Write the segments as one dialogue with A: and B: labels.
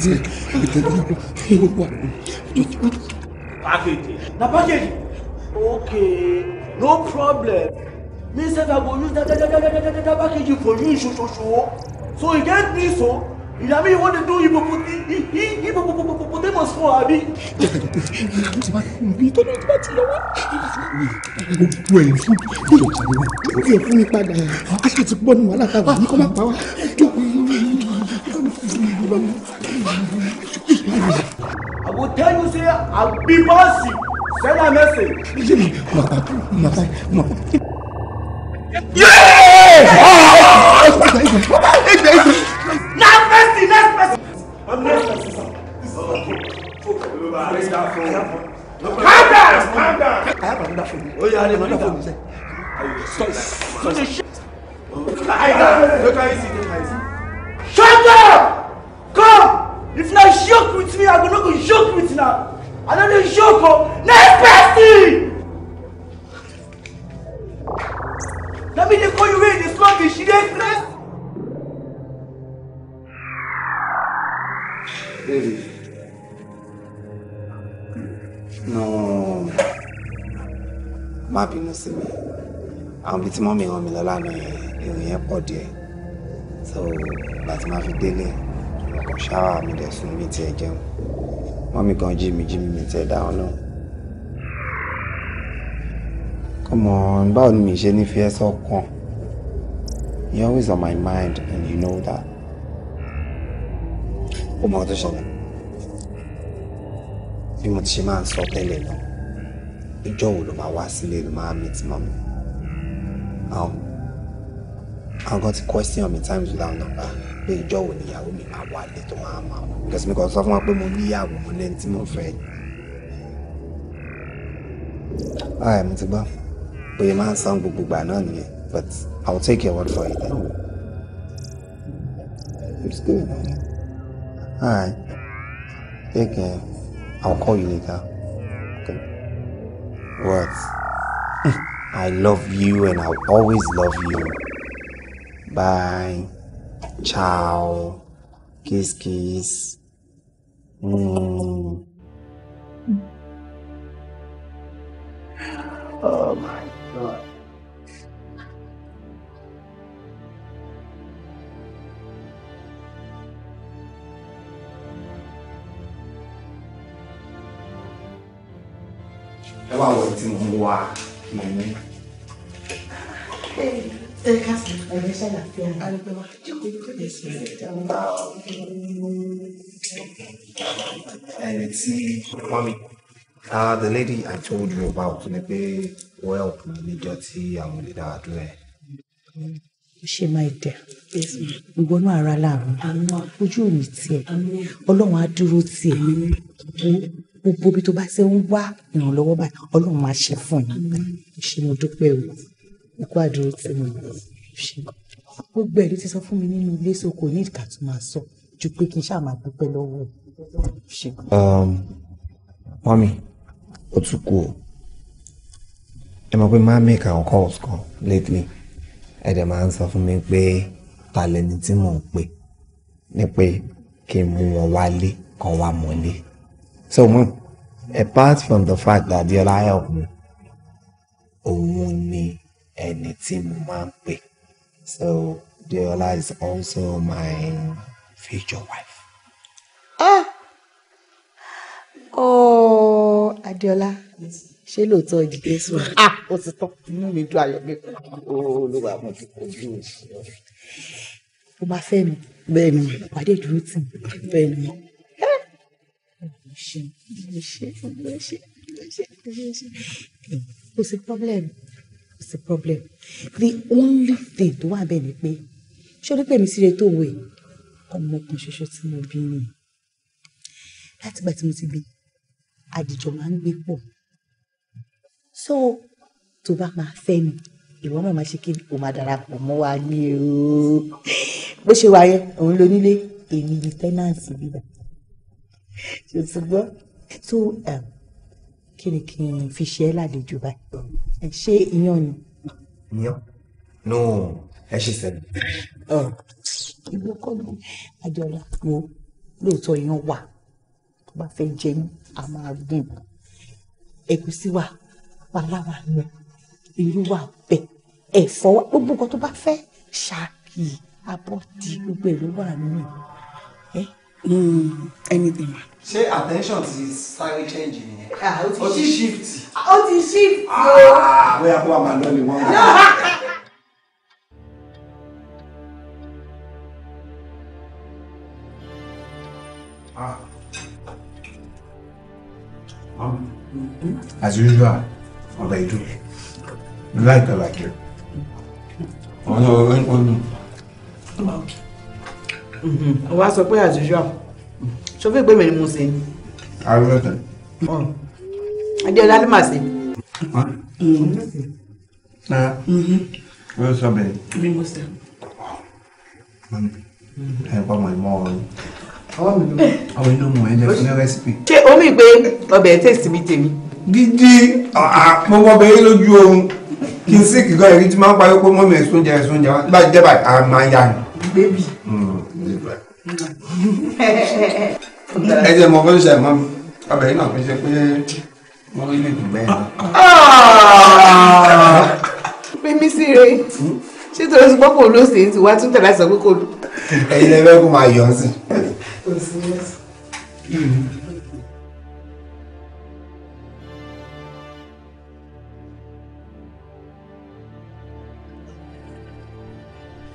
A: ti package. Na package. Okay, no problem. Me sef I go use that that that that that that package for you so so so. So e get me so. You know me you want to do hippopotamus for abi. Mi tọ́jú
B: ọtí bá ti lọ wá. Gbogbo ẹ̀yìn fún mi. Gbogbo
A: ẹ̀yìn fún mi padà. Aṣáà ti wàhálà táwọn kọ́ máa pa wá. I will tell you, say, I'll be bossy. Send a message.
B: Yeah! Oh!
A: Now, mercy, next person. I'm next person, sir. This is okay. Calm down! Calm down! I have another phone. Oh, yeah, I have another phone. Stop. Stop the shit. Look how easy. Look how easy. Shut up! Come! If not joke with me, I'm not going to joke with now. I don't know joke. Oh. Next person! Let me call you in this morning. She didn't dress.
B: Baby. No.
A: Má bínú sí mi. Àwọn ibi tí mọ́mí ràn mí lọ lánàá èrò yẹn So, that's my daily mo ṣáà mi dẹ̀ sùn mi tiẹ̀ jẹun mọ́mí kan jí mi jí mi tiẹ̀ dáhùn náà. come on báwo ni mi ṣe ní fi ẹ́ sọ́kàn you always on my mind and you know that.
B: ó mọ ọdún ṣẹlẹ̀
A: bí mo ti ṣe máa ń sọ tẹ́lẹ̀ náà ìjọ wo ló máa wá sílé ló máa meet mọ́mí. àwọn kan ti question me times without number pé ìjọ wo níyàwó mi máa wà lé tó máa máa kẹsìmí kan sọ fún wa pé mo níyàwó mo lẹ́ni tí mo fẹ́. ayé mo ti gbọ́ bóyá máa ń san gbogbo ìgbà náà nìyẹn but I will take your word for it.
B: It's good. All right.
A: Take care. I'll call you later. Okay. What? I love you and I'll always love you. Bye. Ciao. Kiss, kiss.
B: Mm. Oh my god. Ẹ ẹ
C: ká sí ẹ̀rọ
A: iṣẹ́ Uh, the lady I told you about Nepe well níjọ́ tí àwọn olè dára dúró ẹ̀.
C: ṣe máa dẹ̀ gbọ́nú ara láàrú ojú ò ní tiẹ̀ ọlọ́run á dúró tiẹ̀ gbogbo ibi tó bá ṣe ń wá ìrànlọ́wọ́ báyìí ọlọ́run máa ṣe fún yín ṣe mo dúpẹ́ o ikú àdúró tí mo ṣe gbogbo ẹ̀rí ti sọ fún mi nínú ilé so kò ní ìka tó máa sọ ju pé kí n ṣáà máa dúpẹ́ lọ́wọ́ ṣe.
A: Um, mami ó tún kú o ẹ mọ̀ pé máa make àwọn calls kan lately ẹ dẹ̀ máa ń sọ fún mi pé ta lẹni tí mò ń pè ní pé kí n mú wọn wálé kan wá mọ́lé so mom apart from the fact that Adiola help me òun ni ẹni tí mo máa ń pè. So Deola is also my future wife.
C: Ah! Oh, Adeola. Yes ṣé lóòótọ́ ni jésù ah
A: ó ti tán inú mi dùn ayọ̀ mi olúwa mo ti
B: kojú òṣìṣẹ́.
C: o máa fẹ́ mi. bẹ́ẹ̀ ni pàdé ìdúró tì mí. bẹ́ẹ̀ ni. kò sí pọ́blẹ́mù kò sí problem the only thing tó wà bẹ́ẹ̀ ni pé ṣé o rí pèmí síre tó wẹ̀ ọmọkùnrin ṣoṣo tí mo bí ni látìgbà tí mo ti bí àjùjọ máa ń gbé pọ̀ so tó bá máa fẹ́ mi ìwọ náà máa ṣe kí o máa darapọ̀ mọ́ wa ní o bó ṣe wà yẹn òun ló nílé èmi ni tẹ́nàǹsì bíbá ṣe ti so um, kí ni kí n fi ṣe é lálejò báyìí ẹ ṣe iyán ni.
B: iyán no
A: ẹ ṣe sẹlẹ.
C: ìlú ọkọ mi àjọlá wo lóòótọ́ iyán wà tó bá fẹ́ jẹ ní a máa gùn ẹ̀gúsí wà pàláwà ni irú wà bẹ́ẹ̀ ẹ̀fọ́ wà gbogbo nǹkan tó bá fẹ́ ṣáàkì abọ́dí gbogbo ẹ̀ wà nínú ẹ̀.
A: Hmm, anything ma. ṣé attention ti sáré change nìyẹn. Ah, ó ti shift.
B: Ah, ó ti shift. Ah,
A: bóyá kó wa máa lọ lè wọ́n. As usual, ọba like láìpẹ́ láìpẹ́. Ọ̀nà ọ̀rẹ́ ń pọ̀ nù ọ̀dà. wàá sọ pé as usual sọ fún ìpèmí ni mo ṣe. àrùn mẹ́ta. adéọlá ló mà ṣe. Mm-hmm. ó sọ bẹ́ẹ̀. mi mo ṣe. ẹ pa mọ̀ ìmọ̀ ọ̀run. ọwọ́ mi ló ọwọ́ mi ló mọ̀ ẹ́ jẹ́ fún rẹ́sípì. ṣé omi pé ọbẹ̀ tẹ̀sí mi tèmi. gidi ah, ah, mo wọ bẹ́ẹ̀ lójú oorun kí n sì kíkọ́ ẹ̀rí tí máa ń parí pé mọ́mí ẹ̀sùn jẹ ẹ̀sùn jẹ wá bá jẹ́ bàtà máa yá ni. bébì.
B: Mm nílùú
A: ẹ̀. ẹ jẹ́ mọ fẹ́ ṣe àmọ́ abẹ́ yìí náà fi ṣe pé wọ́n rí lè dùn bẹ́ẹ̀ náà. Ah! mímí sí rèé ṣé torí ti gbọ́kàn olóòsè ti wá tún tẹ̀lé àìsàn kókó lù. ẹ̀yin lè kó máa yọ̀ ọ́ sí.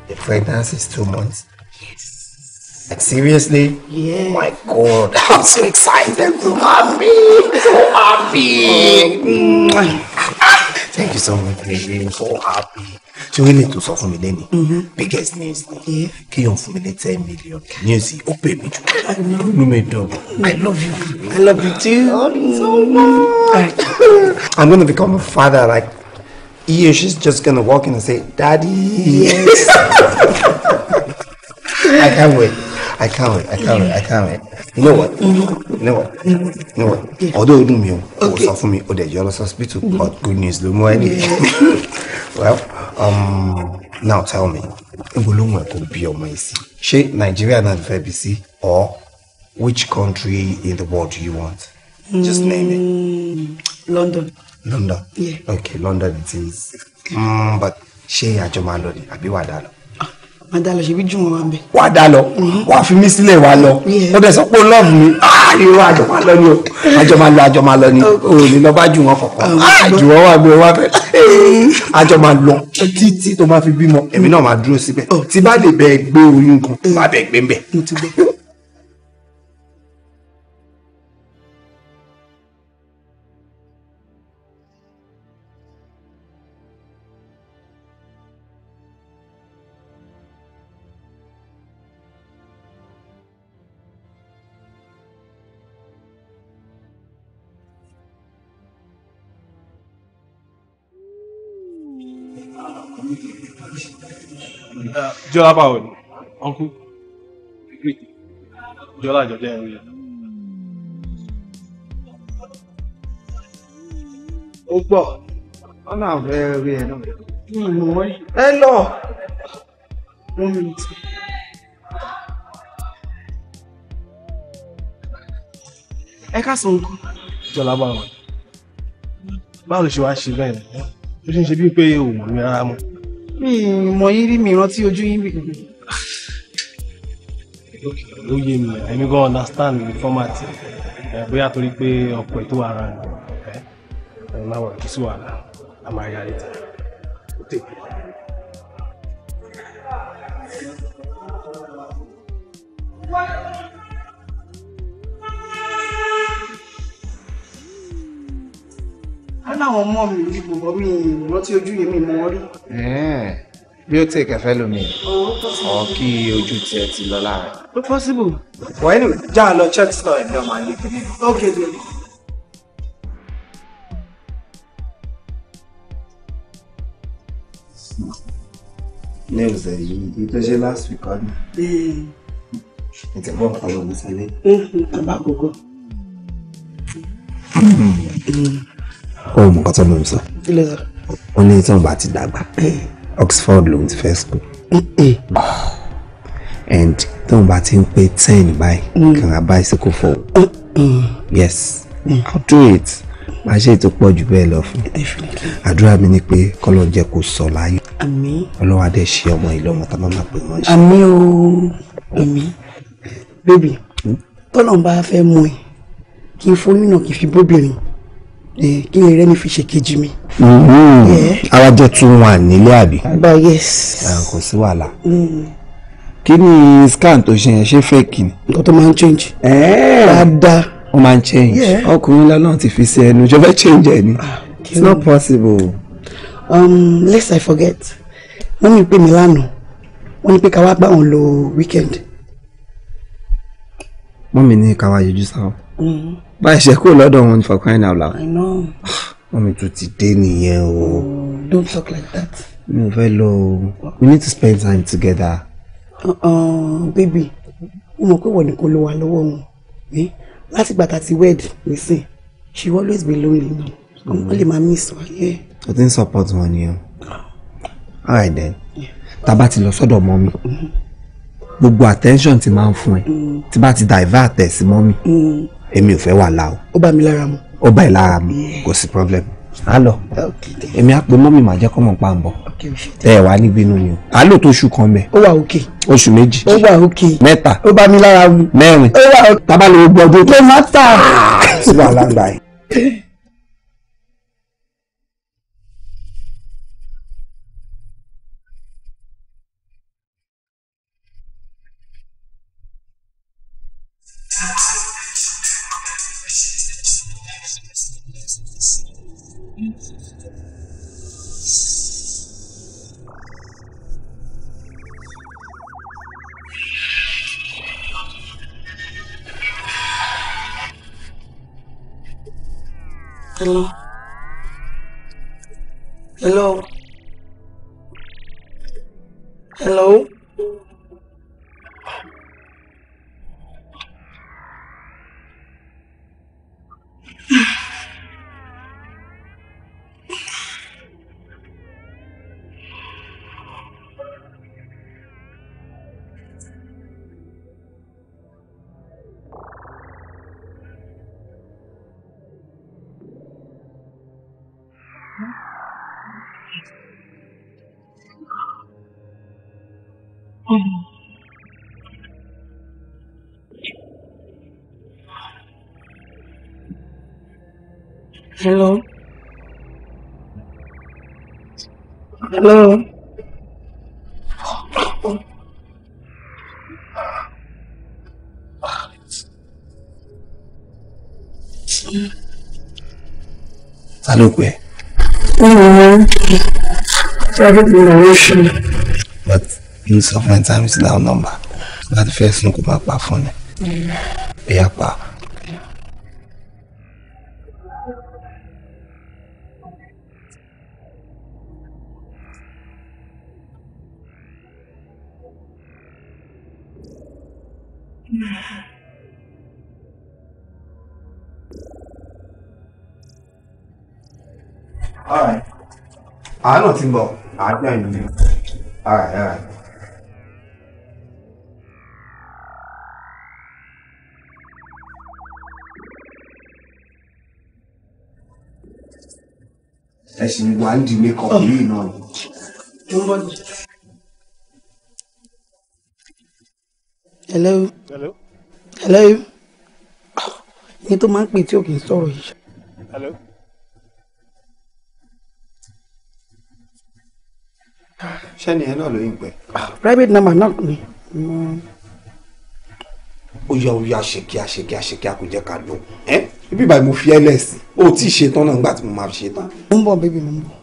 A: The pregnancy is two months. Like seriously? Yeah. My God, I'm so excited. So happy. So mm-hmm. happy. Thank you so much, baby. I'm so happy. Ṣé wọ́n lè tó sọ fún mi lẹ́nu? Mm-hmm. Biggest news ni. Kéèyàn fún mi ní ten million. News open me pè mí jù. Inú mi dùn. I love you. I love you too. So much. I'm gonna become a father like yeah, she's just gonna walk in and say, Daddy. Yes. I can't wait. I can't wait. I can't wait. I mm-hmm. can't You know what? Mm-hmm. You know what? Mm-hmm. You know what? Yeah. Although inú mi ò sọ fún mi ó dẹ̀ jẹ́ lọ hospital mm-hmm. but good news ló mú Well, um, now tell me, níbo ló mú ẹ kó bí ọmọ yìí sí? Ṣé Or which country in the world do you want? Mm-hmm. Just name it.
D: Mm, London.
A: London? Yeah. Okay, London it is. Mm, but she, àjọ máa lọ ni àbí wàá dà lọ? má dá lọ ṣebí jùmọ̀ wà ń bẹ. wà á dá lọ mm-hmm. wà á fi mí sílẹ̀ wà á lọ ó dẹ̀ sọ pé ó lọ́ọ̀bù mi ah, irọ́ àjọ máa lọ ni o àjọ máa lọ àjọ máa lọ ni o ní lọ bá jùmọ̀ kọ̀ọ̀kan jùmọ̀ wà gbé wà fẹ́ àjọ máa lọ títí tó máa fi bímọ èmi náà máa dúró síbẹ̀ tí bá lè bẹ gbé oyún gan má mm. bẹ gbé ń bẹ. Jọlá báwo ni uncle Jọlá àjọjẹ ẹ̀rù yẹn. ó gbọ́ ọ náà fẹ́ rí ẹ náà. ẹ lọ one minute. ẹ ká sọ nǹkan. Jọlá báwo báwo ló ṣe wá ṣe bẹ́ẹ̀ ni ó ṣe ń ṣe bíi pé òun ò rí ara mọ́ mi mọ̀ yín rí mi rántí ojú yín rí. ó yé mi èmi gan understand the format bóyá torí pé ọkọ ètò ara rẹ ẹ ẹ máa wà kí sí wàhálà àmàyà ìta ó tètè. láwọn ọmọ mi lórí gbogbo mi rántí ojú yẹn mi mọ rí. bí ó tèkẹ́ fẹ́ lómi oh, ọ kí ojú tiẹ̀ ti lọ láàrin. ó oh, possible. wọ́n ẹni já lọ check store ẹ̀dẹ̀ ọmọ àlejò. ok baby. nails ẹ yìí ní tó ṣe last week ọdún. ìtẹ̀bọ̀ kan ló ń sẹ́lẹ̀. àbá kókó. Eh ó mọ nǹkan tó lóun sọ ó ní tí wọn bá ti dàgbà Oxford lòun ti fẹ́ school and tí wọn bá ti ń pé ten báyìí kí mm. wọn bicycle for yes mm. I'll do it máa ṣe ètò pọ̀ jù bẹ́ẹ̀ lọ fún àdúrà mi ni pé kọ́lọ́ jẹ́ kó sọ láyé ọlọ́wà dẹ̀ ṣe ọmọ ìlọ́mọ tá a máa pè wọ́n ṣe. àmín o àmín bébì hmm? tọ́lọ̀ ń bá fẹ́ mú ẹ kí n fún nínà kí n fi bóbìnrin kí ni rẹ́mi fi ṣe kejì mi. Mm-hmm. àwa jẹ́ two one nílé àbí. bá yes. Ah, kò sí wàhálà. Mm. kí ni scan tó ṣe yẹn ṣé fake ni. nǹkan tó máa ń change. dáadáa. ó máa ń change ọkùnrin ńlá náà ti fi sí ẹnu ìjọba change ẹ ah, it's not possible.
C: Um, lest I forget wọ́n mi pè mí
A: lánàá wọ́n ní pé ká wá bá wọn lò weekend. mọ́mí ní ká wá yọjú sáwọn. Mm báyìí ṣe kúrò lọ́dọ̀ wọn for crying out loud. I know. wọ́n mi tún ti dé nìyẹn o. Oh, don't talk like that. mi ò fẹ́ lọ o we need to spend time together. Uh -uh, baby mo mọ̀ pé wọ́n ní kó ló wà lọ́wọ́ wọn eh? láti gbàtà ti wed nísìn she will always be lonely now wọ́n mm-hmm. lè máa miss wa. o ti ń support wọn ni o ah. alright then tá a bá ti lọ sọ́dọ̀ mọ́ mi mm-hmm. gbogbo attention ti máa ń fún ẹ mm. tí bá ti divert ẹ̀ sí mọ́ mi. Mm èmi ò fẹ́ wàhálà o. ó bá mi lára mu. ó bá ẹ lára mu kò sí problem a lọ èmi á pe mọ́mì màá jẹ́ kọ́ mọ̀ pa ń bọ̀ ẹ wà níbí inú ni o a lò tó oṣù kan bẹ. ó wà òkè. oṣù méjì. ó wà òkè. mẹ́ta. ó bá mi lára mu. mẹ́rin. ó wà
B: òkè. tábàlì gbogbo ọdún. lè má tà. Ah, síbà láǹdà yìí. Hello. Hello. ta
A: ló pẹ́. but n sọ fún ẹ time is now number láti first sínú kó máa pa fún ẹ
B: bóyá pa. Yeah. Hmm.
A: alright àánú ti ń bọ̀ àánú ẹ̀ nìyí alright alright. ẹ̀sìn wà ń di makeup yìí náà ni. hello. hello. hello. Ah, ẹni tó máa ń pè tí ò kì í sọ̀rọ̀ yìí. hello? ṣé nìyẹn náà lóyún pẹ́. Ah, private number náà ni. ó yá ó yá ṣèkíá ṣèkíá ṣèkíá kò jẹ́ ká lò ó ibi ìbàdàn mo fi ẹ o tí ṣetán náà nígbà tí mo máa fi ṣetán. mo ń bọ̀ bébì mo ń bọ̀.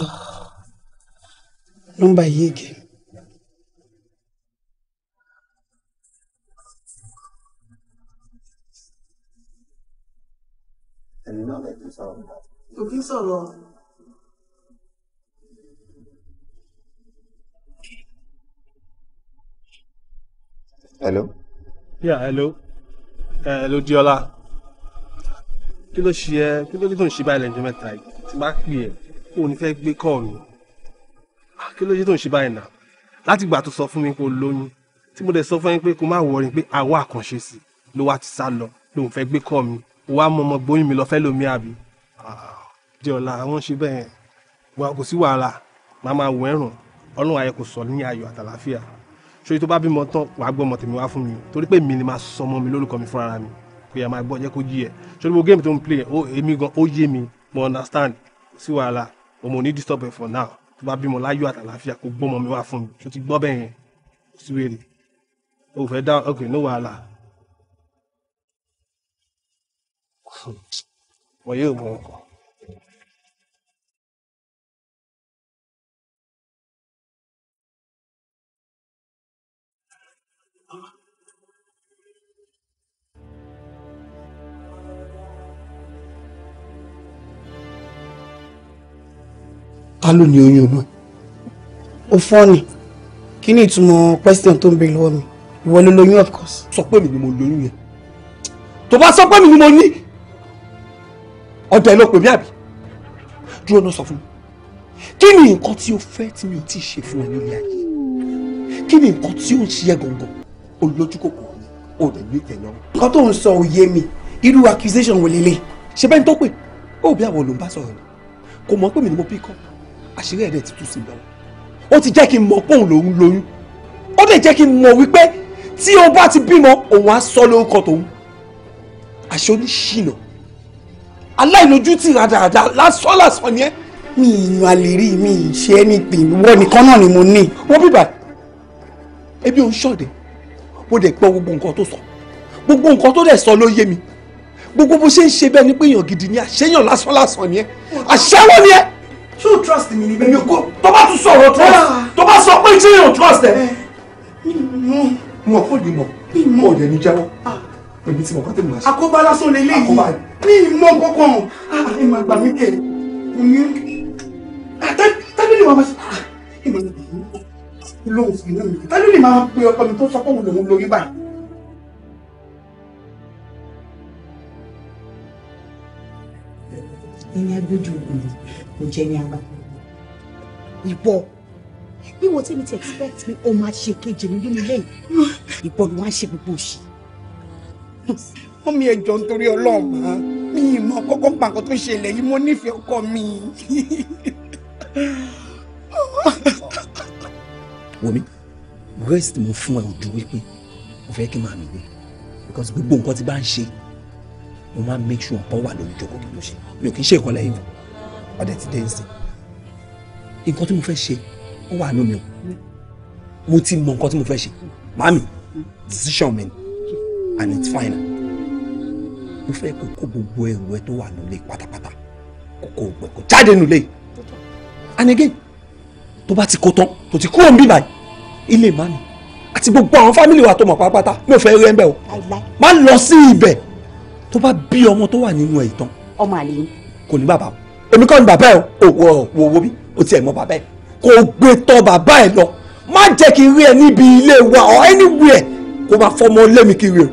A: Ah, nọ́mbà yìí again.
B: ẹni náà lè tún sọ̀rọ̀ nípa. kò kí sọ̀rọ̀. hello. yeah hello. Uh, hello Diola
A: kí ló ṣe ẹ kí ló ní tó ń ṣe báyìí lẹ́jọ́ mẹ́ta yìí tí bá pè ẹ́ kó o ní fẹ́ gbé kọ́ mi ah, kí ló ṣe tó ń ṣe báyìí náà láti ìgbà tó sọ fún mi kó o lóyún tí mo dẹ̀ sọ fún yín pé kó má wọrin pé àwa àkànṣe sí ló wá ti sá lọ lòun fẹ́ gbé kọ́ mi wá mọ̀mọ́ gbóyún mi lọ fẹ́ lómi àbí di ọ̀la àwọn ṣe bẹ́ẹ̀ wa kò sí wàhálà màá máa wọ ẹ̀rùn ọlọ́run ayẹ kò sọ ní ayọ̀ àtàlàfíà ṣòyí tó bá bímọ tán wàá gbọ́ ọmọ tèmi wá fún mi torí pé mi ni máa sọ ọmọ mi lórúkọ mi fúnra mi kò yà máa gbọ́ jẹ́ kó yí ẹ̀ ṣòrí gbogbo géèmù tó ń play ó èmi gan ó yé mi mo understand kò sí wàhálà ọmọ ò ní disturb ẹ̀ for now tó bá bímọ láyọ̀ àtàlàfíà kò gbọ́ ọmọ mi wá fún mi ṣó ti gbọ́ bẹ́ẹ̀ yẹn kò sí wèrè o fẹ́ dá ok no wàhálà
B: ويؤمنكم
A: ta ló ní oyún náà. ó fọ́ ni kí ni ìtumọ̀ question tó ń bèrè lọ́wọ́ mi ìwọ ló lóyún of course. sọ pé mi ni mo lóyún yẹn tó bá sọ pé mi ni mo ní ọ̀dẹ̀ ló pè mí àbí dúró náà sọ fún mi kí ni nǹkan tí o fẹ́ tí mi ò tí ì ṣe fún ẹ nílé ayé kí ni nǹkan tí ó ń ṣe ẹ gangan olójú kòkòrò ni o lè gbé tẹ̀lé ọ̀rọ̀. nǹkan tó ń sọ òye mi irú accusation wò lélẹ̀ ṣe bẹ́ẹ̀ ni tó pè ó bí àwọn olùbá sọ̀rọ̀ ni kò mọ̀ pé mi ni mo pick up àṣírí ẹ̀rẹ́ ti tú sí lọ ó ti jẹ́ kí n mọ̀ pé òun lòun lóyún ó dẹ̀ jẹ́ kí n mọ̀ wípé tí o bá ti bímọ òun á sọ lórúkọ tòun àṣẹ oníṣìnà aláìlójútì ràdàràdà lásán lásán ni ẹ́. mi ìyàn àlè rí mi ì ṣe anything wọ́n nìkan náà ni mo ní. wọ́n bíbà ebi ò ń ṣọ̀dẹ̀ mo dẹ̀ gbọ́ gbogbo nǹkan tó sọ gbogbo nǹkan tó dẹ̀ sọ ló yé mi gbogbo bó ṣe ń ṣe bẹ́ẹ̀ ni pé èèyàn gidi ni àṣeyàn lásán lásán ni ẹ́ àṣẹ́wó ni ẹ́. ṣó trust mi ni bẹ́ẹ̀. tó bá tún sọ̀rọ̀ trust ah. tó bá sọ pé ṣé èèyàn trust ẹ̀. Eh. mo ò fò ní mọ̀ mo ò dẹ̀ ní jẹ́wọ́. Ah èmi tí mo kọ́ tèmi máa ṣe. àkóbá lásán lè léyìí ní ìmọ̀ kankan ah, ẹ máa gbà mí kẹ ní ah, tábìlì wa máa ṣe ah, ẹ máa ní lóhùn sí iná mi tábìlì máa pe ọkọ mi tó sọ pé òun lòún lórí báyìí.
C: ẹni agbójú ògùn kò jẹ ní àgbà ìbọ bí wọn tẹ́mi ti expect mi ó máa ṣe kejì
A: nínú ilé yìí ìbọ ni wọn á ṣe gbogbo òṣì wọ́n mi ẹjọ́ nítorí ọlọ́run mọ́ mi ìmọ̀ kọ́kọ́ pa nǹkan tó ṣẹlẹ̀ yìí mo nífẹ̀ẹ́ ọkọ mi. wòmí rest mo fún ẹ ojú wípé mo fẹ́ kí n máa mi wé because gbogbo nǹkan tí bá ń ṣe mo máa make sure ọ̀pọ̀ wà lórí ìjókòó kí n tó ṣe mi ò kí ń ṣe ìkọlẹ̀ yìí ọ̀dẹ̀ ti dé nsìn nǹkan tí mo fẹ́ ṣe ó wà nínú mi o mo ti mọ nǹkan tí mo fẹ́ ṣe màámi decision mi ni and it's fine mo fẹ́ kó kó gbogbo ẹrù ẹ tó wà nílé pátápátá kó kó gbẹ kó jáde nílé and again tó bá ti kó tán tó ti kúrò ń bí báyìí ilé màmí àti gbogbo àwọn fámìlì wa tó mọ̀ pátápátá mi ò fẹ́ rẹ́ ń bẹ̀ o má lọ sí ibẹ̀ tó bá bí ọmọ tó wà nínú ẹ̀ tán ọmọ àlè yìí kò ní bàbá o èmi kọ́ ni bàbá ẹ̀ o wò wò wò bí o tiẹ̀ mọ bàbá ẹ̀ kò gbé tọ́ bàbá ẹ̀ lọ má jẹ́ kí n rí ẹ níbi ilé wa or anywhere kó máa fọmọ lẹ́mi kiri o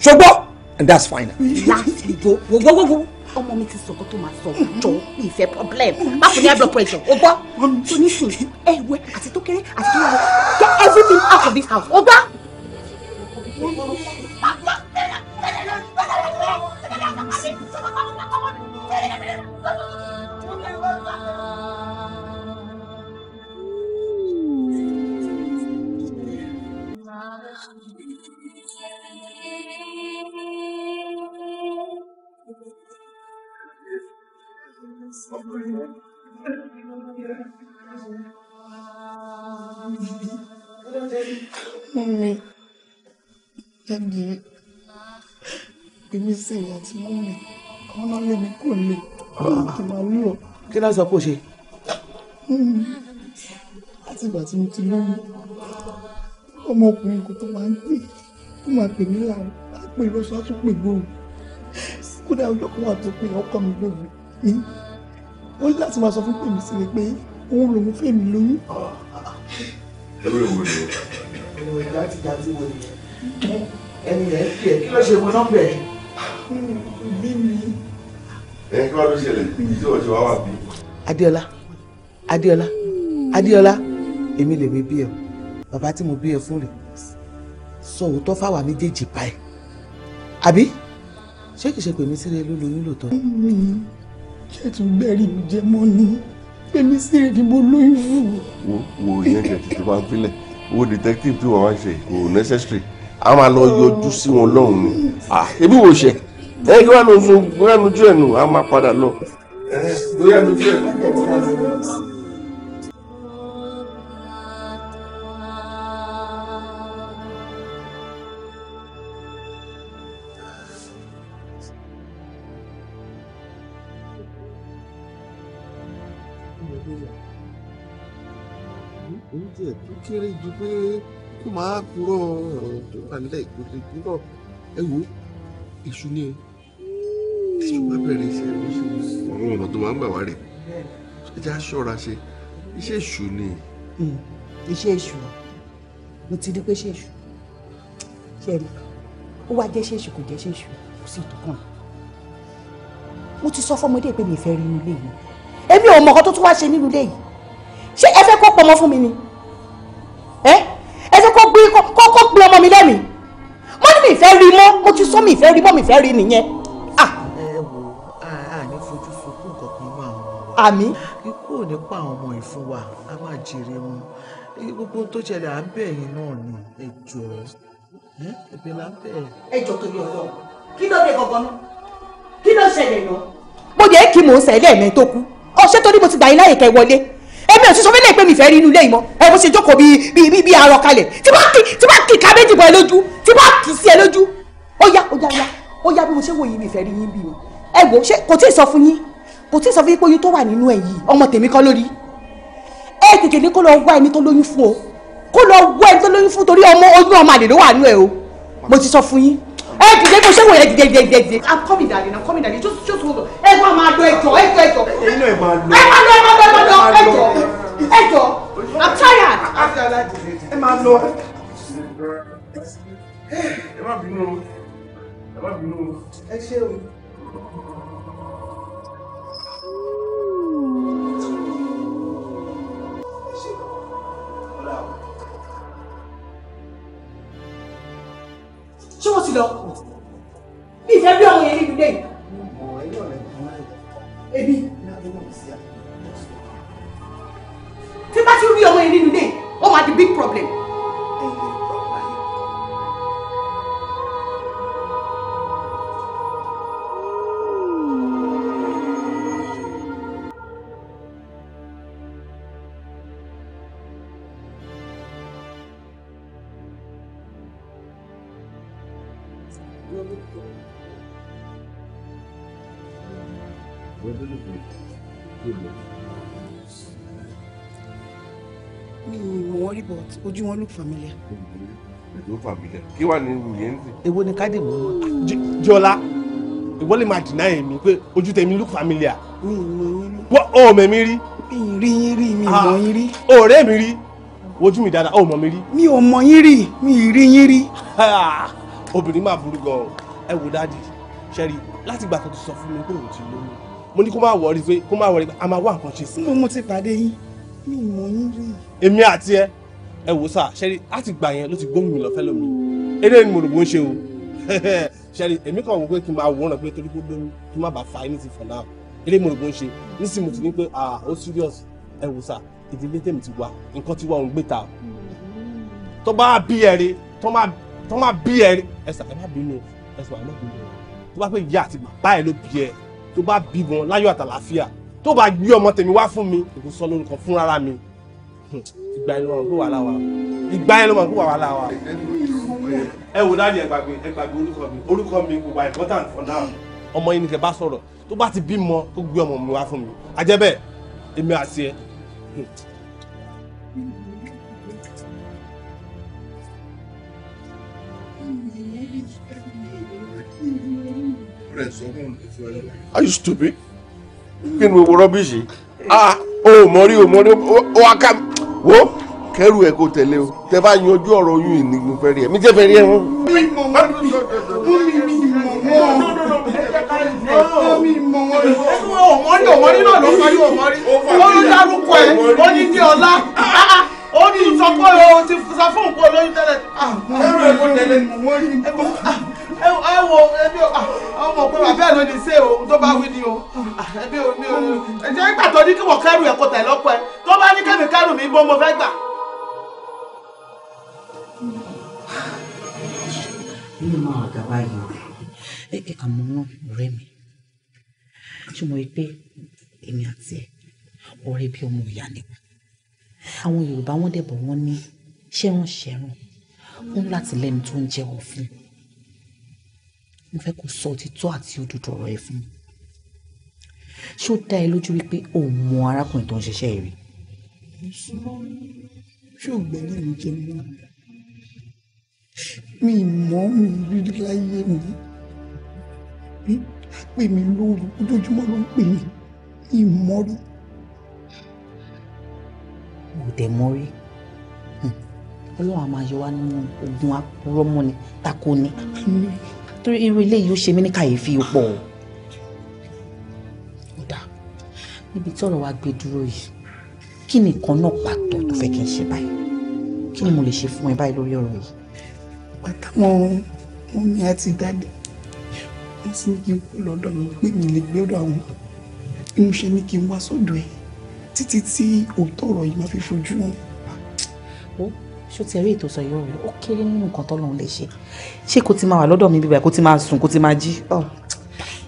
A: ṣùgbọ́n and that's fine.
C: láti jo gbogbogbò ọmọ mi ti sọkọ tó máa sọ jọ ìfẹ́ problem má fún ní high blood pressure o gbọ́ tó ní sùn ẹ̀wẹ̀ àti tó kéré àti tó yàrá get everything out of this house o gbọ́. Thank you.
B: Mọ́mí,
A: ẹ̀mí, èmi sì àti mọ́mí, àwọn náà lé mi kò lè, kí máa lọ. Kí ló sọ pé o ṣe? Láti ìgbà tí mo ti lóyún, ọmọkùnrin kò tó máa ń pè, ó máa pè mí láàrú, á pè lọ́sọ̀ á tún pè gbòòrò kódà ọjọ́ kan wà tó pé ọkọ mi lóbi ó ní láti máa sọ fún pèmí sí mi pé òun lòun fẹ́ mi lóyún.
B: ẹrú èwo ni o.
A: láti dájú wo ni ẹni rẹ̀ ń pè é kí ló ṣe wọn nọ́mbẹ̀ ẹ̀. bí mi. ẹ kí wàá ló ṣẹlẹ̀ tí o ti wá wà bí. Adéọlá Adéọlá Adéọlá èmi lèmi bí ẹ o bàbá tí mo bí ẹ fún rẹ̀ sọ òótọ́ fáwa méjèèjì báyìí àbí ṣé kìí ṣe pèmí síre ló lóyún lóòótọ́. mi ṣe tún gbẹ́rì mi jẹ́ mọ́ ni pèmí síre ni mo lóyún fún. wo wo ìyẹn kẹ tètè máa ń filẹ̀ wo detective tí wọ́n wá ń ṣe kò necessary a máa lọ yọjú sí wọn lọ́hùn-ún ni ebi wo ṣe ẹ kí wàá lọ sùn bóyá lójú ẹ̀ nù a máa padà lọ. bóyá lójú ẹ̀
B: nù.
A: kéré ju pé kó máa kúrò ọ̀rọ̀ tó wà nílẹ̀ ìgbòho kúrò ẹ wò èṣù ni o tí ìjọba bẹ̀rẹ̀ iṣẹ́ ọ̀rọ̀ ọ̀nà tó máa ń gbà wá rẹ̀ ẹja ṣọ́ra ṣe iṣẹ́ èṣù ni.
C: Hmm, iṣẹ́ èṣù mo ti rí pé ṣe èṣù ṣe rí ó wá jẹ́ ṣe èṣù kò jẹ́ ṣe èṣù kò sí ìtọ́kàn mo ti sọ fọmọdé pé mi fẹ́ rí inú yìí èmi ò mọ̀ ọ́kọ́ tó tún wá ṣe nínú ilé yìí ṣé ẹ fẹ́ kó pọmọ fún mi ni. Eh? ẹ ẹ fẹ́ kó gbé kó kó gbé ọmọ mi lẹ́mìí mo ní mi fẹ́ rí mọ́ mo ti sọ mi fẹ́ rí mọ́ mi fẹ́ rí nìyẹn. Ah! ẹ wo àní fojú fokún kankan mọ àwọn ọmọ wa
A: àmì ikú ò ní pa àwọn ọmọ ìfún wa a máa jèrè wọn gbogbo tó ṣẹlẹ̀ à ń bẹ̀ yín náà ni ẹ jọ hm? ẹ̀bẹ̀ là ń bẹ̀.
C: ẹ jọ torí ọlọ kí ló dé gangan náà kí ló ṣẹlẹ̀ náà. mo yẹ kí mò ń sẹ́lẹ̀ mẹ́ tó kú ọ̀ṣẹ́ torí mo ti gbà yín láyè kẹ́ wọlé èmi ò sì sọ fẹ́lẹ́ pé mi fẹ́ rí inú ilé yìí mọ́ ẹ bó ṣe jókòó bí bí bí arọ kalẹ̀ tí bá kì tí bá kì kábéjì bọ̀ ẹ lójú tí bá kì sí ẹ lójú ó yá ó yá ó yá ó yá bí mo ṣe wò yìí mi fẹ́ rí yín bí mi ẹ wò ṣe kò tí ì sọ fún yín kò tí ì sọ fún yín pé oyún tó wà nínú ẹ yìí ọmọ tèmi kọ́ lórí ẹ tètè ní kó lọ wá ẹni tó lóyún fún o kó lọ wá ẹni tó lóyún fún torí ọmọ oyún ọmọ àlè ló o mo ti ẹ dìde kò ṣé wò ẹ dìde dìde dìde. i'm coming
A: daddy i'm coming daddy just just hold on ẹ gbọ́n máa lọ ẹjọ́ ẹjọ́ ẹjọ́. inú ẹ máa lọ ẹ máa lọ ẹ máa lọ ẹ máa lọ ẹjọ́ ẹjọ́ i'm tired. ẹ máa lọ
B: ẹ má bínú ẹ má bínú ẹ ṣé o.
A: Bravo.
C: ṣé wọ́n ti lọ kù bí ìfẹ́ bí ọmọ yẹn nínú ilé yìí. ebi tí bá ti rí ọmọ yẹn nínú ilé yìí ó máa di big problem.
A: ojú wọn look familiar. look familiar kí wàá ní ìyẹn sí. èwo ni káde mú wọn. jọlá ìwọ lè máa dìnnà èmi pé ojú tèmi look familiar. mi ì mọ yín rí. wọ́n ò mẹ̀mí rí. mi ì rí yín rí mi ì ah, mọ yín rí. ọ̀rẹ́ mi rí ojú mi dáadáa ò mọ mi rí. mi ò mọ yín rí mi ì rí yín rí. obìnrin máa burú gan ẹ wò dáàdì ṣẹ́rí láti ìgbà tó ti sọ fún mi pé òun ti lóyún mo ní kó má wọrí pé kó má wọrí pé a máa wá nǹkan ṣe sí. mo mo ti pàdé yín
B: mi ì mọ yín rí.
A: èmi àti ẹ ẹ wò sá ṣẹ́rí láti gbà yẹn ló ti gbóhùn mi lọ́fẹ́ lómi eré ni mo rò bó ń ṣe o ṣẹ́rí èmi kàn wò pé kí n máa wòran pé torí pé lóyún kí n má bàa fa anything for now eré mo rò bó ń ṣe nísìnyí mo ti ní pé ah ó serious ẹ wò sá ìdílé tèmi ti wà nǹkan ti wà òun gbé ta tó bá bí ẹ̀rí tó má bí ẹ̀rí ẹ̀sà ẹ̀ má bínú ẹ̀sà ẹ̀ má bínú tó bá pé ìyá àti bàbá ẹ̀ ló bí ẹ tó bá bí wọn láyọ̀ àtàlàáfíà tó bá gbé ọmọ tèmi wá fún mi kò sọ lórúkọ fúnra mi ìgbà ẹni wọn kó wà láwa ìgbà ẹni wọn kó wà láwa. ẹ wò dáàdi ẹ gbàgbé orúkọ mi orúkọ mi kò wà important for now. ọmọ yìí ni kẹ bá sọ̀rọ̀ tó bá ti bímọ kó gbé ọmọ mi wá fún mi àjẹbẹ èmi àti ẹ. Are you stupid?
B: Kí ni mo wọ rọ́bìṣì? Ah!
A: O ò mọ̀ rí o mọ̀ rí o wá ká mi wo kẹrù ẹ kò tẹ̀lé o tẹ bá yanjú ọ̀rọ̀ oyún ìní
B: mo fẹ́ rí ẹ mi jẹ́ fẹ́ rí ẹ hàn. mi mọ̀ wọ́n mi mú mi mi mọ̀ wọ́n
A: mi mọ̀ wọ́n mi. ọmọdé ọmọdé náà ló parí ọmọdé wọ́n ló dárúkọ ẹ̀ ó ní ní ọlá ah, ah, ó ní sọ pé o ti sọ fún òpó olóyún tẹ́lẹ̀. Ah, kẹrù ẹ wo ẹbí ah, ọmọ pé bàbá ẹ ló ní ṣe o tó bá wí ni o ah, ẹbí o mi o ẹjẹ ìgbà tó ní kí wọ́n kẹ́rù ẹ̀ kó tẹ̀ lọ́pọ̀ ẹ tó bá ní kẹ́mi kẹ́rù mi bọ́ mo fẹ́ gbà.
C: nínú máa ọ̀gá báyìí ẹ àmọ́ náà ọ̀rẹ́ mi ṣé mo rí pé èmi àti ẹ ọ̀rẹ́ bí ọmọ ìyá ni àwọn Yorùbá wọn dẹ̀ bọ̀ wọ́n ní ṣẹ́rùn ṣẹ́rùn fún láti lẹ́nu tó ń jẹ́ òfin mo fẹ́ kó sọ òtítọ́ àti òdodo ọ̀rọ̀ ẹ fún mi ṣó dá ẹ lójú wípé o mọ arákùnrin tó ń ṣiṣẹ́
A: rí. ṣó gbẹ́lẹ́ mi jẹ́ mi mi mọ́ mi rírí láyé mi pè mí lóru ojoojúmọ́ ló ń pè mí mi mọ́ rí.
C: ò dẹ̀ mọ́ rí ọlọ́run a máa yọ wá nínú ogun apurọ́mọ́ni takoni torí irú ilé yìí ó ṣe mí ní kàyéfì pọ̀ ó dáa níbi tí ọ̀rọ̀ wa gbé dúró yìí kí ni nǹkan náà pàtó tó fẹ́ kí n ṣe báyìí kí ni mo lè ṣe fún ẹ báyìí lórí ọ̀rọ̀ yìí.
A: bàtà wọn wọn ní àti dáadé wọn sì ní kí n kú lọ́dọ̀ mi pé mi lè gbọ́dọ̀ àwọn bí ṣe ní kí n wá sọ́dọ̀ ẹ títí tí òótọ́ ọ̀rọ̀ yìí máa fi fojú hàn ṣó ti rí ìtòsàn yìí rẹ ó kéré
C: nínú nǹkan tọ́lọ́run lè ṣe ṣé kó ti máa wà lọ́dọ̀ mi bíbá kó ti máa sùn kó ti máa jí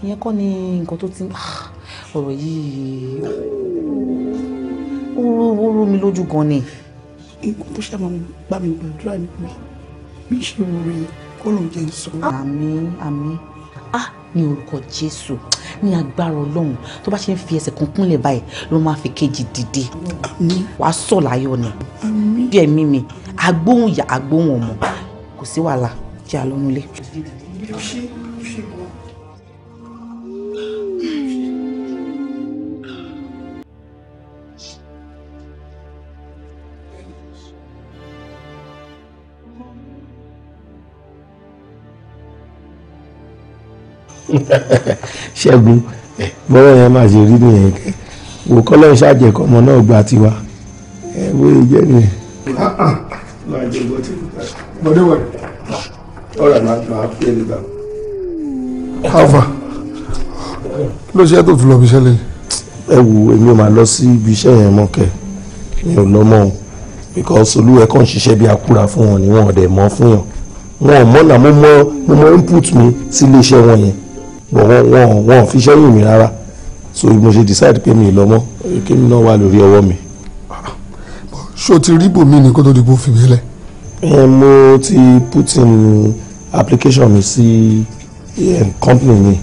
C: ìyẹn kọ́ ni nǹkan tó ti ah, ọ̀rọ̀ yìí ó rú mi lójú gan ni. nǹkan tó ṣàmà bá mi gbàdúrà ni pé bí ṣe wò rè kọ́lọ̀ jẹ́ ń sọ. àmín àmín ah ní orúkọ jésù ní agbára ọlọ́run tó bá ṣe ń fi ẹsẹ̀ kan kúnlẹ̀ báyìí ló máa fi kejì dìde wàá sọ̀ láyọ̀ ni bí ẹ̀mí mi agbóhùn yà agbóhùn ọmọ kò sí wàhálà jẹ́ àlọ́nulẹ̀.
A: ṣẹ́gun bọ́rọ̀ yẹn máa ṣe rí nìyẹn kẹ́ wò kọ́lọ́ ìṣàjẹ̀kọ́ ọmọ náà gba tiwa ẹ̀ wọ́n yẹ jẹ́ nìyẹn. Ah, ah máa jẹ bọ́ tí nípa bọ́dé wọ̀ ọ̀rọ̀ máa máa pè é nígbà. alfa ló ṣe tó tún lọ bí iṣẹ́ lẹ́yìn. ẹ wo èmi ò máa lọ sí ibi iṣẹ́ yẹn mọ́ kẹ́ mi ò lọ mọ́ o because olúwẹ̀ kàn ṣiṣẹ́ bí akúra fún wọn ni wọn ò dẹ̀ fún yàn wọn ò mọ́nà mo mọ mo mọ input mi sí iléeṣẹ́ wọn yẹn bọ̀ wọn wọn wọn ò fi iṣẹ́ yìn mí rárá so mo ṣe decide pé mi ì lọ mọ́ kémi náà wà lórí ọwọ́ mi ṣó ti rí bòmí ni kó tó di kó fi wílẹ̀. ẹ mo ti put in application mi sí eh, company mi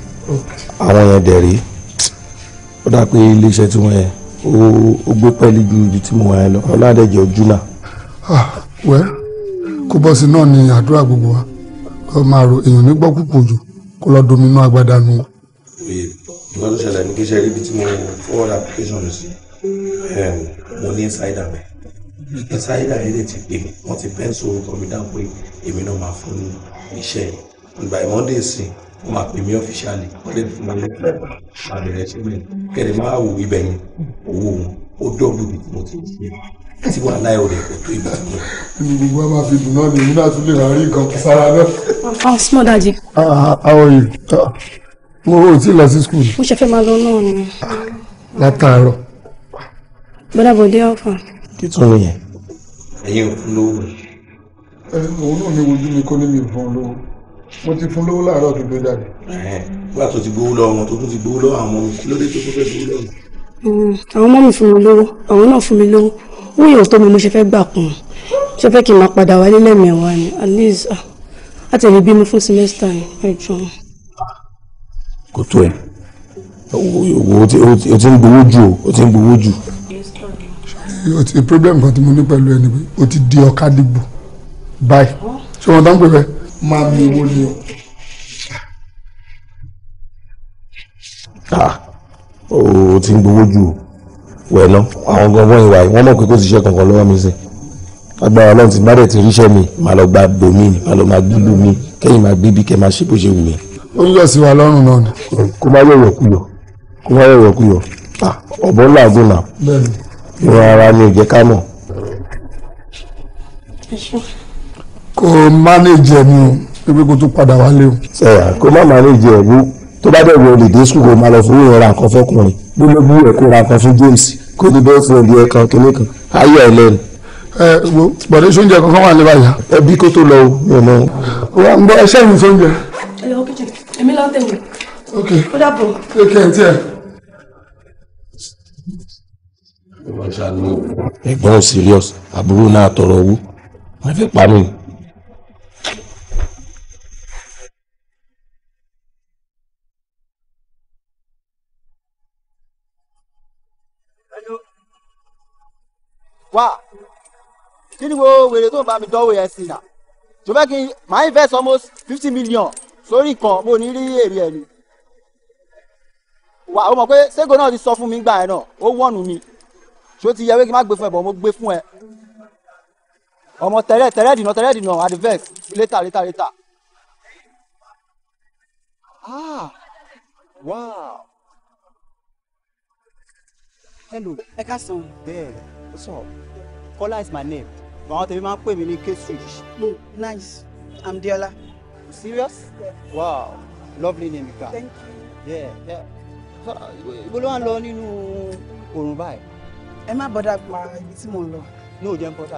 A: àwọn yẹn dẹ̀ rí ó dà pé iléeṣẹ́ tí wọ́n yẹn ó gbé pẹ́ẹ́lí ju ibi tí mo wà yẹn lọ ọ̀làdẹ̀jẹ̀ ojú náà. Ah, wẹ́ kó bọ́sì náà ni àdúrà gbogbo wa kó máa ro èèyàn ní gbọ́ púpọ̀ jù kó lọ́ọ́ domi inú agbada nu. ìgbà tó ṣẹlẹ̀ ní kí iṣẹ́ ibi tí mo forward application sí mo ní insider mi ìsáyédà yìí ti pè wọ́n ti pẹ́ńsì orúkọ mi dáhùn pé èmi náà máa fún iṣẹ́ yìí ìgbà ìmọ̀dé ìsìn wọ́n máa pè mí ọ́fíṣálì wọ́n lè fún mi lẹ́fẹ̀ẹ́ máa bẹ̀rẹ̀ ṣe bẹ́ẹ̀ kẹ́lẹ́ máa wò ibẹ̀ yẹn owó wọn ó dọ́ọ̀lù bí mo ti ṣe tí wàhálà ẹ̀ ò lè kó tó ìgbà yẹn. gbogbo ẹ máa fi dùn náà nìyí náà tún lè máa rí nǹkan sára náà. Ah, small daddy. àwọn ah, ah, yìí mo ò tí ì lọ sí skul.
D: mo ṣe fẹ́ máa lọ náà ni.
A: látàárọ̀. bọ́dà
D: bòde ọ̀fà kí
A: tún ni yẹn. ẹ̀yin ò fún lówó yìí. ẹ òun náà ní ojú mi kó ní mi fún lówó mo ti fún lówó láàárọ̀ tó gbé jáde. ẹ wá tó ti gbowó lọ́wọ́ wọn tó tún ti gbowó lọ́wọ́ àwọn ọmọ lórí tó tó fẹ́ gbowó lọ́wọ́. Mm, àwọn ọmọ mi fún mi lówó àwọn
D: náà fún mi lówó ó yàn tó mi mo ṣe fẹ́ gbà kún un ṣe fẹ́ kí n máa padà wálé lẹ́mẹ̀wá ni at least àtẹ̀lé ah, bímọ fún semester yìí ẹ jọ̀ọ́.
A: kò tó ẹ o ti ń gbowó jù o ti ń gbowó jù o ti problem kan tí mo ní pẹ̀lú ẹni pé o ti di ọ̀ka dìbò báyìí ṣé wọn tán pè bẹ́ẹ̀ máa mi owó ni o. Ah, o ti ń gbowó ju wẹ̀ náà àwọn gangan ìwà yìí wọ́n mọ̀ pé kò sí iṣẹ́ kankan lọ́wọ́ mi sí agbára ọlọ́run ti bá dẹ̀ ti ríṣẹ́ mi màá lọ gba bomi màá lọ máa gbílù mi kẹ́yìn máa gbé bí kẹ́ máa ṣe bó ṣe wù mí. ó ń yọ sí wa lọ́rùn náà ni. kó má yọ̀yọ̀ kú yọ kó má yọ̀yọ̀ kú yọ ah, ọ̀bọ làágùn náà. bẹ́ẹ̀ni ìwà ara ni ò jẹ́ ká mọ̀. kò mánéjì ẹ̀ ni o pépé kó tó padà wálé o. ṣẹ̀yà kó má mánéjì ẹ̀ bú tó bá dẹ̀wò olùdé sùn kó máa lọ fún ìrora nǹkan fọkùnrin gbólógbó ẹ̀ kó ra nǹkan fún James kó ní bẹ́ẹ̀ fún ẹ̀dí ẹ̀kan kínní kan ayé ẹ̀ lẹ́nu. ẹ wo bọ̀dé sóúnjẹ kankan wà lébàá yá. ẹbí kó tó lọ o mi ò mọ. wà ń gbọ́ ẹṣẹ́ mi sóúnjẹ.
D: ẹ lọ kíjì èmi lọ́ọ́ tẹ̀wé. ok
A: ó dàbọ̀. take care ẹ̀gbọ́n ò serious àbúrò náà tọrọ owó wọ́n fẹ́ pa mí. wá kí ni wo wèrè tó ń bá mi dánwò yẹn sí i nà tó fẹ́ kí n máa invest almost fifty million sórí nǹkan mo ní rí èrè ẹ̀ ni wà ó mọ̀ pé ségo náà ti sọ fún mi gbà ẹ̀ náà ó wọ̀nù mi ṣó ti yẹ kí n má gbé fún ẹ bọ̀ mo gbé fún ẹ ọmọ tẹ̀rẹ̀ tẹ̀rẹ̀ dìnà tẹ̀rẹ̀ dìnà advex
C: later later later
B: ah
A: wow hello ẹ ká sọ bẹ́ẹ̀ what's up Kọ́lá is my name àwọn tèmi máa ń pè mí ní K-switch. nice i'm Diola. You serious yeah. wow lovely name you got. thank you. yeah
B: yeah. ibo ló wà lọ
A: nínú oòrùn báyìí ẹ má bọ́dà pa ibi tí mò ń lọ. ní òjẹ́ ń bọ́dà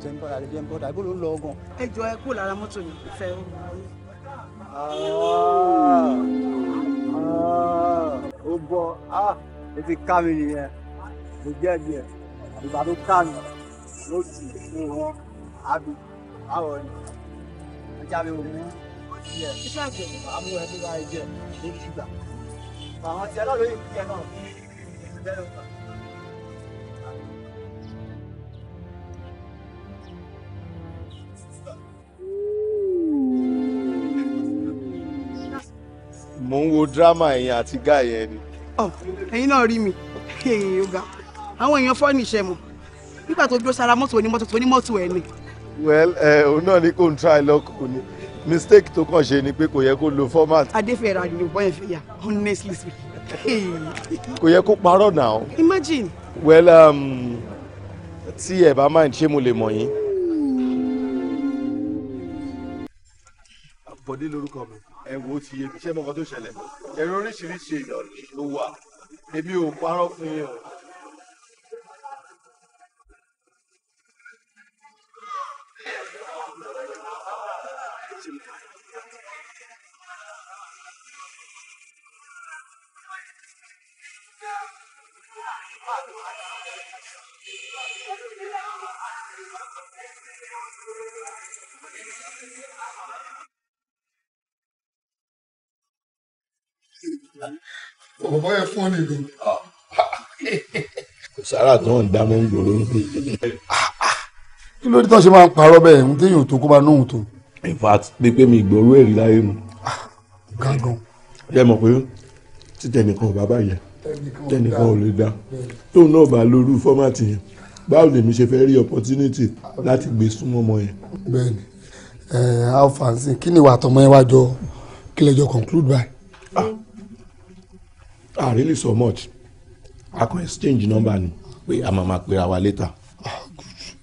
A: jẹ́ ń bọ́dà jẹ́ ń bọ́dà ibo ló ń lọ gan. ẹ
D: jọ ẹ kúrò lára mọ́tò yìí fẹ́ ah,
A: ah, ó. O bọ ah, ẹ ti ká mi nìyẹn mo jẹ́ ẹ̀bi ẹ̀ ìgbà tó ká mi ló jù fún wọn àbí báwo ni ajá mi ò mú díẹ̀ títí àgbẹ̀ àmú ẹ̀ tó bá ló ti gbà
B: àwọn tí ẹ lọ́ọ́ lóye kúkẹ́ náà bẹ́ẹ̀ ló kà. mò ń wo
A: dírámà yẹn àti guy yẹn ni. ọ ẹyin náà rí mi ẹyin yoga àwọn èèyàn fọ́ọ̀nì iṣẹ́ mọ̀ nígbà tó dúró sára mọ́tò onímọ́tò tó onímọ́tò ẹ̀ ni. well òun náà ni kò ń try lọ́kùn ni mistake tó kàn ṣe ni pé kò yẹ kó lo format. adéfẹ́ra ni òbọ̀ yẹn fẹ́ yà honestly speaking. kò yẹ kó parọ́ náà. imagine. well um, tí ẹ bá mind ṣé mo lè mọ̀ yín. bọ̀dé lórúkọ mi ẹ wo ti yé mi ṣé mọ́kàn tó ṣẹlẹ̀ ẹ̀rọ oríṣiríṣi èèyàn ló wà èmi ò parọ́ fún yín o.
B: bọ̀bọ̀ yẹn fún ọ nìgò. kò sára tó
A: ń dá mọ́ ń gbòòrò. kí ló dé tó ṣe máa ń parọ́ bẹ́ẹ̀ ń téèyàn tó kó bá nóhùn tó. in fact pípé mi ìgbòòrò èrì láyé mu. Ah, gángan. ṣé mọ̀ pé títẹ̀ nìkan ò bá báyẹn tẹnìkan ò lè dá tóun náà bá lóru fọ́mátì yẹn báwo lèmi ṣe fẹ́ rí opportunity láti gbé súnmọ́ ọmọ yẹn. bẹ́ẹ̀ni ẹ alpha nsìn kí ni ìwà àtọmọ yẹn wá jọ kí lè jọ conclude báyìí ah really so much a kan exchange number ni pé a máa máa pera wa later.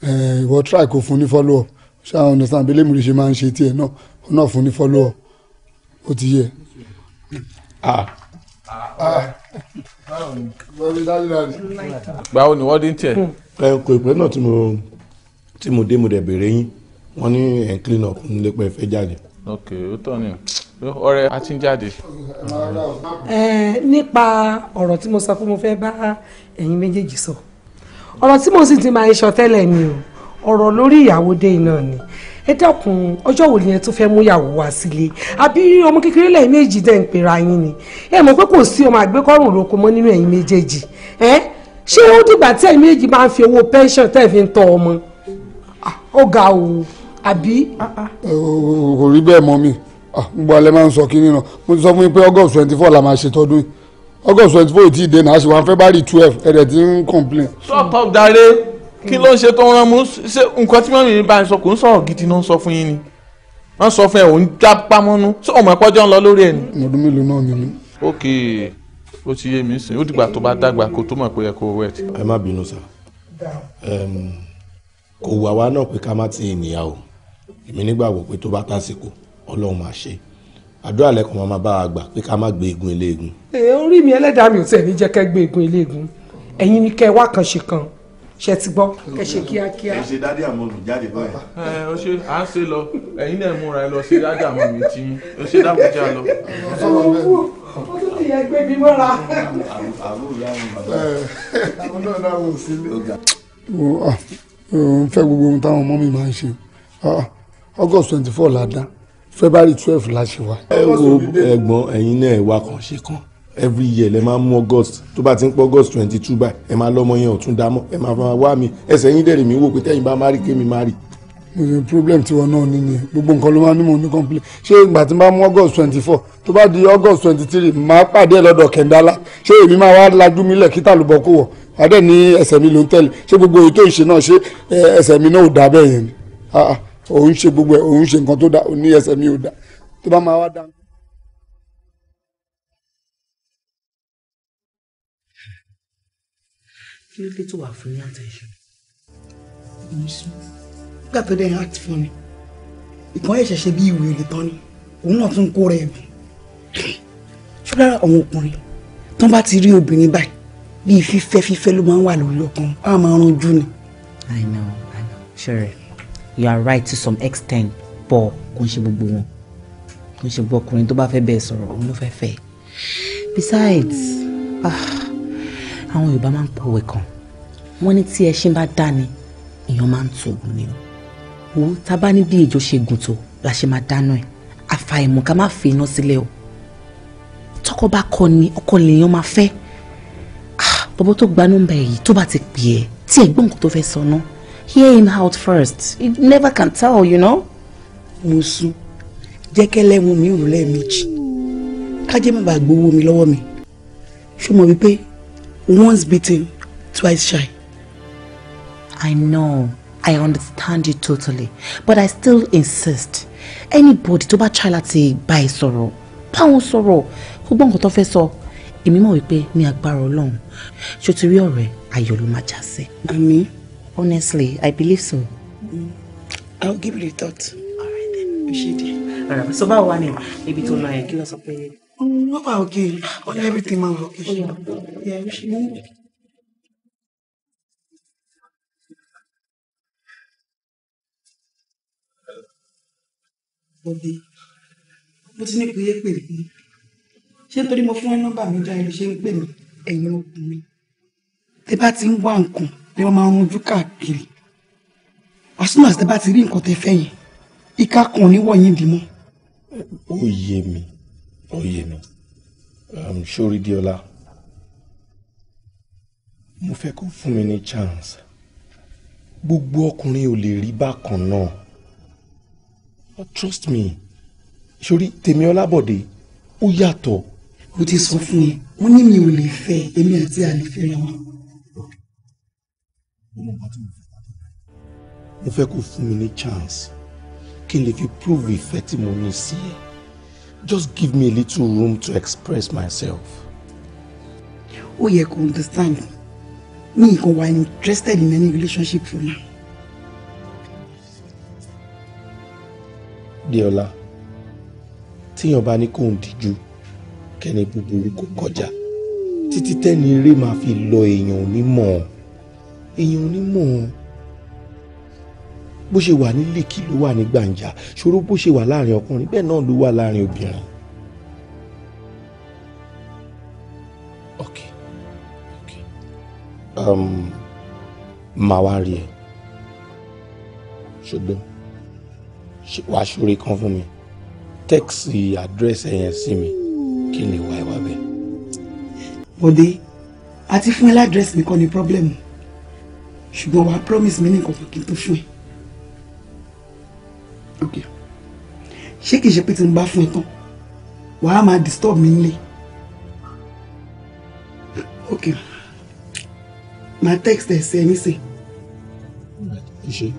A: ẹ eh, ìwọ try kò fún ní follow up ṣáà understand bí lèmi ṣe máa ń ṣe tiẹ̀ náà ó náà fún ní follow up ó ti yẹ. Ah. Ah. báwo ni wọ́n dín tiẹ̀. ẹ eh, kò ìpẹ́ náà tí mo tí mo dé mo dẹ̀ bèrè yín wọ́n ní ẹ̀ ń clean up nílé pẹ́ fẹ́ jáde.
B: ok ó tọ́ ni
A: ọ̀rẹ́ a ti ń jáde.
D: nípa ọ̀rọ̀ tí mo sọ pé mo fẹ́ bá ẹ̀yin méjèèjì sọ ọ̀rọ̀ tí mo sì ti máa ń sọ tẹ́lẹ̀ ni o ọ̀rọ̀ lórí ìyàwó dé iná ni ẹ dẹ́kun ọjọ́ wo ni ẹ tún fẹ́ mú ìyàwó wá sílé àbí ọmọ kékeré lẹ́yìn méjì dẹ̀ ń pera yín ni
A: ẹ mọ̀ pé kò sí ọmọ àgbékọ́rùn roko mọ́ nínú ẹ̀yin méjèèjì ẹ ṣé ó dìgbà tí ẹ̀yin méjèèjì máa ń fi owó pension tẹ́ ẹ̀ fi ń tọ́ ọmọ ah, ó ga o àbí. kò rí bẹ́ẹ̀ mọ́ mi Ah, gbogbo alẹ́ máa ń sọ kí nínú mo ti sọ fún yín pé august twenty four la máa ṣe tọdún yìí august twenty four ti dé náà ṣùgbọ́n february twelve ẹ̀rẹ̀ ti ń complain. shut up dare kí ló ń ṣe tó ń rán mu ṣe nǹkan tí mọ́mí mi bá ń sọ kò ń sọ̀rọ̀ gidi náà ń sọ fún yín ni wọ́n sọ fún ẹ̀ òun já pamọ́nú ṣé ọmọ ẹ̀pọ́jọ́ ń lọ lórí ẹ̀ ni. ọdún mélòó náà ni mí. ok ó ti yé mi sìn ó dìgbà tó bá dàgbà kó tó mọ̀ pé ẹ kò wẹ̀. ẹ má bínú sá kò wà wá náà pé ká má ti ènìyàn o èmi nígbàgbọ́ pé tó bá tásìkò ọlọ́run máa ṣe àdúrà lẹ́kọ̀ọ́ máa bá wa gbà pé ká má gbé egun eléegun. ẹ orí mi ẹlẹ́dàá mi ò tẹ̀ ní jẹ́ kẹ́ gbé egun eléegun ẹ̀yin ni kẹ́ wá kan ṣe kan ṣe ti gbọ́ kẹ́ ṣe kíákíá. ẹ ṣe dádì àmọ́ mi jáde báyìí. ẹ ọ ṣe à ń ṣe lọ ẹ̀yin náà múra ẹ lọ sí dádì àmọ́ mi tí ó ṣe dábòjá lọ. ọwọ́ ó tún ti yẹ gbé mi mọ́ra. àwọn náà náà wò sí mi. mo fẹ́ gbogbo ohun táwọn ọmọ mi máa ń ṣe August twenty four la february twelve la ṣe wa. ẹ wo ẹ̀gbọ́n ẹ̀yin náà ẹ wá kàn ṣe kan every year lẹ máa mú august tó bá ti ń pọ august twenty two báyìí ẹ máa lọmọ yẹn ọ̀tún dámọ́ ẹ máa máa wá mi ẹsẹ̀ yín dẹ̀rẹ̀ mi wò pé tẹ́yìn bá má rí kémi má rí. mo problem tiwọn náà ní ni gbogbo nǹkan ló máa ní mo ní complain ṣé ìgbà tí n bá mú august twenty four tó bá di august twenty three máa pàdé ẹ lọ́dọ̀ kẹndala ṣé èmi máa wá lajú mi lẹ̀ kíta lùbọ̀ kó wọ̀ adé ní ẹsẹ̀ mi ló ń tẹ̀lé ṣé gbogbo ètò ìṣe náà ṣe ẹsẹ̀ mi náà ò dá bẹ́ẹ̀ yẹn ni ah, ah òun ṣe gbogbo ẹ̀ òun ṣe nǹkan tó dá òun ní ẹsẹ̀ mi ò dá tó bá máa wá dá.
C: kí ló dé tó wà fún ní
B: attention. nígbà
A: tó dẹ́yìn act fún ni ìkan ẹ̀ṣẹ̀ ṣe bí ìwé rẹ̀ tán ni òun náà tún kó rẹ̀ bù. ṣùgbọ́n àwọn ọkùnrin tó bá ti rí obìnrin báyìí bíi fífẹ́ fífẹ́ ló máa ń wà lórí ọkàn á máa ranjú ni.
C: I know, I know, sure you are right to some extent but kò ń ṣe gbogbo wọn kò ń ṣe gbogbo ọkùnrin tó bá fẹ́ bẹ́ẹ̀ sọ̀rọ̀ òun ló fẹ́ fẹ́ besides ah, àwọn Yorùbá máa ń pòwe kan wọ́n ní tí ẹṣin bá dá ni èèyàn máa ń tòògùn ni o wò tá a bá ní bí ejò ṣe gùn tó la ṣe máa dáná ẹ̀ àfàìmọ̀ ká má fi iná sílẹ̀ o tọkọ bá kọ ni ọkọ lèèyàn máa fẹ́ ah, bọ́bọ́ tó gba nọ́mbà èyí tó bá ti pè é tí ẹ̀ gbọ́ tó fẹ́ sọ náà hear him out first you never can tell you know.
A: Musu, jeke le mu mi rò lẹ́ẹ̀mejì kájẹ́ má bàa gbowó mi lọ́wọ́ mi ṣó mọ̀ once beaten twice shy.
C: I know I understand you totally but I still insist anybody to ba try láti buy ẹ sọ̀rọ̀ bá wọn sọ̀rọ̀ gbogbo nǹkan tó fẹ́ sọ èmi mọ̀ wípé ní agbára Ọlọ́run ṣó ti rí ọ̀rẹ́ ayọ̀ Honestly, I believe so. Mm.
A: I'll give it a thought. All right
C: then. Mm. All Alright, So báwo one, ni ibi tó lọ yẹn kí ló sọ pé. Wọ́n bá
B: everything máa wà Yeah, we should move. Bọ̀dé, mo ti ní kò yé pè mí. Ṣé nítorí mo
A: fún ẹ nọ́mbà mi dá irú ṣe ń pè mí? Ẹ̀yin ọkùnrin. Tẹ bá ti ń wá nǹkan lè máa runjú káàkiri as soon as tẹ bá ti rí nǹkan tẹ fẹ́ yẹn ìka kan ní wọ̀nyí dì mọ́. ó yé mi ó yé mi sórí um, diola mo fẹ́ kó fún mi ní chance gbogbo ọkùnrin ò lè rí bákan náà but trust me sórí tèmi ọlábọ̀dé ó yàtọ̀. mo ti sọ fún yín mo ní mi ò lè fẹ́ èmi àti àlè fẹ́ra wọn mo mọ nǹkan tí mo fẹ́ kó fún mi ní chance kí n lè fi prove ìfẹ́ tí mo ní sí ẹ just give me a little room to express myself. ó yẹ kó understand mi nǹkan wà interested in any relationship for now. Diola, tíyan bá ní kó ń díjú kẹ́ni búburú kò kọjá títí tẹ́ni eré máa fi lọ èèyàn onímọ̀ ọ́n èèyàn onímọ̀ bó ṣe wà nílé kí ló wà ní gbàǹjà ṣòro bó ṣe wà láàrin ọkùnrin bẹ́ẹ̀ náà ló wà láàrin obìnrin. okay um màá wá rí ẹ ṣùgbọ́n wàá ṣoore kan fún mi tẹ́ẹ̀sì àdírẹ́sì yẹn sí mi kí n lè wá ẹ wá bẹ́ẹ̀. bọ́dé àti fún ẹ ládírẹ́sì mi kọ́ ni pírọ́blẹ́mù ṣùgbọ́n wàá promise mi ní nǹkan kan kí n tó fún ẹ ok ṣé kìí ṣe pé tí mo bá fún ẹ tán wàá máa disturb mi nílé ok máa text ẹ sí ẹ nísìn. ṣe.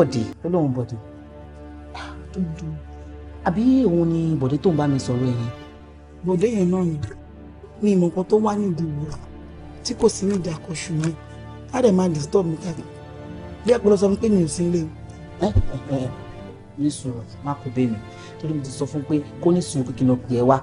C: bọ̀dé ó lóun bọ̀dé àbí òun ni bọ̀dé
A: tó ń bá mi sọ̀rọ̀ ẹ̀yìn. bọ̀dé yẹn náà ni mi ìmọ̀ kan tó wá ní ìdúró tí kò sí ní ìdàkọ̀ṣù mi á dẹ̀ máa disturb mi káàkiri bí ẹ̀pẹ́ lọ sọ pé mi ò sí ilé ní sùúrù má kó bẹ́ẹ̀ mi torí mo ti sọ fún pé kó
C: ní sùúrù kí n lọ pè ẹ́ wá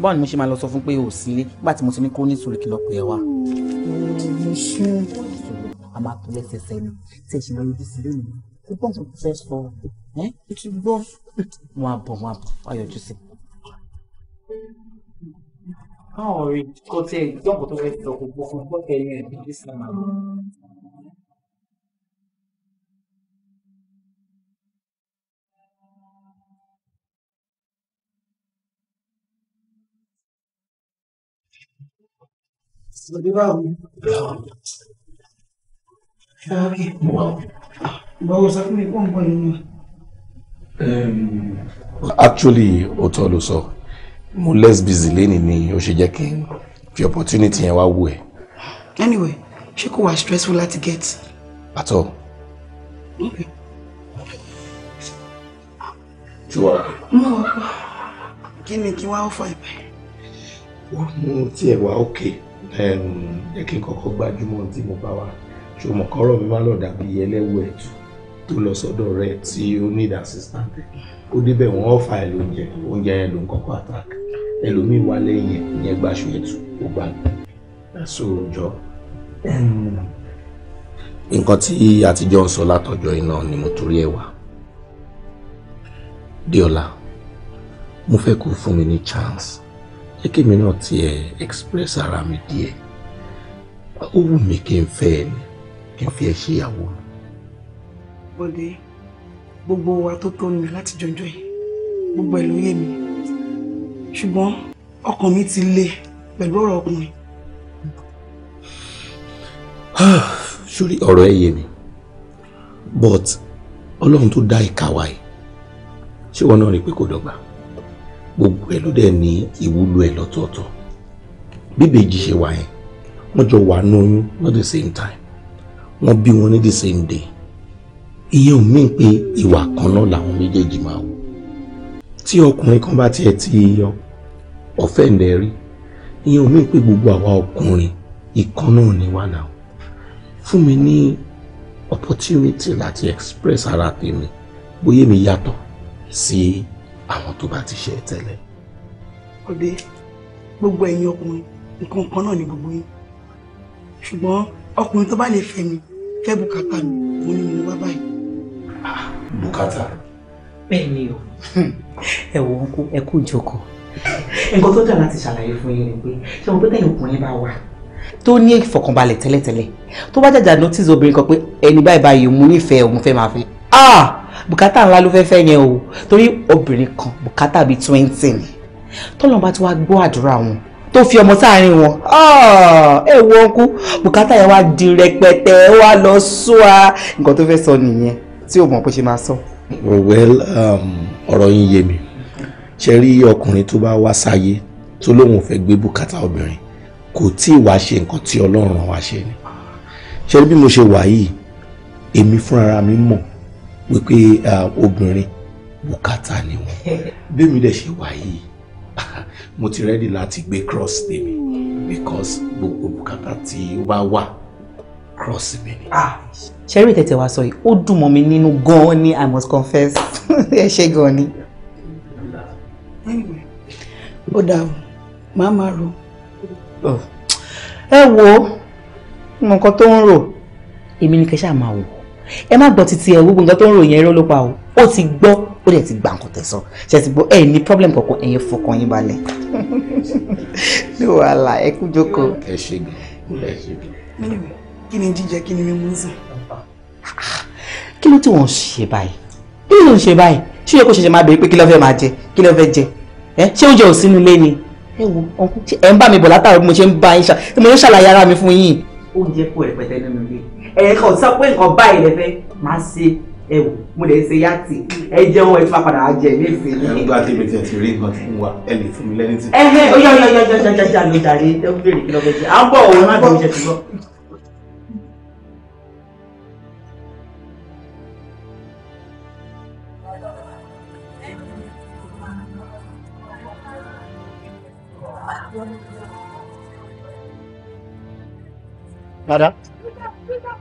C: báwo ni mo ṣe máa lọ sọ fún pé ò sí ilé nígbà tí mo ti ní kó ní sùúrù kí n lọ pè ẹ́ wá. mo ṣe a máa tó lẹ́sẹsẹ ni tí ẹ ṣe lọ
A: yọjú sí lónìí ó pọ̀ tó fẹ́ sọ ẹ́ ó ti gbọ́ wọn á bọ̀ wọn á bọ̀ wọn á yọjú sí. káwọn ọ̀rẹ́ kò tẹ ìjọba tó fẹ́
B: sọ gbogbo fún gbọ́kẹ́ yẹn bí bí sàmà. Sọ̀rọ̀ báwo? Sàràkí,
A: báwo sọ fún mi kó ń bọ̀ nínú Actually, òótọ́ ló sọ, mo less busy lénìí ni ó ṣe jẹ́ kí n fi opportunity yẹn wá wò ẹ̀. Anyway, ṣé kò wá stressful láti get? At all. Okay. Tiwa. Mo wà pa. Kí ni kí wá ó fà ìbẹ̀? Wọ́n mú tiẹ̀ wá òkè. Jẹ́ kí n kọ́kọ́ gbájúmọ́ tí mo bá wà ṣùgbọ́n kọ́rọ̀ mi má lọ dàbí ẹlẹ́wù ẹ̀tù tó lọ sọ́dọ̀ rẹ tí ó ní assistant ó débẹ̀ wọ́n ọ̀fà ẹ̀ lóúnjẹ oúnjẹ yẹn ló ń kọ́kọ́ attack ẹlòmíì wà lẹ́yìn ìyẹn gbaṣọ ẹ̀tù ó gbà mí ẹ̀sùn òòjọ́ nǹkan tí àtijọ́ ń sọ látọjọ́ iná ni mo torí ẹ̀ wá Diola mo fẹ́ kó fún mi ní chance jẹ́ kí èmi náà tiẹ̀ express ara mi díẹ̀ ó wù mí kí n fẹ́ ẹ ni kí n fi ẹ̀ ṣíyàwó. bọ́dé gbogbo wa tó tó mi láti jọjọ́ yìí gbogbo ẹ̀ ló yé mi ṣùgbọ́n ọkàn mi ti le pẹ̀lú ọ̀rọ̀ ọkùnrin. sórí ọ̀rọ̀ ẹ yé mi but ọlọ́run tó dá ìka wa yìí ṣé wọn náà rí i pé kò dọ́gba gbogbo ẹ ló dẹ̀ ní ìwúlò ẹ lọ́tọ̀ọ̀tọ̀ bíbèjì ṣe wà yẹn wọ́n jọ wà ní not the same time wọ́n bí wọn ní the same day ìyẹn ò mí pé ìwà kan náà làwọn méjèèjì máa wù tí ọkùnrin kan bá tiẹ̀ ti yọ ọ̀fẹ́ ǹdẹ̀ rí ìyẹn ò mí pé gbogbo àwa ọkùnrin ìkan náà ni wà náà fún mi ní opportunity láti express ara tèmi bóyá mi yàtọ̀ sí àwọn tó bá ti ṣe tẹ́lẹ̀. ọ̀dẹ gbogbo ẹ̀yin ọkùnrin nǹkan kan náà ni gbogbo yín ṣùgbọ́n ọkùnrin tó bá lè fẹ́ mi fẹ́ bùkátà mi mo ní mo wá báyìí. bùkátà. bẹ́ẹ̀ ni o hmm. ẹ wo
C: ọkọ ẹ kú ìjókòó nǹkan tó dà láti ṣàlàyé fún yín ni pé ṣé mo pé tẹ̀yìn ọkùnrin bá wà tó ní ìfọ̀kànbalẹ̀ tẹ́lẹ̀tẹ́lẹ̀ tó bá jàjà notice obìnrin kan pé ẹni báyìí báyìí mo nífẹ̀ẹ́ òun fẹ́ máa fẹ́ ah bùkátà ńlá ló fẹ́ẹ́ fẹ́ yẹn o torí obìnrin kan bùkátà bíi twenty ni tọ́lọ́mọba tí wàá gbọ́ àdúrà wọn tó fi ọmọ sáàárín wọn ah,
A: ẹ wo ọkú bùkátà yẹn wá di rẹpẹtẹ ó wá lọ sọ a nǹkan tó fẹ́ sọ nìyẹn tí ò mọ̀ bó ṣe máa sọ. well um, ọ̀rọ̀ yín yé mi ṣe rí ọkùnrin tó bá wá sáyé tó lóun fẹ́ gbé bùkátà obìnrin kò tí ì wá ṣe nǹkan tí ọlọ́run wá ṣe ni ṣe bí mo ṣe wà yìí èmi fúnra mi mọ̀ wípé uh, obìnrin bùkátà ni wọn bẹ́ẹ̀ mi dẹ̀ ṣe wà yìí mo ti rẹ́dì láti gbé cross tèmi because gbogbo bùkátà tí ó bá wà cross mi ni. Ah,
C: ṣẹ́rí tẹ̀tẹ̀ wá sọ yìí ó dùn mọ́ mi nínú gan-an ni I must confess ẹ ṣe gan-an ni. ó dà o màá máa ro oh. ẹ wo nǹkan tó ń rò èmi ni kẹ́ ṣáà máa wò ẹ má gbọ́ títí ẹ̀ gbogbo nǹkan tó ń rò yẹn ló pa o ó ti gbọ́ ó dẹ̀ ti gbà nǹkan tẹ̀sán ṣe ti gbọ́ ẹ ní
A: problem kankan ẹ̀yẹ fọkàn yín balẹ̀ ní wàhálà ẹ kú jókòó. ẹ ṣe gan ẹ ṣe gan. kí ni jíjẹ kí ni mímú sùn. kí ló tí wọ́n ń ṣe báyìí kí ló ń ṣe báyìí ṣé yẹ kó ṣẹ̀ṣẹ̀ máa béèrè pé kí ló fẹ́ máa jẹ kí ló
C: fẹ́ jẹ ẹ ṣé oúnjẹ ò sínú ilé ni ẹ wo ọkùn ẹ ń bá mi bọ̀ látàrí bí mo ṣe ń bá yín ṣá tí mo ń ṣàlàyé ara mi fún yín.
A: oúnjẹ kò rẹpẹtẹ nínú ilé ẹ̀ẹ́kan ẹ wò mo lè ṣe yàtì ẹ jẹun ẹ tún máa padà jẹ ní ìfẹ́ ní. ẹnu gba tèmi tẹ ti rí nǹkan tí mo ẹ lè fún mi lẹ́ni tí. ẹ ẹ ó yà ó yà ó yà ó yà ó yà ló dàrí ẹ ó bèrè kí lọ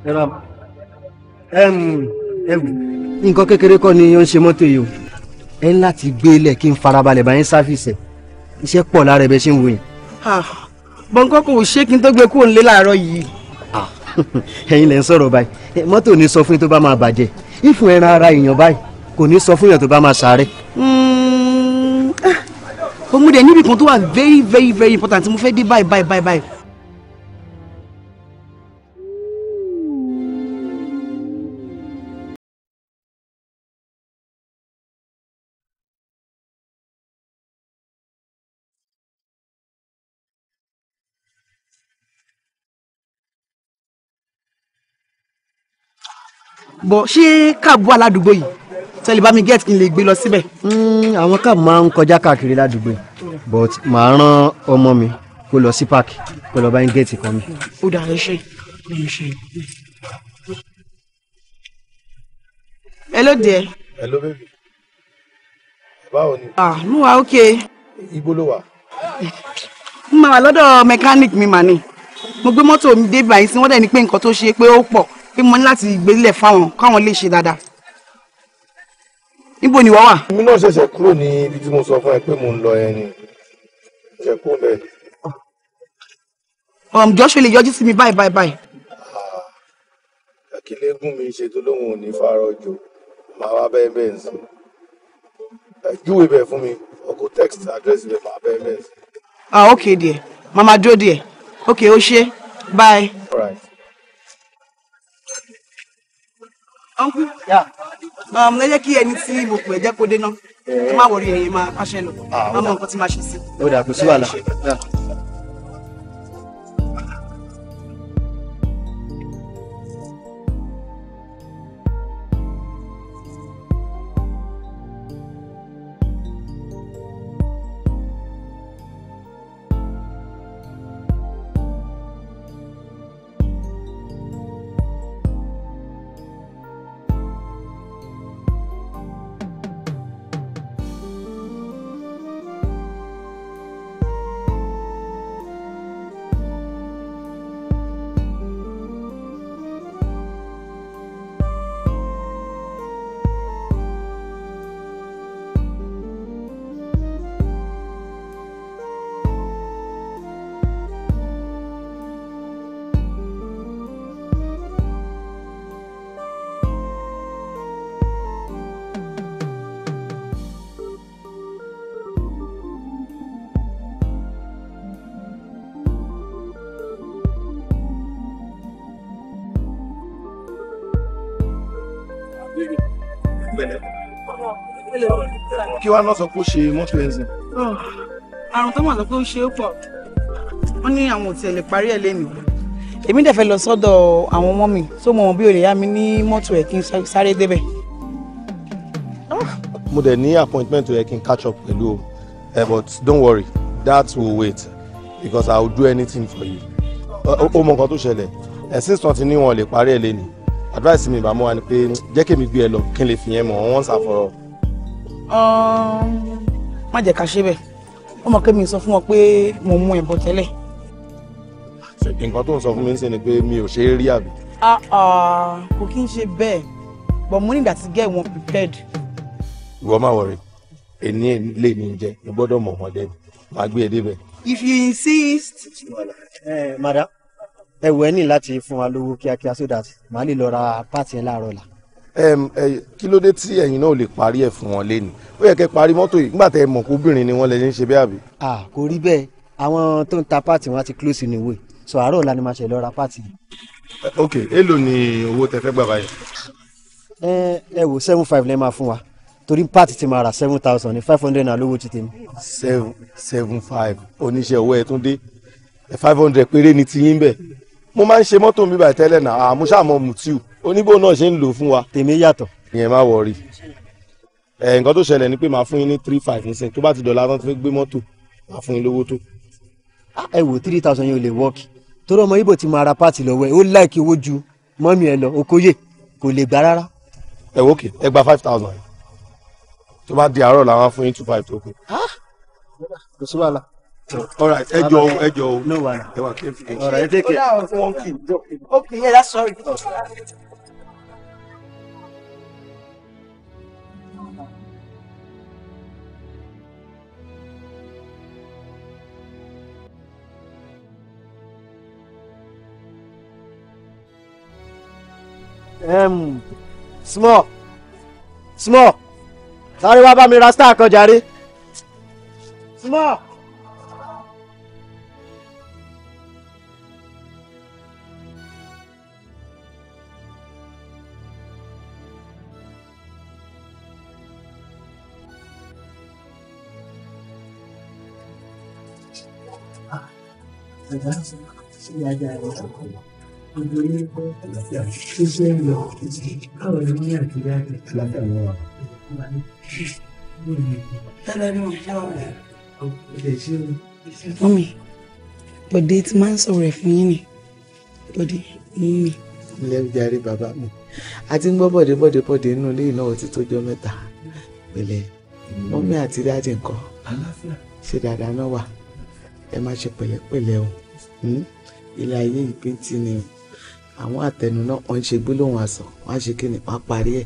A: bẹ jẹ ẹrù nǹkan kékeré kọ́ ni ó ń ṣe mọ́tò yìí o ẹ ń láti gbé e lẹ̀ kí n farabalẹ̀ bá sáfìsẹ̀ iṣẹ́ pọ̀ lára ẹ̀bẹ̀ ṣe ń wò yẹn. bọ́ńkọ́ kò ṣé kí n tó gbé kúrò nílé láàárọ̀ yìí. Ah, ẹ̀yin lẹ ń sọ̀rọ̀ báyìí mọ́tò ní sọ fún yín tó bá máa bàjẹ́ ìfún ẹran ara èèyàn báyìí kò ní sọ fún yín tó bá máa ṣàárẹ̀. òmùdẹ̀ hmm, ah, níbi kan tó wà very very very important mo fẹ́ dé báyìí báyìí báyìí gbọ́ ṣé káàbù aládùúgbò yìí tẹ́lẹ̀ get kí n lè gbé lọ síbẹ̀. Hmm, àwọn káàbù máa ń kọjá káàkiri ládùúgbò yìí but màá rán ọmọ mi kó lọ sí páàkì kó lọ bá ń get kan mi. ó dà ẹ ṣe ẹ ṣe. hello there. hello baby. báwo ni. ah mo wà okay. ibo ló wà.
C: mo máa wà lọ́dọ̀ mechanic mi mà ni
A: mo gbé mọ́tò mi dé báyìí sí wọ́n dẹ̀ ní pé nǹkan tó ṣe pé ó pọ̀ pé mo ní láti gbélé fáwọn káwọn lè ṣe dáadáa níbo ni wàá wà. èmi náà ṣẹ̀ṣẹ̀ kúrò ní ibi tí mo sọ fún ẹ pé mo ń lọ ẹni ṣẹ̀ṣẹ̀ kúrò bẹ́ẹ̀. Joshua lè yọjú sí mi báyìí báyìí báyìí. àkìlẹ́gùn ah, mi ṣètò lóhùn ò fàárọ̀ jò máa wá bẹ́ẹ̀ bẹ́ẹ̀ sí júwe bẹ̀ fún mi ọkọ̀ text address bẹ̀ máa bẹ́ẹ̀ bẹ́ẹ̀ sí. ah ok dear mama dúró díẹ̀ ok ó ṣe bye. All right. ọ̀nkú ẹ jẹ́ kí ẹni tí mo pè jẹ́ kó dé náà eh. ẹ má wọrí ẹ̀yìn máa pàṣẹ lọ ah, má mọ nǹkan tí máa ṣe sí. ó dà kó kí wàá lọ sọ pé ó ṣe mọ́tò ẹ̀sìn. Oh, àrùn tó mọ̀ sọ pé ó ṣe é pọ̀ wọ́n ní àwọn òtí ẹ̀ lè parí ẹ̀ lẹ́nu. èmi dẹ̀ fẹ́ lọ sọ́dọ̀ àwọn ọmọ mi tó mọ̀ bí olè yá mi ní mọ́tò ẹ̀ kí n sáré débẹ̀. Ah! mo dẹ̀ ní appointment tó yẹ kí n catch up pẹ̀lú o eh, but don't worry that will wait because i will do anything for you. ó mọ nǹkan tó ṣẹlẹ̀ ẹ̀sìn eh, sàn ti ní wọn lè parí ẹ̀ lẹ́nu advice mi ìbámu wa ni pé jẹ́ kémi gbé ẹ lọ kí n lè fi yẹn mọ̀ once and for all. Um, má jẹ́ ká ṣe bẹ́ẹ̀ ó mọ̀ pé mi sọ fún wọn pé mo mú ẹ̀bọ tẹ́lẹ̀. nǹkan tó ń sọ fún mi ń ṣe ni pé mi ò ṣe é rí àbí. kò kí n ṣe bẹ́ẹ̀ but mo nígbà tí gẹ́ wọn prepared. ìwọ máa wọrí èní lè ní jẹ ní gbọ́dọ̀ mọ̀ wọ́n dẹ́nu máa gbé e débẹ̀. if you insist. Eh, madam ẹ wọ ẹ ní láti fún wa lówó kíákíá so that màá lè lọ ra páàtì ẹ láàárọ̀ la kí ló dé tí ẹ̀yin náà lè parí ẹ̀ fún wọn lẹ́nu ó yẹ kẹ́ parí mọ́tò yìí nígbà tẹ́ ẹ mọ̀ kó obìnrin ni wọ́n lè ń ṣe bẹ́ẹ̀ àbí. à kò rí bẹ́ẹ̀ àwọn tó ń ta páàtì wọn ti close ní ìwé so àárọ̀ ọ̀la ni màá ṣe lọ ra ok èló ni owó tẹ fẹ́ gbà báyìí. ẹ ẹ wò seven five lẹ́ẹ̀ máa fún wa torí páàtì ti máa ra seven thousand ní five hundred náà lówó ti tèmi. seven seven five oníṣẹ́ owó ẹ̀ tún dé five hundred péré ni ti yín bẹ́ẹ̀ mo máa ń ṣe mọ́tò mi báyìí náà àmúṣàmọ́ mutiu oníbò náà ṣe ń lò fún wa. tèmi yàtọ̀. ìyẹn má wọrí ẹ nǹkan tó ṣẹlẹ̀ ni pé màá fún yín ní three five nísìn tó bá ti dọ̀la tán tó fẹ́ gbé mọ́tò màá fún yín lówó tó. Ah, ẹ wò three thousand yẹn ò lè wọ́ọ̀kì torí ọmọ ibo ti máa ra páàtì lọ́wọ́ ẹ ó láìkí owó ju mọ́mí ẹ lọ okòye kò lè gbà rárá. ẹ wókè ẹ gba five thousand tó bá di àárọ̀ làwọn fún yín two five tó kù. Ah! kò sí wàhálà. all right ẹ jọ o ẹ jọ o. no wàhálà. ẹ wà kí ẹ fi kí ẹ. all right ẹ tẹ́kẹ̀. ó dà ọ̀ fún wọn kì í. okay yeah that's sorry. um, small small sáré wá bá mi ra star kan jàre
B: small. Ah, Gracias
A: gbogbo ilé kọ́ àlàáfíà
C: ṣíṣe ń lọ títí káwọn ẹni ní àkìlẹ̀ àti àlàáfíà wọn wà.
A: mọ́mi bọ̀dé ti máa ń sọ̀rọ̀ ẹ̀ fún yín ni bọ̀dé mọ́mi. ilé ń jarí bàbá mi àti ń gbọ́ bọ̀dé bọ̀dé bọ̀dé nínú ilé ìnáwó ti tó jọ mẹ́ta pẹ̀lẹ́ mọ́mi àti dáàdì ńkọ́ ṣe dáadáa náà wà ẹ má ṣe pẹ̀lẹ́pẹ̀lẹ́ o hmm? ilé ayé ìpín tì ní o àwọn àtẹnu náà wọ́n ń ṣe gbólóhùn asọ̀ wọ́n ṣe kí ni wọ́n á parí ẹ̀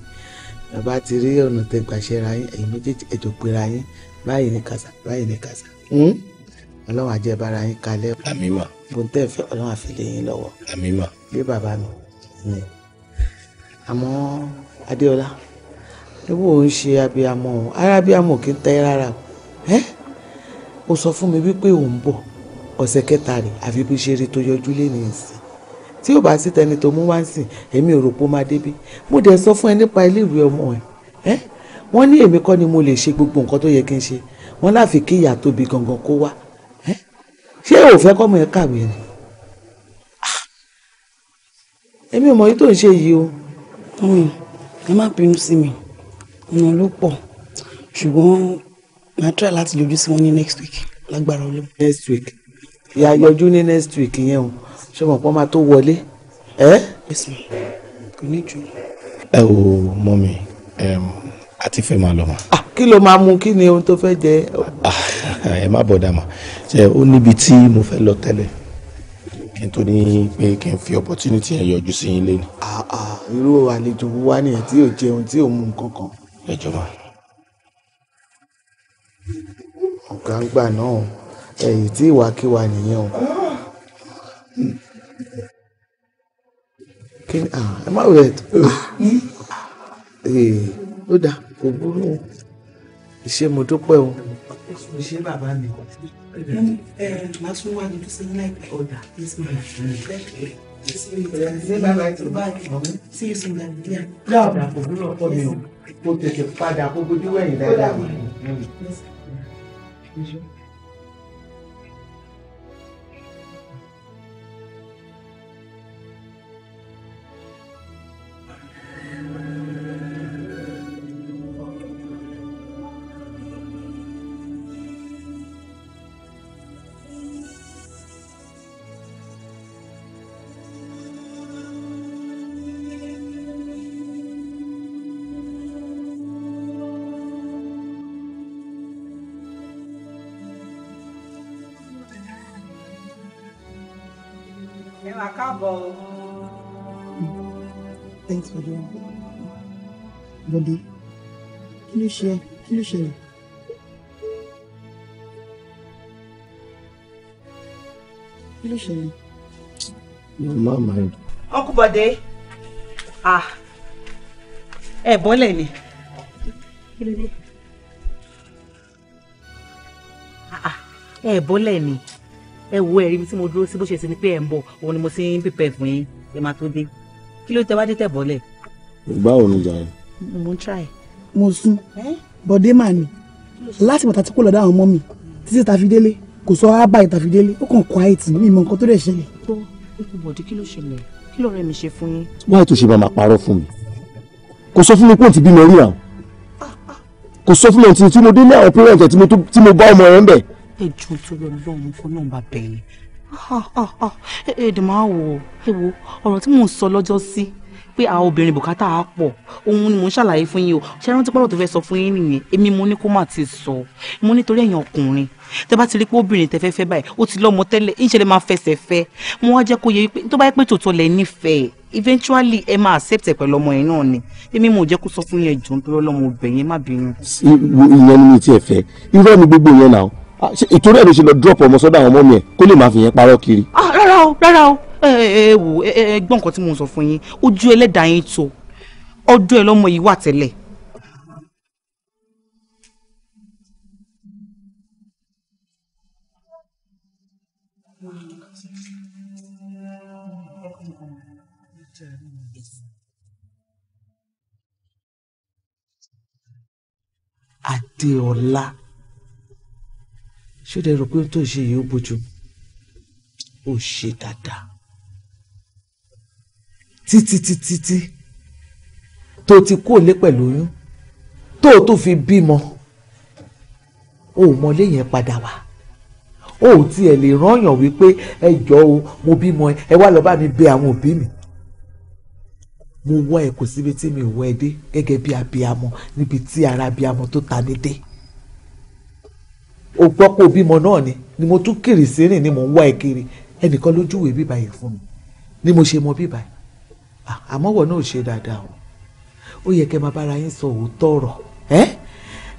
A: bàbá ti rí ọ̀nà tẹ gbàṣẹ́ra yín ẹ̀yin méjèèjì ẹ̀jọ̀ pera yín báyìí ní kàṣà báyìí ní kàṣà hmm? ọlọ́run àjẹbára yín kalẹ̀. àmín mà. bóun tẹ́ fẹ́ ọlọ́run àfilẹ̀ yín lọ́wọ́. àmín mà. bí bàbá mi
B: yẹn hmm.
A: àmọ́ adéọlá níbo ń ṣe abiyamọ o ara abiyamọ kì í tẹ́ rárá o ẹ́ o sọ fún mi wípé òun bọ̀ ọ̀sẹ̀ kẹta rẹ̀ àfi bí ṣe rí tó yọjú lé nìyẹn sí i tí ò bá sí tẹni tó mú wá ń sìn èmi ò rò pé ó máa débi mo dẹ̀ sọ fún ẹ nípa iléèwé ọmọ ẹ wọ́n ní èmi kọ́ ni mo lè ṣe gbogbo nǹkan tó yẹ kí n ṣe wọ́n láfi kí ìyá tóbi gangan kó wá ṣé ò fẹ́ kọ́mọ ẹ kàwé ni ah! èmi ò mọ yìí tó ń ṣe yìí o. mọ́mí ẹ má bínú sí mi ọ̀nà ló pọ̀ ṣùgbọ́n màá try láti yọjú sí wọn ní next week lágbára Ọlọ́run. next week ìyá yọjú ní next week yẹn o ṣé mo pọ́ máa tó wọlé ẹ́. kò ní jù. ẹ wo mọ́mì a ti fẹ́ máa lọ mọ́. Ah, kí ló máa mú kí ni ohun tó fẹ́ jẹ. Ah, ẹ má bọ̀ dàmọ́ ṣe ó níbi tí mo fẹ́ lọ tẹ́lẹ̀ kí n tó ní pé kí n fi opportunity yẹn yọjú sí yín lẹ́nu. Ah, irú àlejò wo wá nìyẹn tí ò jẹun tí ò mú nǹkan kan. ẹ jọba. ọ̀gá ń gbà náà ẹ̀yìn tí ìwàkiwà nìyẹn o kí ni ah, ẹ má wẹ̀ tó hmm? eh, ó dà kò burú o ìṣe mo dúpẹ́ o. ìṣe bàbá mi máa hmm. eh, tún wá ní bísí láìpẹ́ ọ̀dà bísí láìpẹ́ dáàbò kò wúlò ọkọ mi o kó tètè padà kó gbójú wẹ̀yìn dáadáa. acabou.
C: Bọ̀dé kí ló ṣe kí ló ṣẹlẹ̀. kí ló ṣẹlẹ̀.
A: màmá máa ń.
C: ọkù Bọ̀dé ẹ bọ́lẹ̀ ni. kí ló dé. Ah, ah. ẹ bọ́lẹ̀ ni ẹ wo ẹ̀rí mi tí mo dúró sí bó ṣe ti ni pé ẹ̀ ń bọ̀ òun ni mo ti ń pípẹ́ fún yín ẹ máa tó dé kí ló tẹ wá dé tẹ̀ bọ́lẹ̀.
A: báwo ni jàre mo ń try. mo sún eh? bọ̀dé mà ní láti bàtà tí kò lọ́dọ̀ àwọn ọmọ mi títí ta fi délé kò sọ ábà ìta fi délé ó kàn quiet mi mọ nǹkan tó dẹ̀ ṣẹlẹ̀.
C: tó ipò bọ̀dé kí ló ṣẹlẹ̀ kí lọ́rẹ́ mi ṣe fún yín.
A: wáyé tó ṣe máa parọ́ fún mi kò sọ fún mi pé òun ti bímọ rí àwọn kò sọ fún mi òun ti tí mo dé ní àwọn parent ẹ̀ tí mo bá ọmọ rẹ̀ ń bẹ̀.
C: ẹ jù tó lọ lọ́run kó náà bá bẹ̀yìn. èdè máa wò ó pé àwọn obìnrin bùkátà á pọ̀ òun ni mò ń ṣàlàyé fún yín o ṣe rántí pọ́lọ̀ tó fẹ́ sọ fún yín nìyẹn èmi mo ní kó má ti sọ mo nítorí ẹ̀yin ọkùnrin tẹ bá ti rí pé obìnrin tẹ fẹ́ fẹ́ báyìí ó ti lọ́mọ tẹ́lẹ̀ ń máa fẹsẹ̀ fẹ́ mo wá jẹ́ kó yẹ pé tó bá yẹ pé tòótọ́ lẹ nífẹ̀ẹ́ eventually ẹ máa accept ẹ pẹ̀lú ọmọ yẹn náà ni èmi mo jẹ́ kó sọ fún yẹn jọ̀ọ́ nítorí ọlọ́mọ ẹ ẹ wò ẹ gbọ́ nǹkan tí mo ń sọ fún yín ojú ẹlẹ́dàá yín tó ọdún ẹ lọ́mọ
A: yìí wà tẹ́lẹ̀. Adéọlá ṣé o dẹ̀ rò pé tó ṣe yìí ó bójú ó ṣe dáadáa títí títí tí tó ti kó lé pẹ̀lú oyún tó o tún fi bímọ o mọlé yẹn padà wá o ò tiẹ̀ lè rányàn wípé ẹ jọ o mo bímọ ẹ ẹ wá lọ bá mi bẹ àwọn òbí mi mo wọ ẹ kò síbi tí mi ò wọ ẹ dé gẹ́gẹ́ bí abiyamọ níbi tí ara abiyamọ tó ta mí dé o gbọ́ pé òbímọ náà ni ni mo tún kiri sí rìn ni mo ń wá ẹ kiri ẹnìkan lójúwèé bíbáyìí fún mi ni mo ṣe mọ bíbáyìí àmọ́ wọ̀ náà ò ṣe dáadáa o ó yẹ kẹ́ máa bára yín sọ òótọ́ ọ̀rọ̀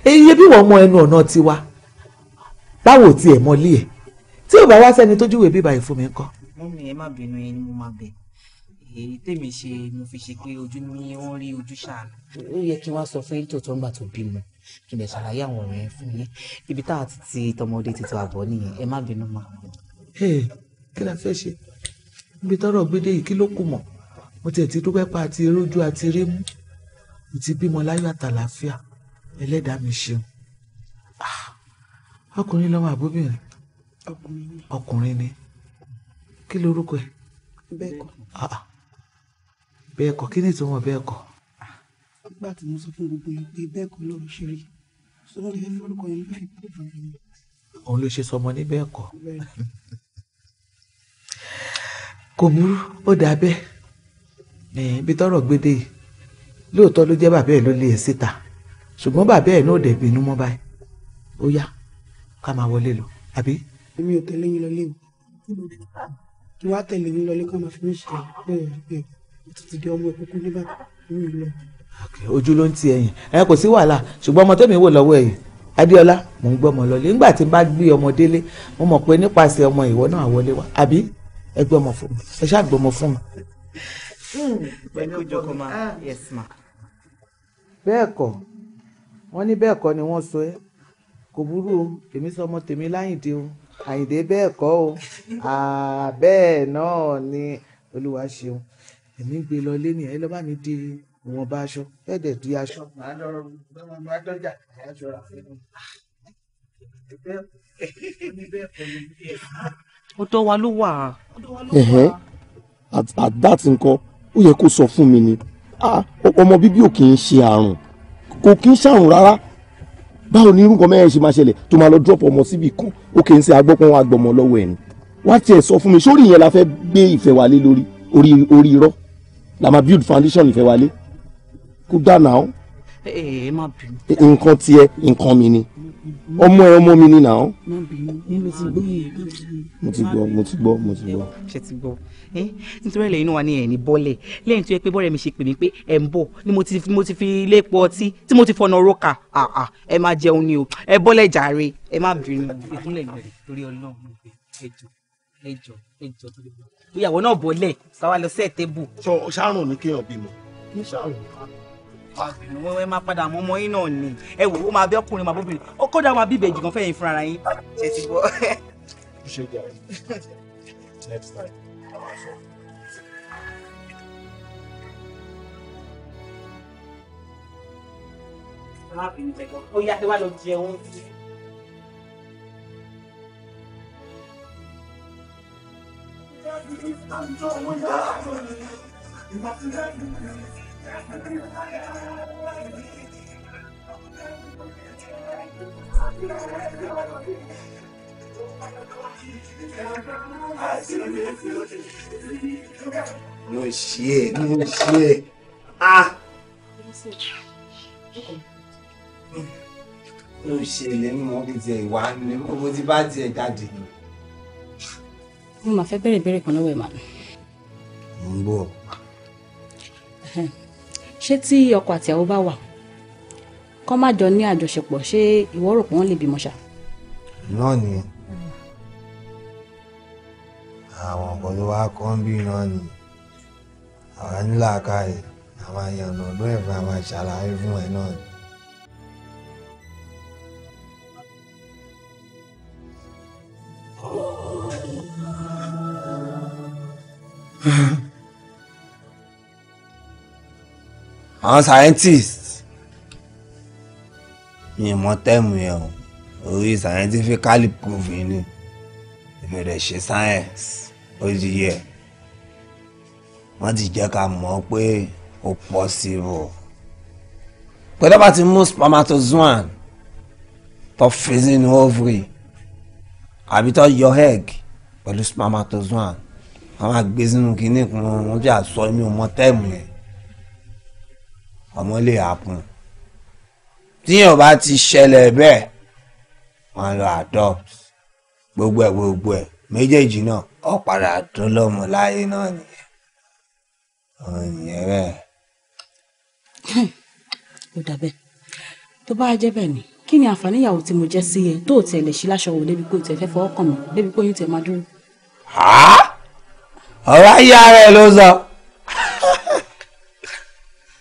A: ẹ́ iye bí wọ́n mọ ẹnu ọ̀nà tiwa báwo ti ẹ̀ mọ́lé ẹ̀ tí ò bá wá sẹ́ni tó júwèé bíbá ìfún mi ń kọ́. mọ́mí
C: ẹ má bínú yín ni mo máa bẹ̀ èyí tèmi ṣe mo fi ṣe pé ojú mi ó rí ojú ṣàánú. ó yẹ kí wọ́n sọ fún yín tòótọ́ nígbà tó bímọ kí lè ṣàlàyé àwọn ọ̀rọ̀ yẹn fún yín ibi tá a ti
A: ti tọmọdé ti tó àbọ̀ nìyẹn ẹ má bínú máa. kí la fẹ́ ṣe ibi tọ́rọ̀ gbédè yìí kí ló kù mọ́ mo tiẹ̀ ti dúpẹ́ pa àti erójú àti rímú mo ti bímọ láyọ̀ àtàlàáfíà ẹlẹ́dàá mi ṣeun ah, ọkùnrin lọ́mọ àbóbìnrin ọkùnrin ni kí lorúkọ ẹ ah, ah. bẹ́ẹ̀ kọ́ kí ni ìtumọ̀ bẹ́ẹ̀ kọ́. nígbà tí mo sọ fún gbogbo yẹn pé bẹ́ẹ̀ kọ́ lọ́rọ̀ ṣe rí sọ́dọ̀ ìfẹ́ forúkọ yẹn ló fi kú òun ló ṣe sọmọ ní bẹ́ẹ̀ kò burú ó dà bẹ́ẹ̀ bí tọrọ gbédè yìí lóòótọ́ ló jẹ́ bàbá ẹ̀ ló lé ẹ̀ e síta ṣùgbọ́n bàbá ẹ̀ náà dẹ̀ bínú mọ́ báyìí ó yá ká máa wọlé lọ àbí. èmi ò tẹ̀lé yín lọlé o kí wàá tẹ̀lé yín lọlé ká máa fi mí ṣe bẹ́ẹ̀ bẹ́ẹ̀ títí di ọmọ ìkókó nígbà mi ò lọ. ojú ló ń ti ẹ̀yìn ẹ kò sí wàhálà ṣùgbọ́n ọmọ tẹ́mi wò lọ́wọ́ ẹ̀yìn adéọlá mò ń gbọ́ ọmọ lọlé nígbà tí n bá gbé ọmọ délé mo mọ̀ pé nípasẹ̀ ọmọ ìwọ náà wọlé wa àbí ẹ gbọ́ ọmọ fún mi ẹ ṣáà gbọ́ ọmọ fún mi. Mm. Ah. bẹ́ẹ̀ kọ́ wọ́n ní bẹ́ẹ̀ kọ́ ni wọ́n sọ ẹ́ kò burú o èmi sọmọ tèmi láyìndé o àyìndé bẹ́ẹ̀ kọ́ o bẹ́ẹ̀ náà ni olúwa ṣeun èmi ń gbé lọ lé ní ẹ lọ́ bá mi di ìwọ̀n bá aṣọ bẹ́ẹ̀ dẹ̀ di aṣọ.
B: màá lọ máa dọ́jà àyà ṣọ́ra fún mi.
C: ọ̀dọ̀ wa ló wà.
A: ọ̀dọ̀ wa ló wà. àdáàtì ó yẹ kó sọ fún mi ni ọmọ bíbí ò kì í ṣe àrùn kò kì í ṣàrùn rárá báwo ni irú nǹkan ṣe máa ṣẹlẹ̀ tó máa lọ drop ọmọ síbi kan ó kì í ṣe agbọ́pọ̀ wọn àgbọ̀mọ lọ́wọ́ ẹ̀ ni wá tiẹ̀ sọ fún mi sórí ìyẹn la fẹ́ gbé ìfẹ́ wa lé lórí orí orí irọ́ la máa build foundation ìfẹ́ wa lé kó dáná o. ẹ ẹ má bínú. nǹkan tiẹ̀ nǹkan mi ni ọmọ ẹ ọmọ mi ni nà án. mo ti gbọ́ mo ti gbọ́ mo ti gbọ́. ṣe ti gbọ́
C: ẹ nítorí ẹlẹ́yìn inú wa ni ẹ̀ ní bọ́lẹ̀ lẹ́yìn tó yẹ pé bọ́rẹ̀ mi ṣe pè mí pé ẹ̀ ń bọ̀ ni mo ti fi ilé pọ̀ ọtí tí mo ti fọ̀nà roka ẹ máa jẹun ni o ẹ bọ́lẹ̀ jàre ẹ má
A: bínú. ìkúnlẹ̀
C: ìgbẹ̀rẹ̀ torí ọlọ́run ẹjọ́ ẹjọ́ ẹjọ́ torí ọlọ́run.
A: ìyàwó náà bọ́lẹ̀ káwá lọ sí ẹ̀ tẹ́bù. sọ ṣàrùn ní kéèyàn bímọ ní ṣàrùn ní ká wọ́n wọ́n máa padà mọ́ ọmọ yín náà ni ẹ wò ó máa bí ọkùnrin máa bóbìnrin ó kódà máa bí ìbejì gan fẹ́yìn fúnra yín. ṣe ti bọ́.
C: Thank
B: you.
A: No shit, no shit. Ah! No shit, lẹ́nu mọ́ bí tiẹ̀ wá ní owó tí bá tiẹ̀ jáde ni.
C: Mo máa fẹ́ bẹ̀rẹ̀ ìbéèrè kan lọ́wọ́ ẹ̀ màá. Mo ń bọ̀ ṣé tí ọkọ àtìyàwó bá wà kọ́ má jọ ní àjọṣepọ̀ ṣé ìwọ rò pé wọ́n lè bímọ ṣá.
A: náà ni àwọn ọ̀pọ̀ ló wá kọ́ ń bí náà ni àwa ń là ká ẹ̀ àwọn àyànnà ọdún ẹ̀fọ́ àwọn àṣàlàyé fún ẹ náà ni. Mm-hmm. àwọn scientist mi mọ tẹ́ẹ̀mù yẹn o orí scientifically proven ni ìbẹ̀rẹ̀ ṣe science ó di yẹ wọ́n ti jẹ́ ká mọ̀ pé ó possible pẹ̀lú bá ti mú spermatozoan tó fi sínú ovary àbí tó yọ egg pẹ̀lú spermatozoan wọ́n máa gbé sínú kínní kan wọ́n ti àsọ ní ọmọ yẹn ọmọ lè happen tíyàn bá ti ṣẹlẹ̀ bẹ́ẹ̀ wọ́n lọ adopt gbogbo ẹ̀ gbogbo ẹ̀ méjèèjì náà ọ̀padà dọ́lọ́mọ láyé náà nìyẹn
B: ọ̀nìyẹn bẹ́ẹ̀.
C: ó dàbẹ́ tó bá jẹ́ bẹ́ẹ̀ ni kí ni àǹfààní ìyàwó tí mo jẹ́ sí ẹ tó tẹ̀ lè ṣí láṣọ wò débi pé o tẹ̀ fẹ́ fọwọ́ kàn mí débi pé oyún tẹ̀ máa dúró.
A: ọ̀rọ̀ ayé ara ẹ̀ ló sọ.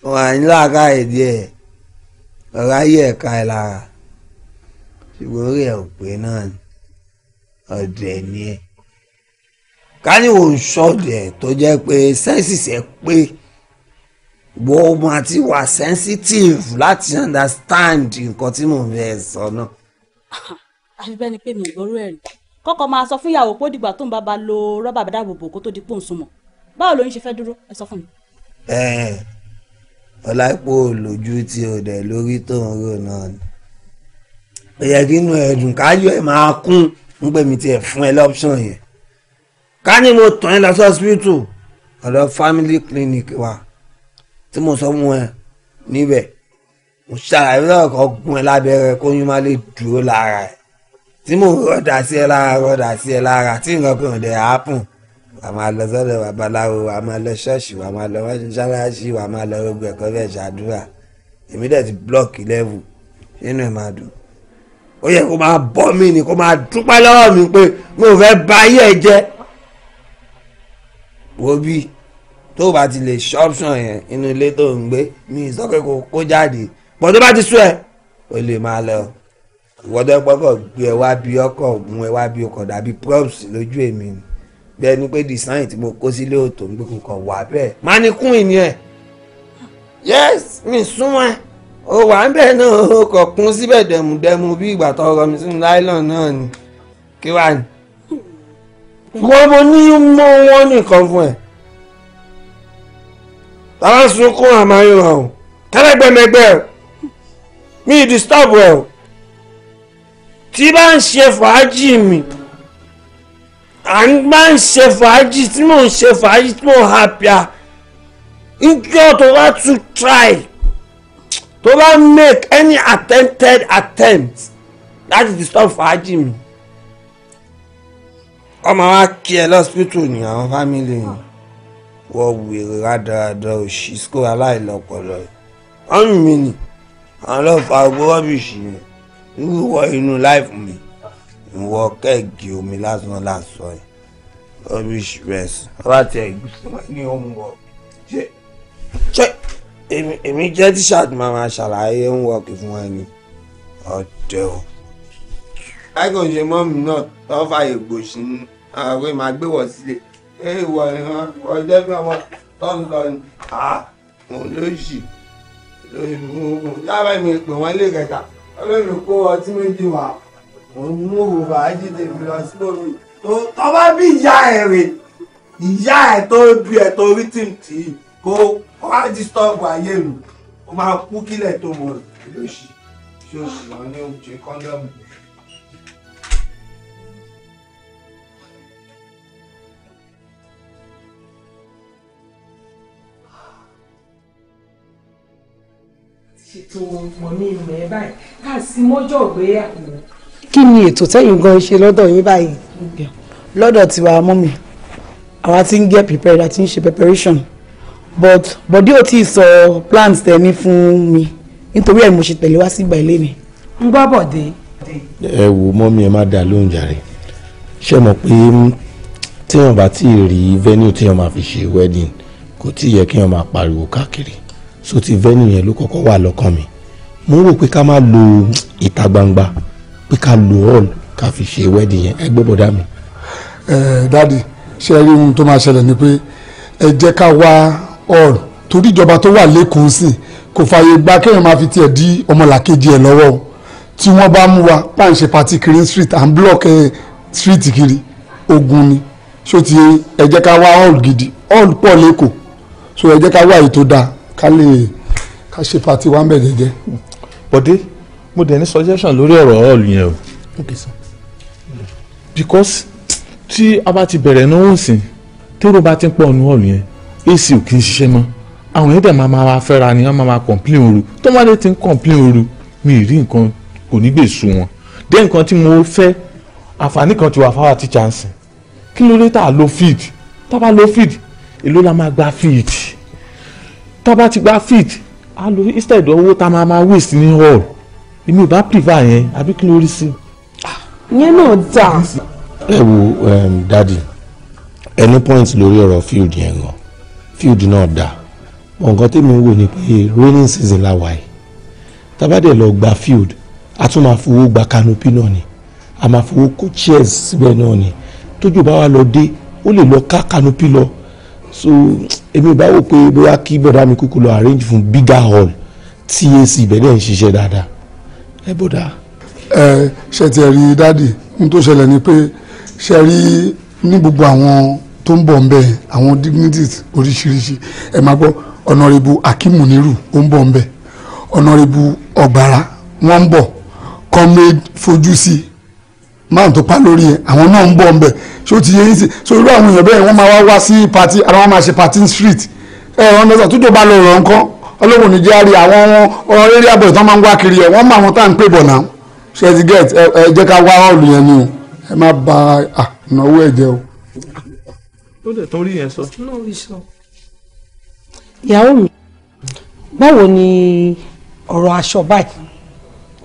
A: wọn à ń láàká ìdí ẹ̀ ọ̀rá yí ẹ̀ka ẹ̀ lára ṣùgbọ́n orí ẹ̀ ò pé náà ni ọ̀dẹ̀ ni ẹ̀ káníwò ń ṣọ̀dẹ̀ tó jẹ́ pé sẹ́ǹsìsì ẹ̀ pé wọ́n máa ti wà sensitive láti understand nǹkan tí mò ń fẹ́ sọ náà.
B: àfi
C: ni pé mi ò gbọ́rú ẹ̀rí kọ́kọ́ máa sọ fún ìyàwó pé ó dìgbà tó ń bá ba lo rọ́bà dáàbòbò kó tó di pòǹsùmọ̀ báwo ló ń ṣe fẹ́ dúró ẹ sọ fún mi
A: ọláìpọ̀ lójú tí o dẹ̀ lórí tó ń rò náà ni ó yẹ kí inú ẹ̀dùn káyọ̀ ẹ̀ máa kún ń pè mí tiẹ̀ fún ẹ lọ́pṣọ̀n yẹn ká ní mo tàn ẹ́ lọ sí ọsibítù ọ̀dọ̀ family clinic wa tí mo sọ fún ẹ níbẹ̀ mo ṣàlàyé náà kọ́ gun ẹ lábẹ́rẹ́ kóyún má lè dúró lára ẹ̀ tí mo rọ̀dà sí ẹ lára rọ̀dà sí ẹ lára tí nǹkan kan dẹ̀ hápùn wàá máa lọ sọ́dọ̀ babaláwo wàá máa lọ ṣọ́ọ̀ṣì wàá máa lọ mọ́ṣáláṣí wàá máa lọ gbogbo ẹ̀kọ́ bẹ́ẹ̀ ṣàdúrà èmi dẹ̀ ti blọ́ọ̀kì lẹ́wù nínú ẹ̀ máa dùn ó yẹ kó máa bọ́ mi ni kó máa dúpẹ́ lọ́wọ́ mi pé mo fẹ́ ba ayé ẹ wo bí tó o bá ti lè ṣọ́ọ̀ṣàn yẹn inú ilé tó ń gbé mi ìsọ́kẹ́ kó kó jáde pọ̀ tó bá ti sún ẹ o lè máa lọ ìwọ́dọ̀ pọ́kọ̀ gbé ẹ wá bí ọkọ̀ mú ẹ wá dàbí props lójú èmi ni bẹ́ẹ̀ ni pé design tí mo kó sílé òtò ń gbé kankan wà bẹ́ẹ̀ mannequin ni ẹ̀ yes mi súnmọ́ ẹ̀ o wà ń bẹ̀ náà o kò kún síbẹ̀ dẹ̀mùdẹ̀mù bí ìgbà tó rọ mi sínú láìlọ́n náà ni kí wàá ni. wọ́n mo ní mọ́ wọn nìkan fún ẹ̀ tàbá sunkún àmàyàn o kẹlẹgbẹmẹgbẹ mi disturb ẹ o tí bá ń ṣe fàájì mi à ń gbá ń ṣe fàájì tí mò ń ṣe fàájì tí mò ń hapia ah. njọ́ tó bá tún try tó bá make any attempted attempt láti disturb fàájì mi ọmọ wa kí ẹ lọ́sítítù ní àwọn fámìlì yìí wọ́n wèrè rádaràda òṣì skó aláìlọ́pọ̀lọ́ ọ̀hún mi ni àwọn ọlọ́pàá gbọ́ rọ́bìṣì mi irú wọ inú láìpù mi ìwọ kẹ́ẹ̀gì omi lásán lásán ẹ̀ rubbish rest ọba tí ẹ̀gúsí wọn ní òun wọ ṣe ṣe èmi jẹ́ tíṣàt máa ma ṣàlàyé ń wọ̀kì fún ẹni ọ̀dẹ̀ o. láìpẹ́ òṣè mọ́mì náà tó fààyè gbòòṣì ní àwọn ìmọ̀ àgbéwọ̀ sílẹ̀ ẹ ìwọ ìran ọjọ́ bí ọmọ tó ń lọ ní àwọn olóṣì lóṣù mú un. lábàá mi pè wọ́n lè kẹta olóṣù kó ọtí méjì wá òun mú òwò fàájì tèmi lọ sí omi tó bá bí ìyá ẹ̀ rè ìyá ẹ̀ tó bí ẹ̀ tó rí tìǹtì kó kó wá disturb ayé mi ó máa kú kílẹ̀ tó mọ̀ lóṣì ṣóṣì wọn ní oúnjẹ kọ́ńdọ̀mù.
C: ṣètò mọ̀mí ìmọ̀ ẹ̀ báyìí káà mọ́jọ́ ọ̀gbẹ́ kí ni ètò
A: tẹ́yìn gan ṣe lọ́dọ̀ yín báyìí lọ́dọ̀ tiwa mọ́mì àwa ti ń get prepared àti ń ṣe preparation but bọ́dí ò tí ì sọ plans tẹ̀mí fún mi nítorí ẹ̀ mo ṣe tẹ̀lé wá sígbà ilé mi. ń gbọ́ bọ̀dé. ẹ wo mọ́mì ẹ má dà lóhùn jàre ṣé mọ̀ pé téèyàn bá tí ì rí venue téèyàn máa fi ṣe wedding kò tí ì yẹ kéèyàn máa pariwo káàkiri so ti venue yẹn ló kọ́kọ́ wà lọ́kàn mi mo ń rò pé ká má lo ìta gbangba pé ká lo hall ká fi ṣe wedding yẹn ẹ gbọ́ bọ̀dá mi. ẹ dáàdi ṣe rí ohun tó máa ṣẹlẹ̀ ni pé ẹ jẹ́ ká wá hall torí ìjọba tó wà lẹ́kọ̀ọ́ sí kò fààyè gba kéèyàn máa fi tiẹ̀ dí ọmọlàkejì ẹ̀ lọ́wọ́ tí wọ́n bá mú wa bá ń ṣe pati kiri street and block eh, street kiri ogun ni so ti ẹ jẹ́ ká wá hall gidi hall pọ̀ lẹ́kọ̀ọ́ so ẹ jẹ́ ká wá èyí tó dáa ká lè ká ṣe pati wa ń bẹ̀ jẹ́jẹ́. bọ́dé mo dẹ̀ ní suggestion lórí ọ̀rọ̀ ọ̀lù yẹn o. okay sir. because tí a bá ti bẹ̀rẹ̀ náwó sìn tẹ́rọ bá ti ń pọ̀ nù ọ̀lù yẹn ac ò kì í ṣiṣẹ́ mọ́ àwọn yẹn dẹ̀ máa máa fẹ́ra ni wọ́n máa máa complain ooru tó máa dé ti ń complain ooru mi ì rí nǹkan kò ní gbè sùn wọn dé nǹkan tí mo fẹ́ àǹfààní kan ti wà fáwọn tí chance kí ló dé tá a lo feed tá a bá lo feed èló la máa gba feed tá a bá ti gba feed a lo instead owó tá a máa máa waste ní hall èmi ò bá prefer yẹn àbí kí ló rí sí. yẹn náà dáa. ẹ wo um, dadi ẹni point lórí ọ̀rọ̀ field yẹn gan field náà dáa mọ nǹkan tèmi ń wò ni pé raining season la wà yìí tabadẹ lọ gba field a tún máa fowó gba canopy náà ni a máa fowó kó chairs síbẹ̀ náà ni tójú bá wa lọ dé ó lè lọ ká canopy lọ so èmi bá wò pé bóyá kí bọ̀dá mi kúkú lọ arrange fún bigger hall tí ac ibẹ̀ dẹ̀ ń ṣiṣẹ́ dáadáa ẹ bọ̀dà. ẹ ṣe ti rí dáàdì ní tó ṣẹlẹ̀ ni pé ṣe rí ní gbogbo àwọn tó ń bọ̀ ń bẹ̀ àwọn dignities oríṣiríṣi ẹ máa gbọ́ ọ̀nàrẹ́bù akimuniru ó ń bọ̀ ń bẹ̀ ọ̀nàrẹ́bù ọ̀gbàrà wọ́n ń bọ̀ comrade fojú sí máa tó pa lórí ẹ àwọn náà ń bọ̀ ń bẹ̀ ṣó ti yé yín sí so irú àwọn èèyàn bẹ́ẹ̀ wọ́n máa wá wá sí party ara wọn máa ṣe party street ẹ̀ ọ̀nà tó jọba lọ rọ̀ nǹkan ọlọ́run ní jẹ́ àrí àwọn eré àbọ̀ ìtàn máa ń wá kiri ẹ̀ wọ́n mọ àwọn tá à ń pè bọ̀ náà ṣe ti get ẹ jẹ́ ká wá ọ̀lù yẹn ni o ẹ má ba ìnáwó ẹ̀ jẹ́ o. ó dẹ̀ torí yẹn sọ. ìyàwó mi báwo ni ọ̀rọ̀ aṣọ báyìí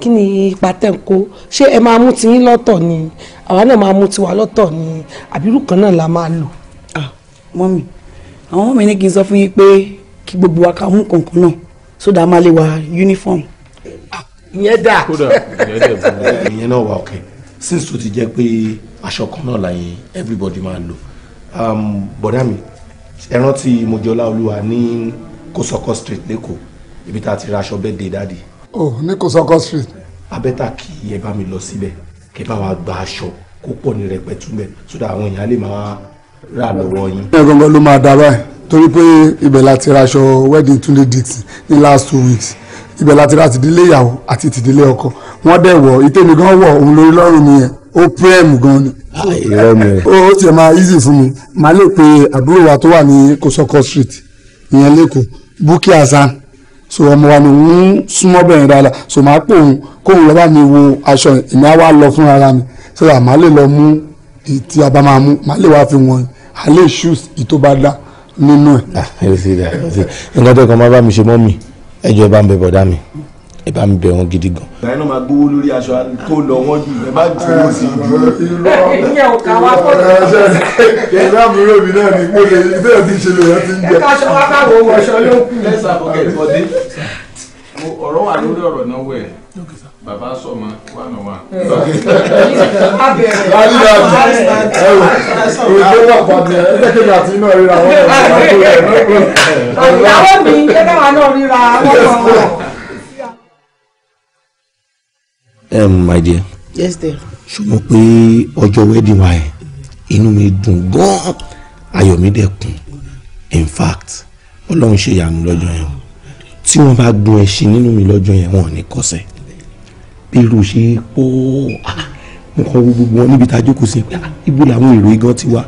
A: kí ni ipa tẹ̀ ń kó ṣé ẹ máa mú tiyín lọ́tọ̀ ni àwa náà máa mú tiwa lọ́tọ̀ ni àbírú kan náà la máa lò. Ah, àwọn mọ́mì ní kí n sọ fún yín pé kí gbogbo wa ká mú kankan náà sódà máa lè wa uniform. Ah, ìyẹn dà ìyẹn náà wà ọ̀kẹ́ since tó ti jẹ́ pé aṣọ kan náà la yẹn everybody máa lò um, bọ̀dá mi ẹ rántí mojola olúwa ní kòsọ́kọ́ street lẹ́kọ̀ọ́ ibi tá a ti ra aṣọ bẹ́ẹ̀ dé dáàdi. o ní kòsọ́kọ́ street. abẹ́ta kì í ẹ bá mi lọ síbẹ̀ kí ẹ bá wa gba aṣọ kó pọ̀ ní rẹpẹtú bẹ́ẹ̀ sódà àwọn èèyàn lè máa rà lọ́wọ́ yín. ẹ ló máa dá báyìí torí pé ibẹ̀ la ti raṣọ wedding Túndé Dixon ní last two weeks ibẹ̀ la ti ra tìdílé ìyàwó àti tìdílé ọkọ wọ́n dẹ̀ wọ̀ ìtẹ̀mí gan wọ̀ òun lórí lọ́rùn mi yẹn ó pírẹ́mù gan ni. Ah, ó tiẹ̀ máa easy fún mi màá lè pe àbúrò wa tó wà ní kòsọ́kọ́ street ìyẹn lẹ́kọ̀ọ́ Bukky Hasan so ọmọ wa ni òun súnmọ́ bẹ̀rẹ̀ dáadáa so màá pò òun kóun lọ́ba mi wo aṣọ ìmí àwa lọ fún ara mi so that màá lè lọ mú ìtì àbámá mú màá lè wá fi wọ̀nyí àlè shoes ìtó bá dáa nínú ẹ̀. Ah, nǹkan tó kàn máa bá mi ṣe mọ́ mi ẹjọ́ ẹ bá ń bẹ bọ̀dá mi ẹ bá mi bẹ̀ wọ́n gidi gan. ìgbà yẹn máa gbowó lórí aṣọ tó lọ wọ́n jù ẹ má jù ú sí i.
B: ìyẹn ò ká wá kọ́ ló ń bẹ̀.
A: ìyá mi rò mí náà ni pé ìdílé ti ṣe lè rántí ń jẹ. ẹ̀ka aṣọ wa káwọ ọṣọ ló kù. let's forget for this ọ̀rọ̀ wà lórí ọ̀rọ̀ náà wẹ̀ bàbá sọmọ one on one. abẹ́rẹ́ abẹ́rẹ́ ẹ̀wọ̀ èdè wà pàdé ẹ̀ẹ́dẹ́gbẹ̀rẹ́ àti
B: um, iná ríra wọn ìyàwó
A: mi jẹ́ káwa náà ríra
B: wọn kọ̀
A: wá. my dear. yes dear. ṣé mo pé ọjọ́ wedding wa ẹ̀ inú mi dùn gan-an ayọ̀ mi dẹ̀ kún in fact ọlọ́run ṣe ìyanu lọ́jọ́ yẹn tí wọ́n bá gun ẹṣin nínú mi lọ́jọ́ yẹn wọn ò ní kọsẹ̀ èrò ṣe pọ̀ ah, mo kọ́ gbogbo wọn níbi tá a jókòó sí pé ah, ibo làwọn èrò igan ti wá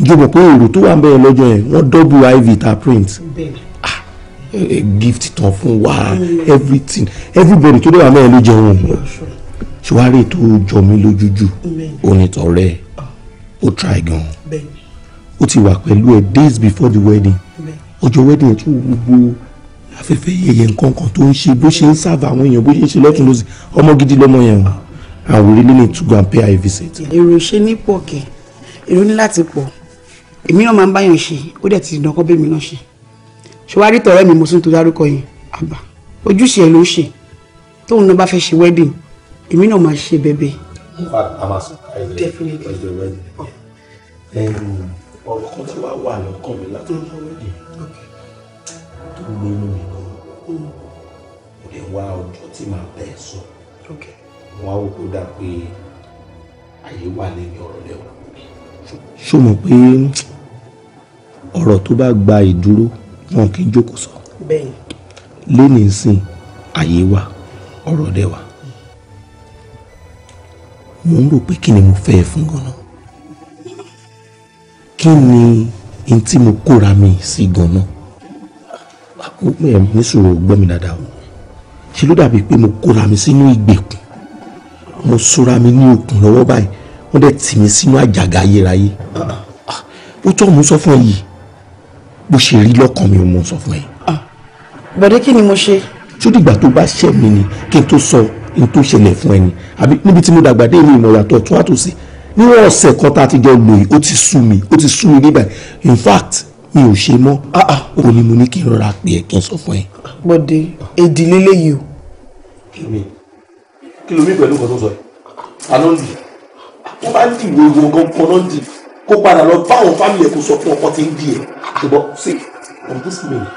A: ìjọba pé èrò tó wà ń bẹ̀rẹ̀ lọ́jọ́ yẹn wọ́n double iv ta print ah, gift tán fún wa mm. everything everybody tó dé wà mẹ́rin ló jẹun òun ṣùwárí tó jọ mí lójú jù onítọ̀rẹ́ ó try gan ó ti wà pẹ̀lú ẹ days before the wedding ọjọ́ wedding ẹ̀ tún gbogbo afẹ́fẹ́ yẹ̀yẹ̀ nǹkan kan tó ń ṣe bó ṣe ń sáàbà àwọn èèyàn bó ṣe ń ṣe lọ́tún lọ́sì ọmọ gidi lọ́mọ yẹn o and we really need to go and pay a visit. èrò ṣe ní pọ̀ kẹ́ èrò ní láti pọ̀ èmi náà máa ń báyàn ṣe ó dẹ̀ ti dán kọ́ bẹ́ẹ̀ mi náà ṣe ṣọwárí tọ̀rẹ́ mi mo tún tó dárúkọ yẹn àbá ojúṣe ẹ̀ ló ṣe tóun náà bá fẹ́ ṣe wedding èmi náà máa ṣe bẹ̀bẹ̀. Oh.
B: ọ̀rọ̀
A: tó lóyún mi gan kò lè wá ọjọ́ tí màá bẹ̀ ẹ́ sọ wọn á wò tó dà pé àyè wà lẹ́yìn ọ̀rọ̀ lẹ́wọ̀n mi. ṣó mọ̀ pé ọ̀rọ̀ tó bá gba ìdúró wọn kì í jókòó sọ lẹ́nìí nsìn àyè wà ọ̀rọ̀ dẹ́wà mo ń rò pé kí ni mo fẹ́ fún ganan kí ni n tí mo kóra mi sí ganan ní sùúrù gbọ́ mi o ṣe ló dàbí pé mo kóra mi sínú ìgbèkùn mo sora mi ní okùn lọ́wọ́ báyìí wọ́n dẹ̀ tì mí sínú àjàgà ayérayé ó tọ́ mo sọ fún ẹ yìí bó ṣe rí lọ́kàn mi mo sọ fún ẹ. bọ̀dé kí ni mo ṣe. tó dìgbà tó bá ṣẹ̀ mí ni kí n tó sọ n tó ṣẹlẹ̀ fún ẹ ni àbí níbi tí mo dàgbà dé mi ìmọ̀ yàtọ̀ tó wà tó sí níwọ̀n ọ̀sẹ̀ kan tá a ti jọ lò yìí ó ti sú mi ó ti sú mi níbẹ̀ in fact mi ò ṣe mọ́ o ah, ah, ní mo ní kí n rọra pè ẹ́ kí n sọ fún ẹ. bọ́dé èdè lélẹ́yìí o. kí ló mi pẹ̀lú nǹkan tó sọ yìí àná ń dì wọ́n bá ń dì wòwò gan pọ́nà ń dì kó padà lọ báwọn fámìlì ẹ̀ kó sọ fún ọkọ tí ń dì ẹ̀ ṣùgbọ́n sí ọ̀hún tó sì mẹ́rin.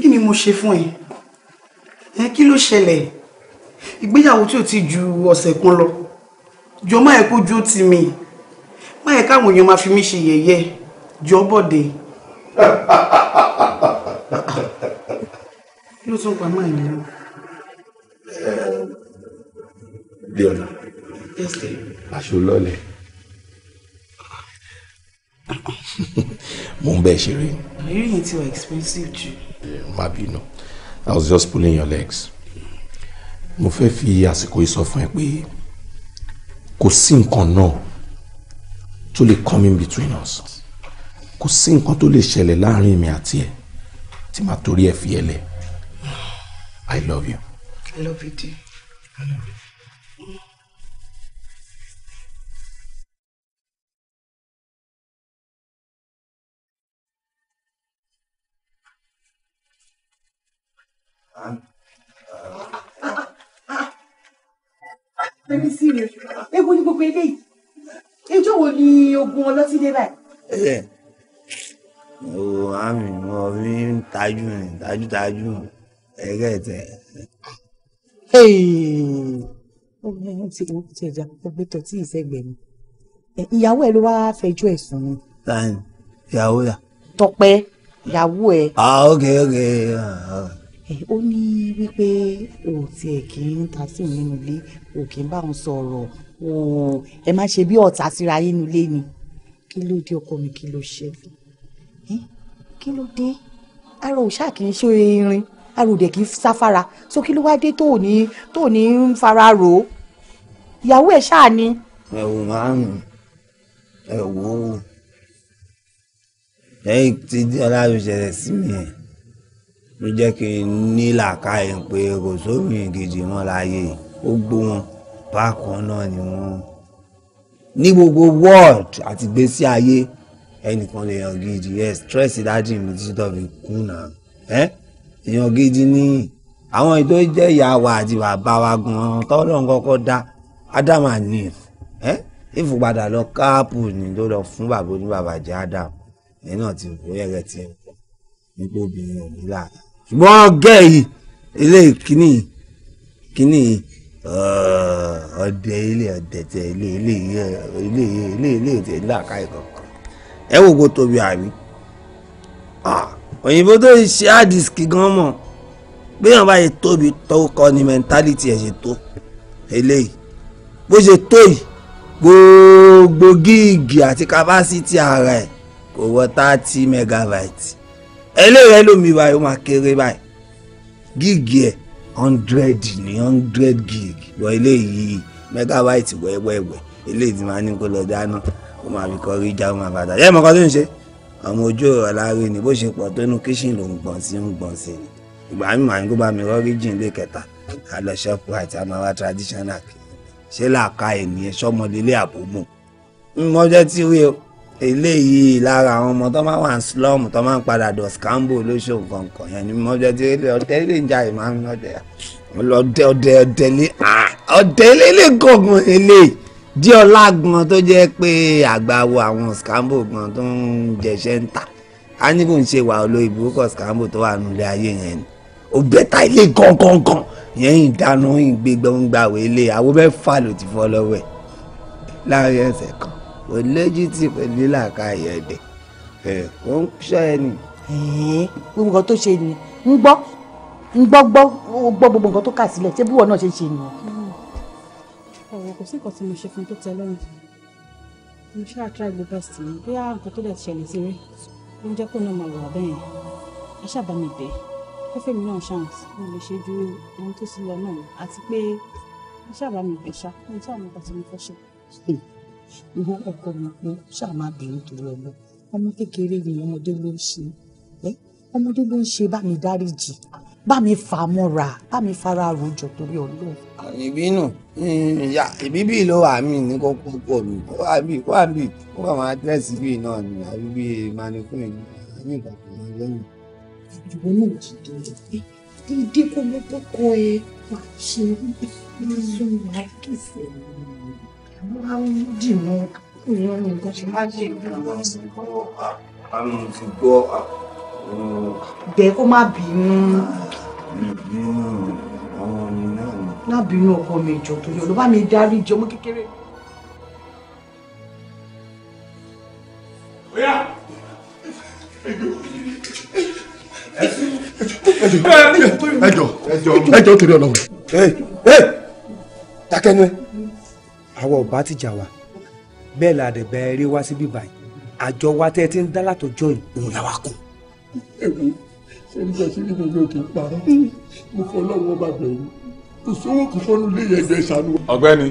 A: kí ni mo ṣe fún ẹ ẹ kí ló ṣẹlẹ̀ ìgbéyàwó tí ò ti ju ọ̀sẹ̀ kan lọ jọ má yẹ kójú tì mí má yẹ káwọn èèyàn máa fi mí ṣe yẹ̀yẹ́ jọ bọ̀dé. kí ló tún pa máa yẹn lọ. leona aṣọ lọlẹ mo ń bẹ ṣeré. eré yẹn ti wà expensive jù. Eh, má bínú i was just pulling your legs mo fẹ́ fi àsìkò yìí sọ fún ẹ pé kò sí nǹkan náà tó lè come in between us kò sí nǹkan tó lè ṣẹlẹ̀ láàrin mi àti ẹ̀ tí màá torí ẹ̀ fi ẹ i
B: love you. i love you too. i love you. bẹ́ẹ̀ni sí rẹ̀ ewu ní gbogbo
C: eléyìí ẹjọ́ wo ni ogun ọlọ́tí dé báyìí.
A: o àmì mo fi ń tajú ni tajútajú ẹgẹ tẹ.
C: ọmọ ẹ ti wọ́n ti ẹja gbogbo tó tí ìṣẹ́gbẹ̀ mi ìyàwó ẹ ló wá fẹjọ́ ẹ sùn ni.
A: táyì ìyàwó yà.
C: Tọ́pẹ́ ìyàwó ẹ.
A: ah ok ok. Uh, uh
C: ó ní wípé o tiẹ̀ kì í ta sí òun nínú ilé o kì í bá òun sọ̀rọ̀ o ẹ má ṣe bí ọ̀tá síra yín nínú ilé ni kí ló dé ọkọ mi kí ló ṣe kí ló dé ara òòṣà kì í ṣe irin ara òdẹ kì í sáfara so kí ló wá dé tó ò ní tó ò ní ń fara rò ó ìyàwó ẹ ṣáà ni.
A: ẹ wò márùn ẹ wò ó ẹ ti di ọlá ló ṣẹlẹ̀ sí mi yẹn ló jẹ́ kí n ní làákàyè pé kò sómi gidi wọn láàyè gbogbo wọn bákan náà ni wọn ní gbogbo world àti gbèsè ayé ẹnìkan lè yàn gidi ẹ stress dájú mi títí tó fi kú náà ẹ èèyàn gidi ní àwọn ètò jẹ́ ìyá wa àti bàbá wa gan-an tọ́lọ́ kọ́kọ́ dá Adam and Eve ẹ ìfúpadà lọ káàpù ni ló lọ fún bàbá oníbàbà jẹ́ Adam ẹ náà ti wọ́n yẹ̀rẹ̀ tiẹ̀ nípa obìnrin òmìnira ṣùgbọ́n gẹ́ẹ̀yì ilé kìíní kìíní uh, ọdẹ ilé ọdẹ tẹ ilé ilé ilé ilé ilé tẹ láàká ìkọ̀kọ̀ ẹ wò kó tóbi àbí òyìnbó tó ń ṣe àdìsíkì gan mọ̀ gbéyàn bá ṣe tóbi tó kọ́ ni mẹ́ńtálítì ẹ̀ ṣe tó eléyìí bó ṣe tó yìí gbogbo gíìgì àti kápásítì ara ẹ̀ kò wọ thirty megabytes ẹlẹ́rìí lómi báyìí ó máa kéré báyìí gíìgì ẹ̀ hundred ní hundred gig wọ eléyìí megabyte wẹ́wẹ́wẹ́ eléyìí ti máa ní kó lọ dáná ó máa fi kọrí ìjà ó máa bàtà yẹ́n mọ̀kàn tó ń ṣe ọmọ ojú ọ̀rọ̀ láre ni bó ṣe pọ̀ tó inú kíṣìn ló ń gbọ̀n sí ń gbọ̀n sí ni ìgbà mi màá ní kó bá mi rọ́rí jìn lé kẹta a lọ shoprite a máa traditional ṣé làákà ẹ̀ nìyẹn sọ́mọlélé àbòmù ń mọ́jọ́ tí rí o eléyìí lára àwọn ọmọ tó máa wà ní slum tó máa ń padà dọ̀ scambo lóṣù kọ̀ọ̀kan yẹn ni mo jẹ ti ilé ọ̀tẹ́ ilé ìjà yìí máa ń lọ́dẹ̀ ọ̀dẹ̀ ọ̀dẹ̀ ọ̀dẹ̀ lé ọ̀dẹ̀ ilé gọ̀gàn ilé di ọlágbọn tó jẹ́ pé àgbàwo àwọn scambo gan tó ń jẹṣẹ́ ń tà á ní kò ń ṣe wà olóyè burúkọ scambo tó wà nílé ayé yẹn ni ò bẹ́tà ilé gangan yẹn ìdáná ìgbégbọ́ngbàwé ilé àwọn mẹ́fà ló ti fọ́ lọ́wọ́ ẹ̀ láàrin ẹ̀sẹ̀ kan pẹ̀lú lẹ́jìtì pẹ̀lú làkàyè ẹ̀dẹ̀ ẹ̀ wọ́n ń ṣọ́ ẹ nì. gbogbo nǹkan tó ṣe ni ń gbọ́ ń gbọ́ gbọ́
C: gbogbo nǹkan tó kà sílẹ̀ ṣé búwọ̀ náà ṣe ń ṣe nìyẹn. ọ̀rọ̀ kò sí nǹkan tí mo ṣe fún tó tẹ́ lọ́rùn mo ṣáà try the best mi bí àwọn nǹkan tó dẹ̀ ṣẹlẹ̀ sí rí ló ń jẹ́ kó náà máa wà bẹ́ẹ̀ ẹ ṣàbá mi bẹ́ẹ̀ kẹfẹ́ mi náà ṣàǹtì mo lè ṣe ju ohun tó sì lọ náà àti pé ẹ ṣàbá mi bẹ́ẹ̀ ṣá ohun tí àwọn nǹkan tí mo fẹ́ ṣe. Hmm ìwọ ọkọ mi pé ṣáà má bínú torí ọgbọ́n ọmọ kékeré ni ọmọdé ló ń ṣe ẹ ọmọdé ló ń ṣe bá mi dáríjì bá mi fà á mọ́ra bá mi fara àròjọ torí ọlọ́run.
A: ìbínú ìyá ìbíbí ló wà mí ní kókó pọ̀ mi ó wà mí ó wà mí ó wà máa dẹ́sí bíi náà ni àbí bíi mannequin ní ìgbà tó máa lẹ́yìn. ìwọ náà ti dé ẹ
C: dídí kó ló tó kọ ẹ máa ṣe é máa sún máa kìsẹ̀ máa ń dì mú ìyẹn nìkan ṣe
D: má dì
A: mú. a ń fi gbọ́ bẹ́ẹ̀ kó má bínú. má bínú ọkọ mi jọ torí olùbá mi darí jẹ ọmọ kékeré.
B: Oya! ẹjọ ẹjọ ẹjọ torí
A: Ọlọ́run. ẹ ẹ dákẹ́ ni àwa ò bá ti jà wá bẹ́ẹ̀ la dẹ̀ bẹ́ẹ̀ rí wá síbí báyìí àjọ wa tẹ́ ẹ ti ń dá látọjọ́ yìí òun làwa kù. èmi ṣe ń jẹ nínú ilé òkè parọ́ mo fọ ọlọ́run ọba bẹ̀rù kò sówó kò fọ́nú lé yẹ̀gẹ̀ ìṣàánú. ọ̀gbẹ́ni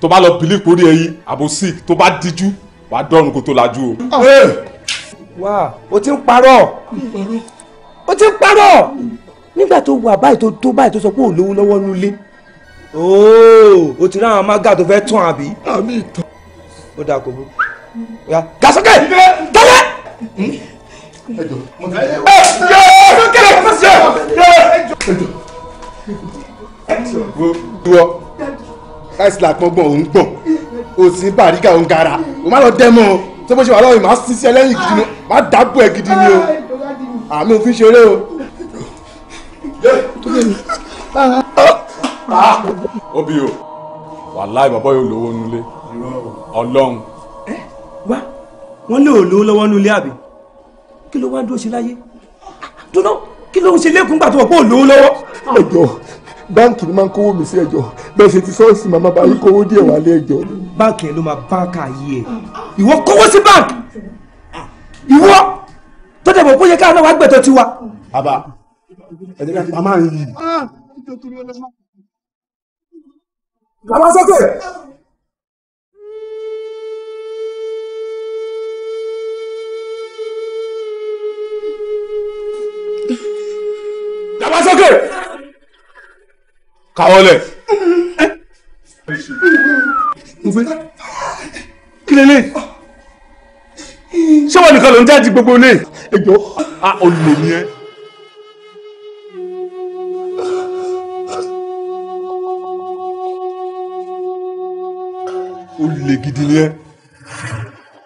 A: tó bá lọ bìlí ìpòrí ẹyí àbò sick tó bá díjú wàá dọ́run kó tó lajú o. Ah! wá o ti ń parọ́ o ti ń parọ́ nígbà tó wà báyìí tó tó báyìí tó sọ pé òun lówó lọ́wọ́ nulẹ̀ ooo o ti rí àwọn mága tó fẹ́ tún àbí. àmì ìtàn. ó dáa kò burú. ya gasókè
B: tẹ́lẹ̀. ẹ jọ
A: mo ti rí ẹ. ẹ jọ ẹ. jọ. wo wọ láìsí làpọ̀gbọ̀n òun gbọ̀n òsì bàríkà òun gara o má lọ dẹ́mọ̀ o tó bó ṣe wà lọ́wọ́ ìmọ̀ àṣìṣe ẹlẹ́yìn gidi ni má dábò ẹ gidi ni o àmì òfin ṣeré o
B: obi
A: o wàláì bàbá yóò lówó nulẹ̀ ọlọ́run. ẹ wá wọn lè ò lówó lọ́wọ́ nulẹ̀ àbí kí ló wá dúró sí láyé dúró kí ló ń ṣe lẹ́kùn gbà tó wọ́n pọ̀ lówó lọ́wọ́. báǹkì ni máa ń kówó mi sí ẹjọ́ bẹ́ẹ̀ ṣe ti sọ́ọ̀sì màmá bá rí kówó díẹ̀ wálé ẹjọ́. báǹkì yẹn ló máa báǹkì ayé ẹ ìwọ kówó sí báǹkì ìwọ tó dẹ̀ mọ̀ kó yẹ káà náà wá gbẹ̀tọ̀ tiwa. bàbá ẹ̀jẹ̀ ká máa ń yí.
B: Ah, làwọn sókè. làwọn sókè.
A: kàwọlẹ̀. nfe kílélẹ̀
B: ṣé wọn nìkan ló ń jáde gbogbo ilé. ẹ jọ a ah, ò lè ní ẹ. ó
A: le gidi ni ẹ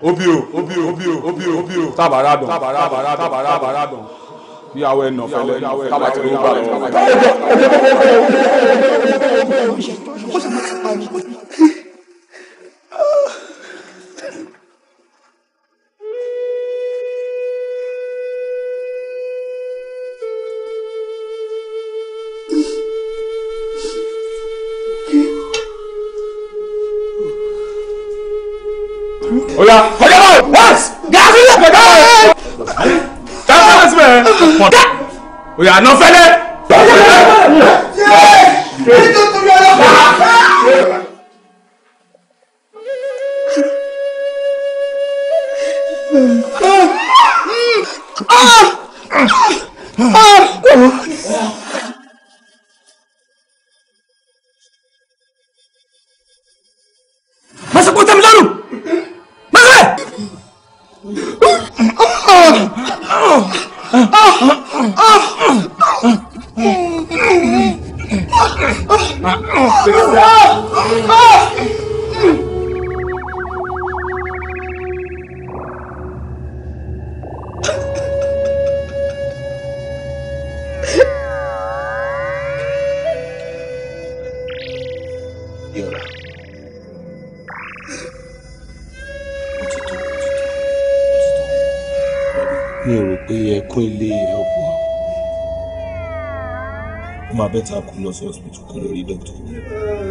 A: obi o obi o obi o obi o obi o tabara dùn tabara tabara tabara dùn ìyàwó ẹ nọ fẹlẹ tábà tí ó bá lọ.
B: ó ṣe máa ti pa ni.
A: kan dá òyà àná fẹ́lẹ́.
B: Ah! Ah! Ah! Ah! later call us hospital call your doctor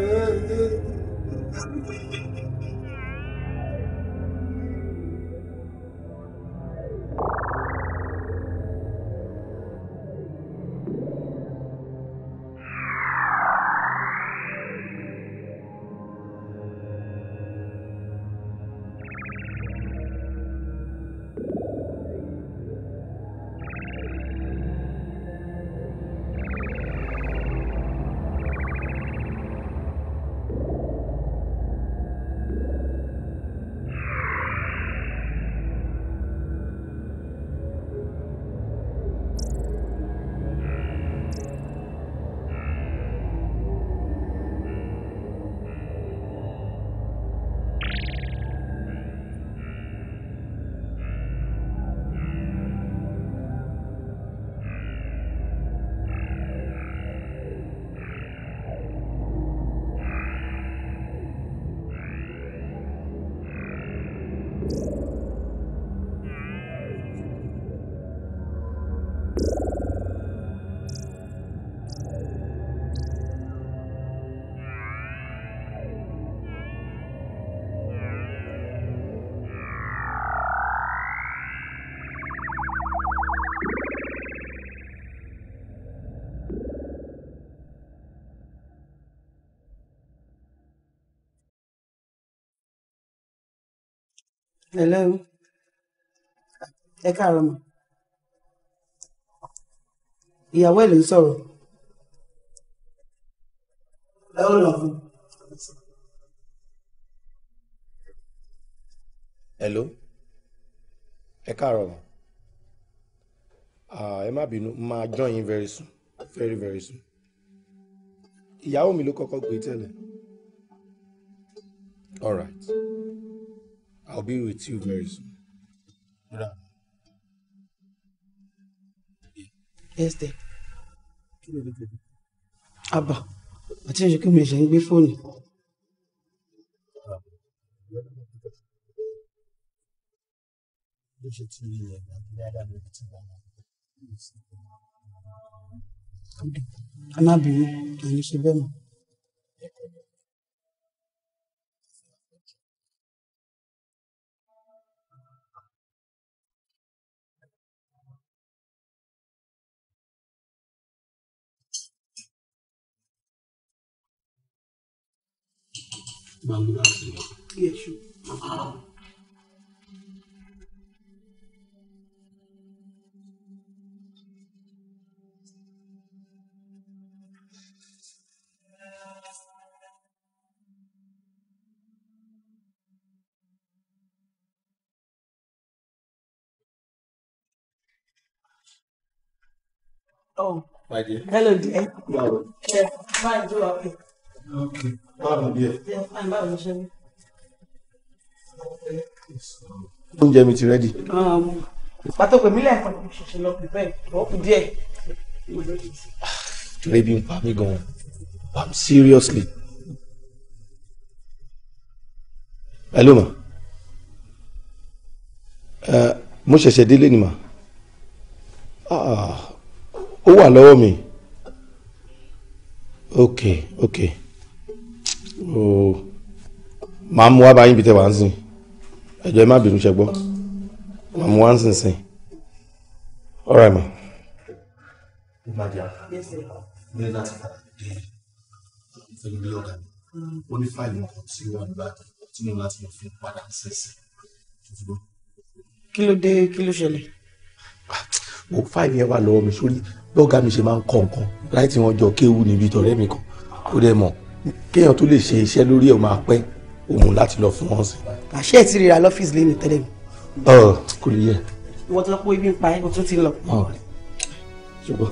B: Hello. Ẹ káàárọ̀ mọ̀.
A: Ìyàwó ẹ̀ ló ń sọ̀rọ̀. Ẹ lọ fún. Hello. Ẹ káàárọ̀ mọ̀. Ah, ẹ má bínú, máa join yín very soon, very very soon. Ìyàwó mi ló kọ́kọ́ gbé tẹ́lẹ̀. All right. I'll be with you very soon. Brother. Yes, dear. Abba, I think you can ṣe ń gbé fóònù.
B: Bí I'm not ilẹ̀ Nàìjíríà dá lórí ti gbàgbọ́dọ̀ àti Oh. My dear. Hello, dear. Yeah, fine, you okay? báwo ni ẹ.
A: oúnjẹ mi ti rẹ́dì. Um, pàtó pèmí lẹ́ẹ̀kan mo ṣẹ̀ṣẹ̀ lọ pípẹ́ ìwọ́pù díẹ̀. torí bí n pa mí gan-an pam seriously. hello ma uh, mo ṣẹ̀ṣẹ̀ délé ni ma ah, ó wà lọ́wọ́ mi Okay, okay màá mú wá báyìí bí tẹ wá ń sìn ẹjọ́ ẹ má bínú ṣe gbọ́ màá mú wá ń sìn sìn all right ma. ìbàdàn ní láti padà dé ìfẹ́lẹ́ ọ̀gá ó ní fáìlì ọkọ̀ tí ó wà nígbà tí mo láti lọ fún padà sẹ́sẹ̀ tuntun. kí ló dé kí ló ṣẹlẹ̀. mo fáìlì yẹn wà lọ́wọ́ mi sórí bọ́gà mi ṣe máa ń kọ̀ nǹkan láì tí wọ́n jọ kéwú níbi tọ̀rẹ́ mi kan ó dẹ̀ mọ̀ kéèyàn tó lè ṣe iṣẹ́ lórí ẹ̀ máa pẹ́ òun láti lọ fún wọn sí. àṣẹ ẹ̀ ti rira lọ́fíìsì lẹ́nu tẹ́lẹ̀ mi. ọ kò lè yẹ. ìwọ tó lọ pé ibi ń pa ẹ o tún ti lọ. ṣùgbọ́n.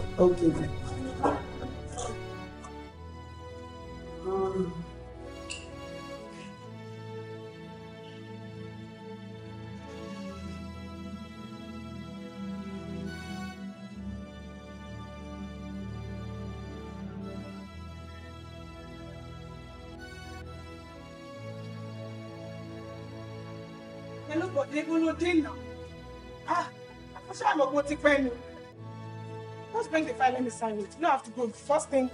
C: Bọ̀dé gbóná dènà. Ah, àfọ̀ṣẹ́ àmọ̀gbọ́n ti pẹ́ ni. Just bring the file, let me sign You don't have to go first thing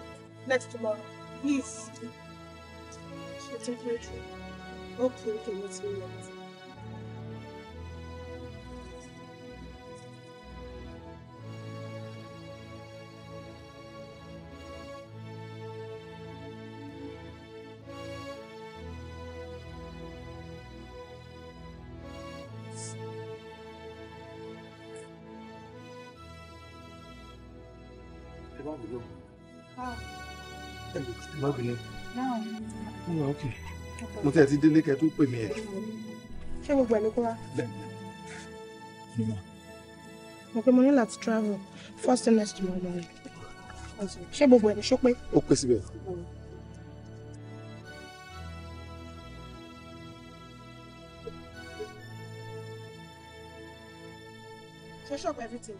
C: next tomorrow. Please. Okay, okay, let's do that.
A: má bínú. mo wà ókè mo tẹ̀ ti délé kẹ́ tó pè mí ẹ̀.
C: ṣé gbogbo ẹ̀ ló kó wa. mo pe mo ní láti travel first thing next tomorrow morning. ṣé gbogbo ẹ̀ ní ṣó pé.
A: ó pè
B: síbẹ̀.
C: Ṣé ṣọ́ọ̀bù everything.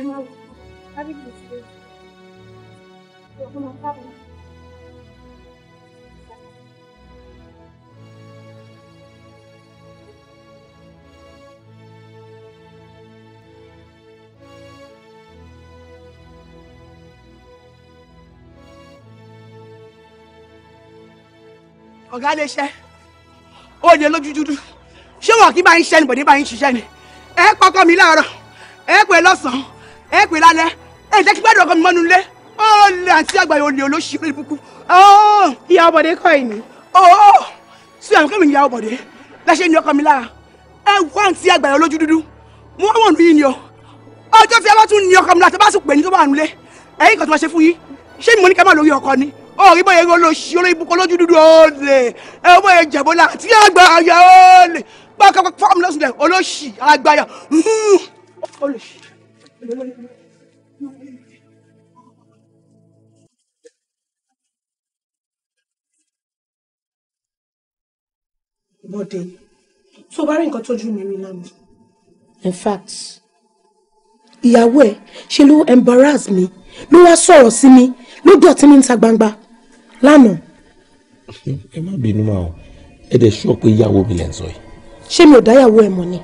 B: Elmas maravilhosas.
C: Eu não tá bom. ọ̀gá lè ṣe
A: ó lè lójú dúdú ṣé wọn kì í bá yín ṣe ni bòdì bá yín ṣiṣẹ́ ni ẹ kọ́kọ́ mi láàárọ̀ ẹ pè lọ́sàn-án ẹ pè lálẹ́ ẹ jẹ́ kí gbádùn ọkọ mi mọ́nu lé ó lè àti àgbàyè olè olóṣì lórí burúkú. ìyá ọbọdé kọ́ ẹ̀ ni. sí àwọn kẹ́mi ìyá ọbọdé láṣẹ ní ọkọ mi lára ẹ wá àti àgbàyè olójú dúdú mo wọ́n wọ̀n yín ni ọ ọjọ́ tí ẹ bá tún ní ọkọ mi láti bá sùn pè ní tó bá nulẹ̀ ẹ̀yìn kan tó máa ṣe fún yín ṣé mo ní ká má lórí ọkọ ni orí bóyá eré olóṣì olórí ibùkún olójú dúdú olè ẹ bóyá
B: Bọ́dé,
A: tó bá rí nǹkan tójú mi rí lánàá. In
C: fact, ìyàwó ẹ̀ ṣe ló embarrass mi, ló wá sọ̀rọ̀ sí mi, ló dọ̀tí mi níta gbangba lánàá.
A: Ẹ má bínú máa o, ẹ dẹ̀ sọ pé ìyàwó mi lẹ́ ń sọ yìí.
C: Ṣé mi ò dáyàwó ẹ̀ mọ̀ ni?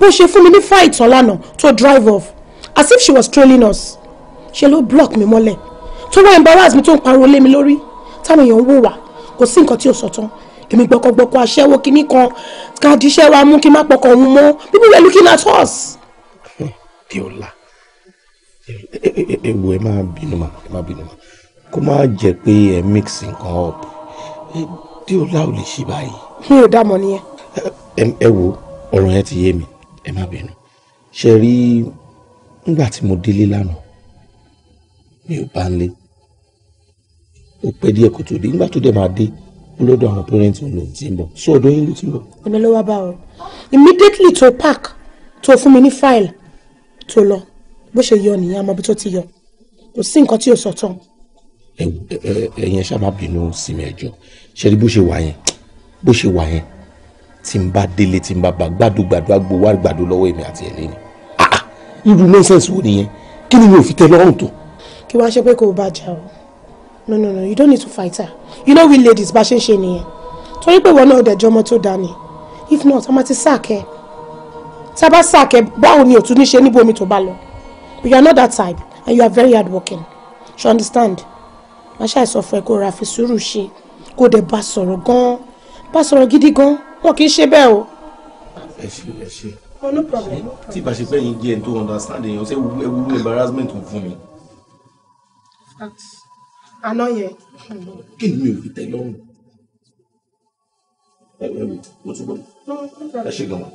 C: bó ṣe fún mi ní fáìtàn lánàá tó drive off as if she was trailing us ṣe ló block mi mọ́lẹ̀ tó wá embarrass mi tó ń pariwo lé mi lórí táwọn èèyàn ń wò wá kò sí nǹkan tí
A: ò sọ tán èmi gbọkọgbọkọ aṣẹ́wó kinní kan ká díṣẹ́ wa mú kí n má pọkàn òun mọ́ people were looking at us. Bíọ́lá ewu ẹ máa bínú ma ẹ máa bínú ma kó má jẹ pé ẹ mix nǹkan up Bíọ́lá ò lè ṣe báyìí. mi ò dá mọ̀ nìyẹn. ẹ wo ọ̀rọ̀ yẹn ti yé mi ẹ má bínú ṣe rí nígbà tí mo délé lánàá mi ò bá ń lé ó pẹ́ díẹ̀ kó tó dé nígbà tó dé máa dé lọ́dọ̀ àwọn parents òun lòun ti ń bọ̀ sí ọ̀dọ̀ yín ló ti ń bọ̀. èmi ló wá bá ọ immediately to park to fún mi ní file tó lọ bó ṣe yọ nìyẹn àmọ́ bí tó ti yọ kò sí nǹkan tí ò sọ tán. ẹ̀yin ẹ ṣáà má bínú sí mi ṣe rí bó ṣe wà yẹn bó ṣe wà yẹn tí n bá délé tí n bá bá gbàdúgbàdú agbowó àgbàdo lọ́wọ́ èmi àti ẹ̀lẹ́ ni ah, ah irú nonsense wo nìyẹn kí ni mi ò fi tẹ lọ́rùn tó. kí wàá ṣe pé kò bá jà o no no no you don't need to fight her you know we ladies bá ṣe ń ṣe nìyẹn torí pé wọn náà dẹjọ́ ọmọ tó dání if not ọmọ ti sáàkẹ́
C: tá a bá sáàkẹ́ báwo ni òtún ní ṣe níbo omi tó bá lọ but you are not that type and you are very hardworking you understand má ṣàìsọ fún ẹ kó ra fi sùúrù ṣe kó dẹ̀ bá sọ̀rọ̀
A: gan-an bá sọ̀rọ̀ gidi gan-an wọn kì í ṣe bẹ́ẹ̀ o.
B: ẹ ṣe ẹ ṣe
A: oh, tí ìbá ṣe pé yín jẹ́ ẹni tó understand èèyàn ṣé ewu embarrassment ò fún mi. àná yẹn. kí ni mi ò fi tẹ́ lọ́rùn
B: ẹ wẹ́wẹ́ mo túbọ̀ ẹ ṣe gan-an.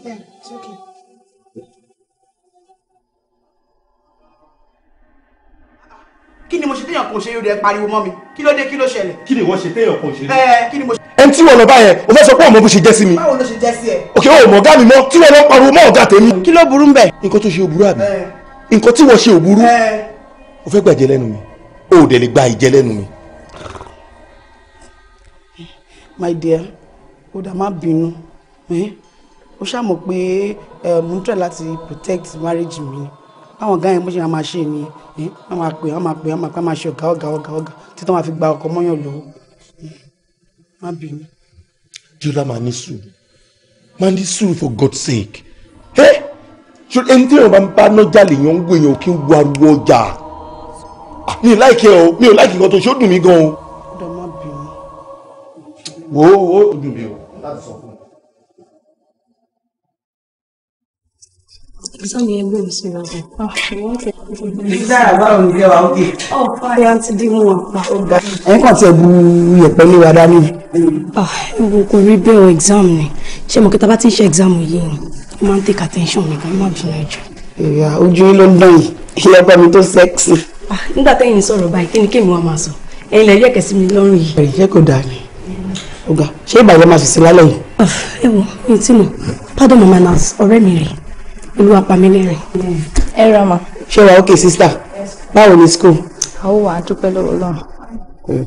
A: Kini mo ṣe téèyàn kò ṣe yóò dé pariwo mọ́ mi kí ló dé kí ló ṣẹlẹ̀. kí ni ìwọ ṣe téèyàn kò ṣe. ẹ kí ni mo ṣe. ẹni tí wọn lọ bá yẹn o fẹ́ sọ pé ọmọ bó ṣe jẹ́ sí mi. báwo ló ṣe jẹ́ sí ẹ. òkè o mọ̀ ọ̀gá mi mọ́ tí wọn lọ pariwo mọ́ ọ̀gá tèmi. kí ló burú mbẹ. nǹkan tó ṣe òburú àbí nǹkan tí wọ́n ṣe òburú o fẹ́ gbàjẹ́ lẹ́nu mi o ò dẹ̀ gba ìjẹ́ lẹ́nu mi. my dear o dà má bínú o ṣàmọ̀ pé mo ń tẹ̀ láti protect marriage mi báwọn gan yẹn bó ṣe máa ṣe ni wọn máa pè wọn máa pè wọn máa pè wọn máa ṣe ọ̀gá ọ̀gá ọ̀gá ọ̀gá títí wọn máa fi gba ọkọ mọ́yàn lọ́wọ́ má máa ní sùúrù máa ní sùúrù for God's sake ẹ ṣe ẹni tí èèyàn bá ń bá nọjà lèèyàn ń gbé èèyàn kí ń wo ariwo ọjà ah, mi ò láìkẹ o mi ò láìkẹ nǹkan tó ó dùn mí gan o. ọ̀dọ̀ wo dùn mí o láti sọ fún
D: Sọ́ni ẹgbẹ́ mi síra bọ̀. Ìdára báwo ni ìjọba òkè? Ọ̀pá ti dín mú ọ̀pá.
A: Ẹ̀yin kan ti ẹ̀bù yẹ̀pẹ̀ lé wa dání.
D: Ah, ewu kò rí bẹ́ẹ̀ o exam ni. Ṣé mo kí ta bá ti ń ṣe exam yìí ni? Ó máa ń take attention mi gan, má bínú ẹ̀jọ̀.
A: Ìyá ojú yín ló ń dán yìí, ilẹ̀ ẹgbẹ́ mi tó sẹ́ksì.
D: Ah, nígbà tẹ́yìn sọ̀rọ̀ báyìí, kí ni kémi wa máa sọ? Ẹ̀yin lẹ̀ yẹ̀kẹ̀ sí mi lọ́rùn yìí.
A: Ẹ̀jẹ̀ kò dáa ni. Ọ̀gá, ṣé ìbàjẹ́ máa fi sí lálẹ́ yìí?
D: Ẹ ah, wo, mi ò tí mọ̀. Pardon my manners, ọ̀rẹ́ mi rèé olúwa pa mí lẹ́rìn.
A: ẹ ra ma. ṣé wàá okay sister báwo ni school.
D: àwọn wàá dúpẹ́ lọ́wọ́ lọ́run.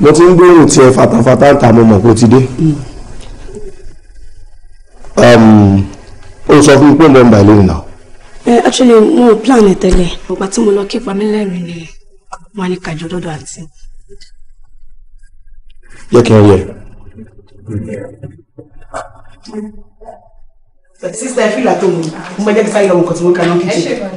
B: mo ti ń gbóhùn tiẹ̀
A: fatafata ń ta mo mọ̀ kó ti dé um, ó sọ fún mi pé mo ń bà lóyún náà.
D: ẹ actually mo plan ẹ tẹ́lẹ̀ ọgbà tí mo lọ kí pamílẹ́rìn ni wọ́n á ní kàjọ dọ́dọ̀ àti
B: yẹ kí n yẹ. sísè ẹ fìlà tó mu mo jẹ́ kí sáyé lọ́wọ́ nǹkan tí mo kà náà kìí ṣe.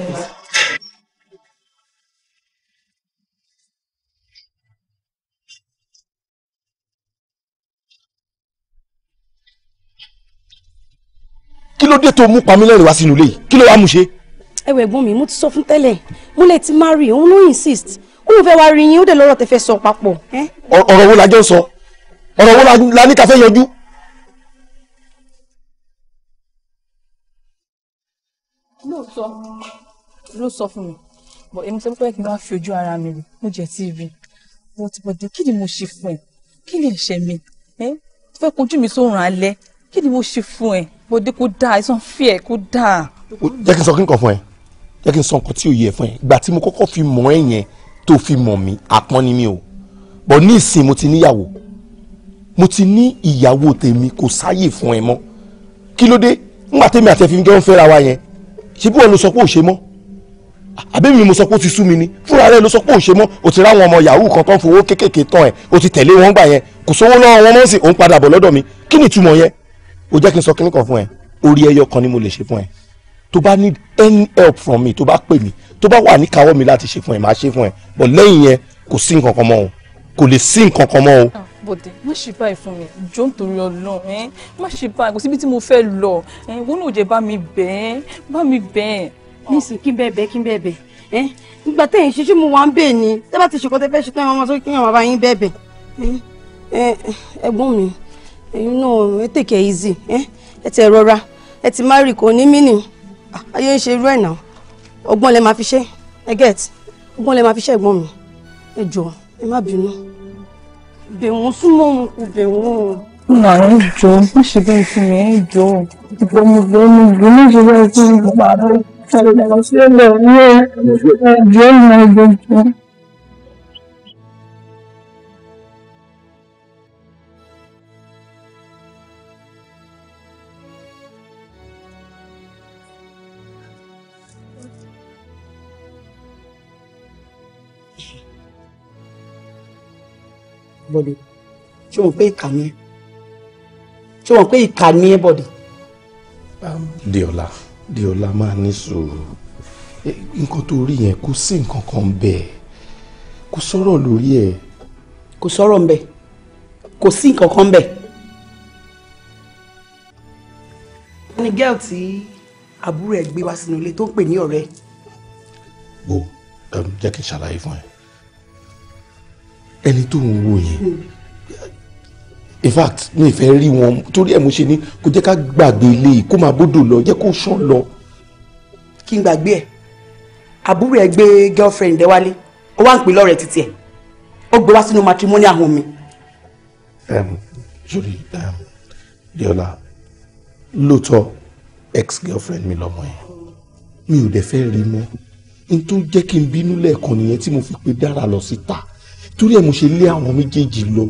A: kí ló dé tó mú pamílẹ́rìn wá sínú ilé yìí kí ló wá mú ṣe.
D: ẹwẹ ẹ̀gbọ́n mi mo ti sọ fún tẹ́lẹ̀ mo lè ti marry òun ló insist ó lóun fẹ́ wá rí yín ó dẹ̀ lọ́rọ̀ tẹ́ fẹ́ sọ papọ̀.
A: ọ̀rọ̀ wo la jọ ń sọ ọ̀rọ̀ wo la ní ká fẹ́ yanjú.
C: lóòótọ́ ló sọ fún mi bọ̀ èmi
D: sọ pé kí n wá fi ojú ara mi rí mo jẹ́ tí rí mo ti bọ̀dọ̀ kí ni mo ṣe fún ẹ kí ni ẹ̀ṣẹ̀ mi ẹ tó fẹ́ kojú mi sóòrùn alẹ́ kí ni mo ṣe fún ẹ bọ̀dọ̀ kò dáa ẹ̀sán fi kò dáa.
A: jẹ́ kí n sọ kí n kàn fún ẹ jẹ́ kí n sọ nǹkan tí ò yẹ fún ẹ ìgbà tí mo kọ́kọ́ fi mọ̀ ẹ́ yẹn tó fi mọ̀ mí àpọ́n ni mi o bọ̀ ní ìsìn mo ti níyàwó mo ti ní ìyàwó tèmi kò sáyè fún ẹ mọ́ kí ló dé ńgbà tèmi àti ẹ̀fín jọ ń fẹ́ra wa yẹn ṣé bí wọn ló sọ pé ò ṣe mọ́ àbẹ́mi mo sọ pé ó ti sú mi ni fúnra rẹ ló sọ pé ò ṣe mọ́ o ti ráwọn ọmọ yahoo kan tó ń fowó kéékèèké tán ẹ̀ o ti tẹ̀lé wọn gbà yẹn kò sówó lọ́wọ́ wọn mọ́ sí òun padà bọ̀ lọ́dọ̀ mi kí ni ìtumọ̀ yẹn o jẹ́ kí n sọ kíní kan fún ẹ orí ẹyọ kan ni mo lè ṣe fún ẹ tó bá need any help from me tó bá pè mí tó bá wà níkàáwọ́ mi láti ṣe fún ẹ màá ṣe fún ẹ but lẹ́yìn yẹn kò sí nǹkan kan mọ́ o kò lè sí nǹkan kan mọ́ o
D: bọ̀dẹ̀ má ṣe báyìí fún mi jọ nítorí ọlọ́run ẹ má ṣe báyìí kò síbi tí mo fẹ́ lọ ẹ wọn náà jẹ́ bá mi bẹ̀ ẹ́ bá mi bẹ̀ ẹ́. nísìnyí kí n bẹ́ẹ̀ bẹ́ẹ̀ kí n bẹ́ẹ̀ bẹ́ẹ̀ ẹ́ ìgbà tẹ̀yìn ṣe ṣé mo wà ń bẹ̀ ni tẹ́ bá ti ṣe kọ́tẹ́ fẹ́ ṣe tán ẹ̀ wọ́n sọ kí èèyàn yín bẹ́ẹ̀ bẹ́ẹ̀ ẹ̀gbọ́n mi ẹ̀yin náà ẹ take it easy ẹ ti rọra ẹ ti marry kò ní mí nì ah, ayé ń ṣe irú ẹ̀ náà get ọgbọ́n lẹ máa fi ṣe ẹ̀gbọ́n mi ẹ bẹ̀wọ̀n súnmọ́ òun kò bẹ̀wọ̀n.
B: nà ń jọ bó ṣe bẹ́ẹ̀ fún mi ẹ̀ jọ ìgbà mo bẹ mo bẹ mo ṣe bẹ́ẹ̀ fún mi gbàgbọ́ ìṣẹ̀lẹ̀ ìṣẹ̀lẹ̀ ìṣẹ̀lẹ̀ ìṣẹ̀lẹ̀ ìṣẹ̀lẹ̀ ìṣẹ̀lẹ̀
A: bọ̀dé ṣé wọn pé ìkà ni ẹ ṣé wọn pé ìkà ẹ bọ̀dé. Diola Diola máa ní sùúrù nǹkan tó rí yẹn kò sí nǹkan kan bẹ́ẹ̀ kò sọ̀rọ̀ lórí ẹ̀. kò sọ̀rọ̀ ńbẹ̀ kò sí nǹkan kan ńbẹ̀. ni gẹ́ẹ̀ tí àbúrò ẹ̀ gbé wá sínú ilé tó ń pè ní ọ̀rẹ́. wo um, jẹ́ kí n ṣàlàyé fún ẹ ẹni tó ń wo yẹn in fact mi fẹ́ rí wọn torí ẹ̀ mo ṣe ní kó jẹ́ ká gbàgbé ilé yìí kó máa bódò lọ jẹ́ kó sàn lọ. kí n gbàgbé ẹ àbúrò ẹ gbé girlfriend ẹ wálé ó wá ń pè lọ́rẹ̀ẹ́ títí ẹ ó gbé wá sínú matrimony àwọn mi. sorry Deola lóòótọ́ ex girlfriend mi lọ́mọ yẹn mi ò dẹ̀ fẹ́ rí mọ́ n tó jẹ́ kí n bínú lẹ́ẹ̀kan nìyẹn tí mo fi pe dára lọ síta. Si torí ẹ̀ mo ṣe lé àwọn méjèèjì lọ.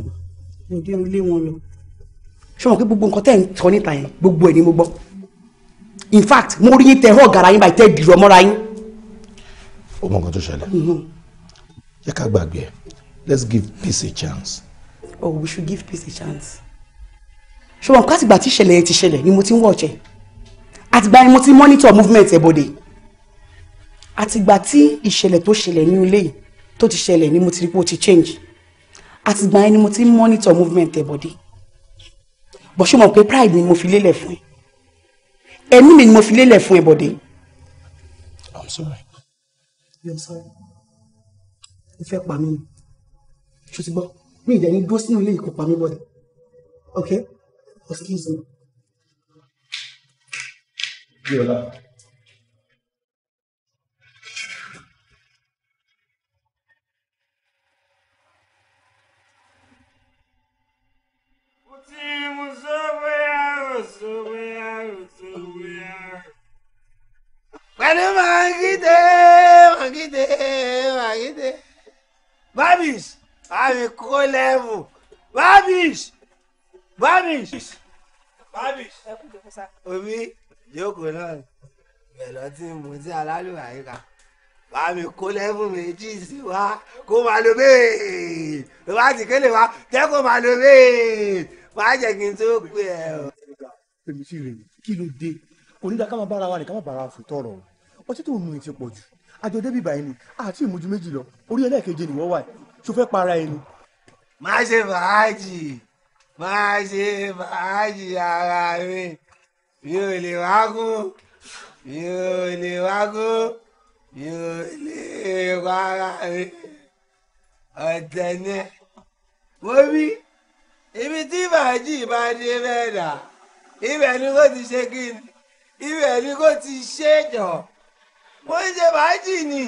C: mo dé ilé wọn lọ ṣé wọn pé gbogbo nǹkan tẹ́ ń sọ níta yẹn gbogbo ẹ̀ ni mo gbọ́ in fact mo rí yín tẹ họ́ gara yín báyìí tẹ́ dìrọ̀ mọ́ra yín.
A: ó mọ nǹkan tó ṣẹlẹ̀ yẹ mm-hmm. ká gbàgbé let's give peace a chance. oh we should give peace a chance. ṣé wọn kọ́ àtìgbà tí ìṣẹ̀lẹ̀ yẹn ti ṣẹlẹ̀ ni mo ti ń wọ̀ ọ̀jẹ̀ àtìgbà yẹn mo ti monitor movement ẹ̀ bọ̀dẹ̀ àtìgbà tí ìṣẹ̀lẹ̀ tó ṣẹlẹ̀ ní ilé yìí tó ti ṣẹlẹ̀ ni mo ti rí pé ó ti change àtìgbà yẹn ni mo ti ń monitor movement ẹ̀ bọ̀dí bó ṣe mọ̀ pé pride ni mo fi lélẹ̀ fún ẹ ẹ̀mí mi ni mo fi lélẹ̀ fún ẹ bọ̀dí. I'm sorry. You're sorry. o fẹ́ pa mí ni ṣùtìgbọ́ mi ìjà ní dúró sínú ilé yìí kó pa mí bọ̀dí okay excuse me. Bíọ́lá. Yeah. pẹ̀lú màgídé màgídé màgídé babish àmì kó lẹ́wù babish babish babish omi jókòó náà bẹ̀rẹ̀ ọtí mu tí alálùwà yìí kà báàmì kó lẹ́fún méjì sí wa kó máa lo bẹ́ẹ̀ ló bá ti kéde wa jẹ́ kó máa lo bẹ́ẹ̀ má jẹ́ kí n tó pè ẹ́ o pèmí sí rèé kí ló dé onídà ká máa bára wa ní ká máa bára wa fò tọrọ o ọtí tó mú mi ti àjọ débi ìbàyẹn ni àti ìmújú méjì lọ orí ẹlẹ́ẹ̀keje nìwọ wà ṣó fẹ́ para ẹni. má ṣe fàájì má ṣe fàájì ara mi mi ò lè wá kú mi ò lè wá kú mi ò lè wá ara mi ọ̀tẹ̀ ni wọ́n bí ibi tí fàájì bá dé bẹ́ẹ̀ dà ibẹ̀ ni kò ti ṣe kí ni ibẹ̀ ni kò ti ṣe jọ mo ṣe fàájì ni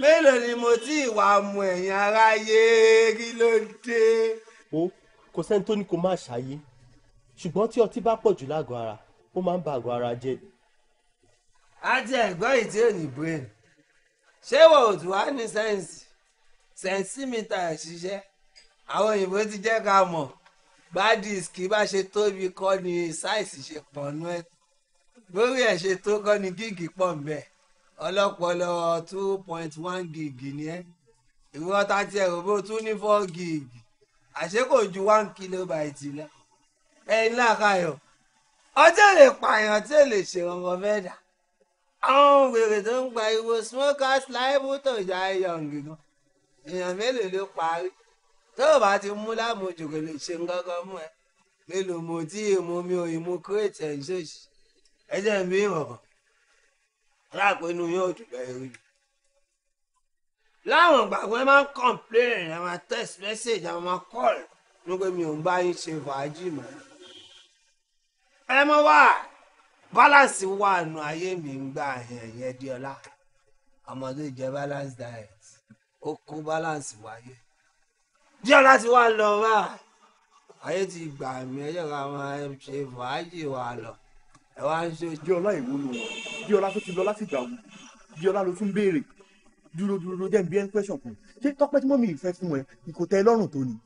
A: mélòó ni mo ti wà mú ẹ̀yìn aráyé kí ló dé. o kò sẹ́ni tó ní kó má ṣàyé ṣùgbọ́n tí ọtí bá pọ̀ jù lágọ̀ọ́ ara ó máa ń ba àgọ́ ara jẹ́. a ti ẹ̀gbọ́n yìí tí ò ní brain ṣé wọ́n ò tún wá ní sẹ́ǹsì sẹ́ǹsì mi ta ẹ̀ ṣiṣẹ́ àwọn òyìnbó ti jẹ́ ká mọ̀ gbadis kì í bá ṣe tóbi kọ́ ni ṣáìsì ṣe pọ̀nú ẹ̀ lórí ẹ̀ ṣe tó kọ́ ni gíìgì pọ̀ ń bẹ̀ ọlọ́pọlọ two point one gíìgì ni ẹ́ ìwọ́n ta tiẹ̀ rò bó tún ní four gíìgì àṣé kò ju one kilobyte lọ ẹ̀yin láàkáyọ̀ ọjọ́ lè pààyàn tí ò lè ṣèrànwọ́ mẹ́ta àwọn wèrè tó ń gba ìwo smokers láìpù tó jà ẹ̀yọ̀ ǹgìgàn èèyàn mélòó ló parí tó o bá ti mú lámujù kò lè ṣe nǹkankan mú ẹ mélòó mo tí ìmú mi ò ìmú kírètì ẹ̀ ń ṣèṣì ẹ jẹ́ ń bí ìwọ̀n aláàpẹ inú yóò dùgbà ẹrú yìí. láwọn ìgbà pé máa ń kọ̀ǹpléèrè a máa text message a máa call ní pé mi ò ń bá yín ṣe fàájì mọ́. ẹ mọ wá balance wà nù ayé mi ń gbà yẹn yẹn di ọlá tó jẹ balance diet ó kó balance wáyé díẹ̀ láti wá lọ wá ayé ti gbà mí ẹjọ́ ká máa ṣe fàájì wa lọ ẹ wá ń ṣe. díọ̀lá ìwo ló wọ̀ díọ̀lá tó ti lọ láti gbà wù díọ̀lá ló tún béèrè dúró dúró jẹ́ nbí ẹni pẹ́sàn kan ṣé tọ́pẹ́ tí mọ́mí ìfẹ́ fún ẹ kò tẹ́ ẹ lọ́rùn tó ni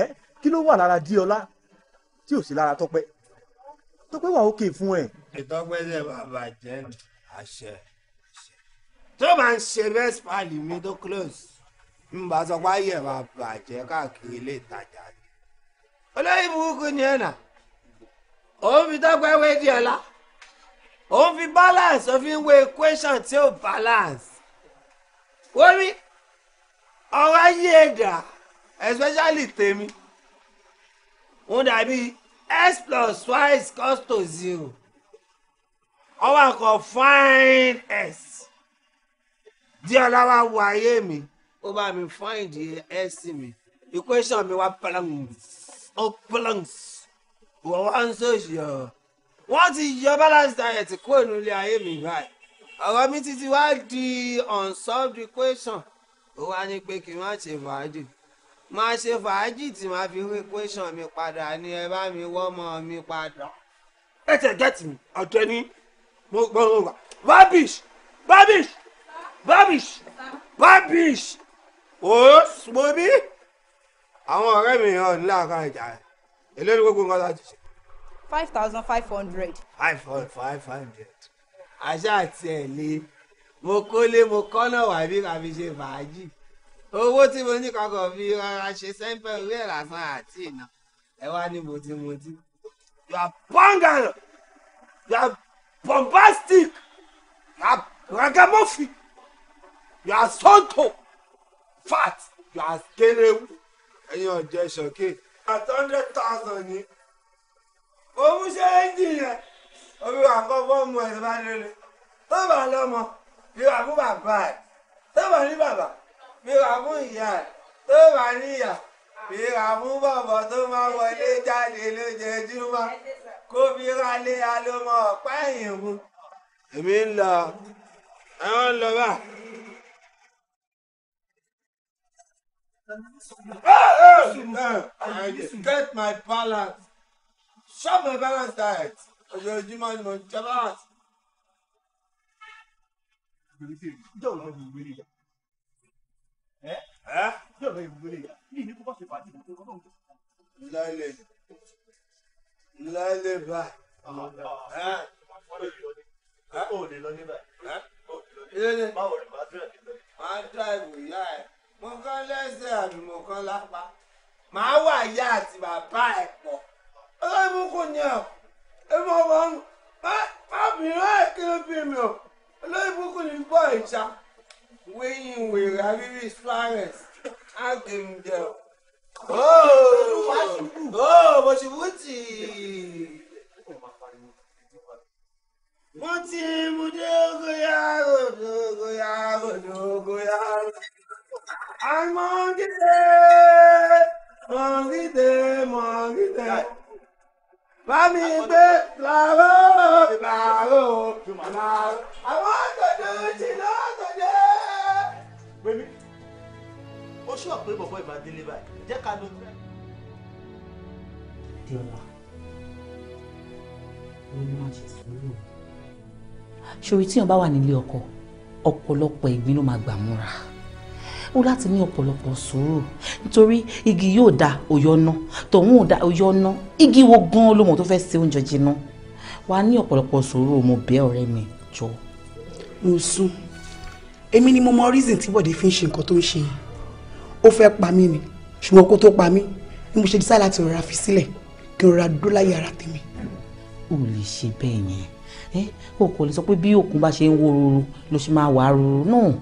A: ẹ kí ló wà lára díọ̀lá tí ò sí lára tọ́pẹ́ tọ́pẹ́ wà ókè fún ẹ. ìtọ́pẹ́ lè bàbà jẹ́ àṣẹ tó máa ń ṣe bẹ́ẹ̀ spali mi tó close. mba sọkwa yẹ máa bàjẹ́ káàkiri ilé ìtajà ni. olóyìn burúkú ni ẹ̀nà òun fi tọ́pẹ́ wé di ọ̀la òun fi balance òun fi ń wo equation tí ó balance. wọ́n rí ọ̀rọ̀ ayé especially Temi, wọ́n dabi x plus y is to zero ọwọ́ àkọ́ fine s di wa wo mi. ó bá mi find ẹsìn mi equation mi wá plans ó plans wọ́n wá ń sòṣì ọ̀ wọ́n ti yọ balance diet kúrò nílé ayé mi báyìí ọ̀rọ̀ mi títí wá di unsolved equation ó wá ní pé kí n má ṣe fàájì máa ṣe fàájì tí màá fi rí equation mi padà ní ẹ bá mi wọ́ ọmọ mi padà. ẹ tẹ̀ gẹ́tì mi ọ̀tọ̀ ni mo gbọ́n wà rubbish rubbish rubbish rubbish ó ṣùgbọ́n bí àwọn ọ̀rẹ́ mi hàn ní láàká ìjà rẹ̀ èlé ní gbogbo nǹkan láti ṣe. five thousand five hundred. five hundred five hundred àṣà àti ẹ̀ lé mo kólé mo kọ́nà wà bí kàfi ṣe fàájì owó tí mo ní kankan fi rọra ṣe sẹ́ńpẹ́ orí ẹ̀ lásán àti ìná ẹ wá ní mutí you are bangal you are bombastic you are ragamuffin you are santo fat you are kéréwù ẹ̀yin ọ̀jẹ̀ at hundred thousand ni òun ṣe ẹ́ńjìn yẹn omi wà kọ́ fọ́ọ̀mù ẹ̀ bá lélẹ̀ tó bá lọ́mọ bí wà fún bàbá ẹ̀ tó bá ní bàbá bí wà fún ìyá ẹ̀ tó bá ní ìyá bí wà fún bọ̀bọ̀ tó máa wọlé jáde lójoojúmọ́ kó bí wà lé alómọ ọ̀pá ẹ̀yìn mu. èmi ń lọ ẹ̀wọ̀n lọ báà. get my balance shop my balance diet ojoojúmọ́ ni mo ń jẹ balance. lálẹ́ lálẹ́ báyìí.
B: ó lè lọ ní báyìí. báwo ni màá dúrà níbẹ̀.
A: màá dúrà ìwòyà ẹ̀ mo kán lẹ́sẹ̀ àbí mo kán lápá màá wà ìyá àti bàbá ẹ̀ pọ̀ ọlọ́mùkù ni ọ̀ ẹ̀mọ ọmọ má bìnrin ẹ̀ kí ló bí mi ọ̀ ọlọ́mùkù ni bọ́ ìjà wíyìn wèrè àríwí Suarez á gbé mi jẹ ọ̀.
D: ooo oh,
A: tì í. mo ti mu dógóyàrò dógóyàrò dógóyàrò. I'm day, àìmọ̀gídé mọ̀gídé
B: mọ̀gídé bámi gbé làró làró làró àwọn àtọ̀jọ́ ti lọ́tọ̀jọ́.
A: gbẹ̀mí ó ṣú ọ̀pẹ bọ̀bọ̀ ìbá délé báyìí jẹ́ ká ló.
C: diola ló ní má ṣe sùúrù. ṣòwò tí èèyàn bá wà nílé ọkọ ọ̀pọ̀lọpọ̀ ìgbín ló máa gbà múra ó láti ní ọ̀pọ̀lọpọ̀ sùúrù nítorí igi yóò da òyọ́nà tòun ò da òyọ́nà igi wo gan olóhùn tó fẹ́ ṣe oúnjẹ jinná wàá ní ọ̀pọ̀lọpọ̀ sùúrù mo bẹ̀ ọ̀rẹ́ mi jọ.
A: mo sún èmi ni mo mọ reason tí Bọ̀dé fi ń ṣe nǹkan tó ń ṣe yìí ó fẹ́ pa mí ni ṣùgbọ́n kó tó pa mí ni mo ṣe dísà láti rọra fi sílẹ̀ kí n rọra dúró láyé ara tèmi.
C: o lè ṣe bẹ́ẹ̀ yẹn o kò lè sọ pé bí òkun bá ṣe ń wó ruru ló ṣe máa wà á ruru náà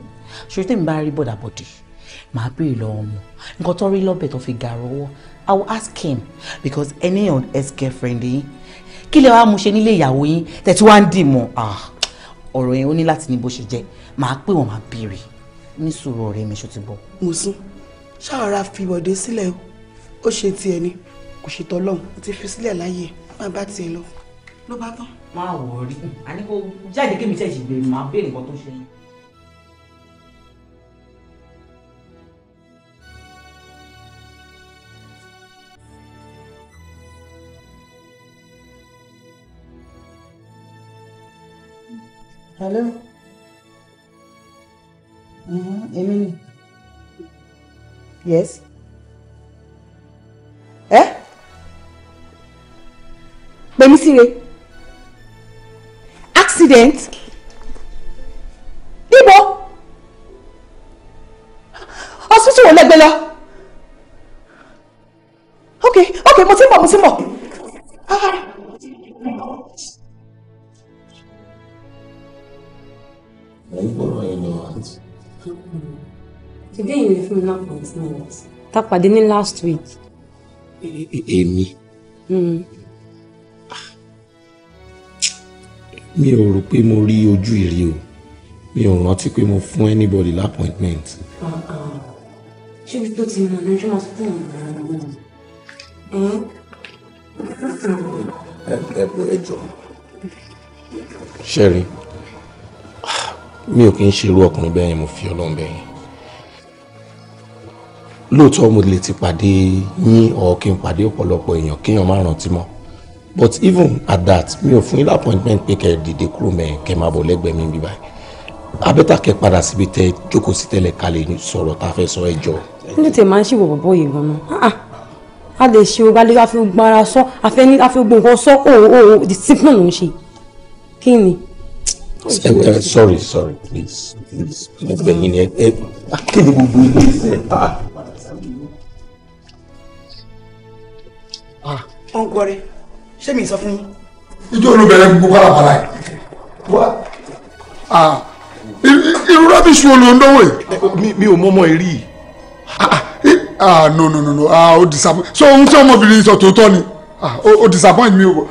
C: ṣòro tèmi bá rí bọ̀dàbọ̀dì màá béèrè lọ́wọ́ wọn nǹkan tó rí lọ́bẹ̀ tó fi gàrọ̀ wọ́ i will ask him because ẹni on ex girlfriend yín kí lè wàá mú ṣe nílé ìyàwó yín tẹ̀tí wá ń dì mọ́ ah, ọ̀rọ̀ yẹn ó ní láti ní bó ṣe jẹ́ màá pè wọ́n màá béèrè ní sùúrù ọ̀rẹ́ mi ṣó ti bọ̀.
A: Mùsùn ṣáàrà fi ìwọ̀de sílẹ̀ o ó ṣe tiẹ̀ ni kò ṣe tọ́lọ́hún ó ti fi sílẹ̀ láàyè má bá tiẹ̀ lọ ló bá tán. má wọ̀ rí àní jáde kí mi tẹ̀ ṣì gbé nǹkan tó ṣe yín.
B: hello èmi
C: mm-hmm, Emily. yes Eh? pè mí síre
A: accident níbo hospital wo lẹ́gbẹ̀ẹ́ lọ
B: ok ok mo ti ń bọ̀ mo ti ń bọ̀. Ah.
A: gbọ́rọ̀ yín lọ àǹtí.
C: today tá a pàdé ní last week.
B: E, e, e, èmi. Hmm.
A: mi ò rò pé mo rí ojú ìrí o mi ò rántí pé mo fún anybody l'appointment. Ah, ah. ṣé bí tó ti mọ̀ ní ọjọ́ àti tó ń bọ̀ ọ́ ẹ ẹ ẹ jọ. Sherry mi ò kí ń ṣerú ọkùnrin bẹ́ẹ̀ yẹn mo fi ọlọ́run bẹ́ẹ̀ yẹn lóòótọ́ mo lè ti pàdé yín or kí n pàdé ọ̀pọ̀lọpọ̀ èèyàn kéèyàn má rántí mọ́ but even at that mi ò fún yín appointment pé kẹ́ ẹ dìde kúrò mẹ́ẹ̀ kẹ́ ẹ máa bọ̀ lẹ́gbẹ̀ẹ́ mi bíbá abẹ́tà kẹ́ padà síbi tẹ́ jókòó sí tẹ́lẹ̀ ká lè sọ̀rọ̀ tá a fẹ́ sọ ẹ jọ.
D: nílùú tèmi máa ń ṣìwò bọ̀bọ̀ yìí gan-an ah, ah. a lè ṣe ogun alẹ́ àfi gbọ́n ara sọ àfẹ́ ní àfi gbọ́n nǹkan sọ òun oh, òun oh, oh, discipline ló ń ṣe
C: kí ni
A: ẹ sorry sorry please please mo bẹ̀ yín ni ẹ
B: akéde gbogbo
A: Ah, don't worry. wọ́n gbọ́ rẹ ṣé mi sọ fún yín. ijó olùbẹ̀rẹ̀ gbogbo balabala yìí wá ah. irú rábìsì wo ló ń dánwò yìí. mi ò ah, ah, ah no no no no ah o disappoint so ohun tí ọmọbìnrin to tòótọ́ ah o disappoint mi o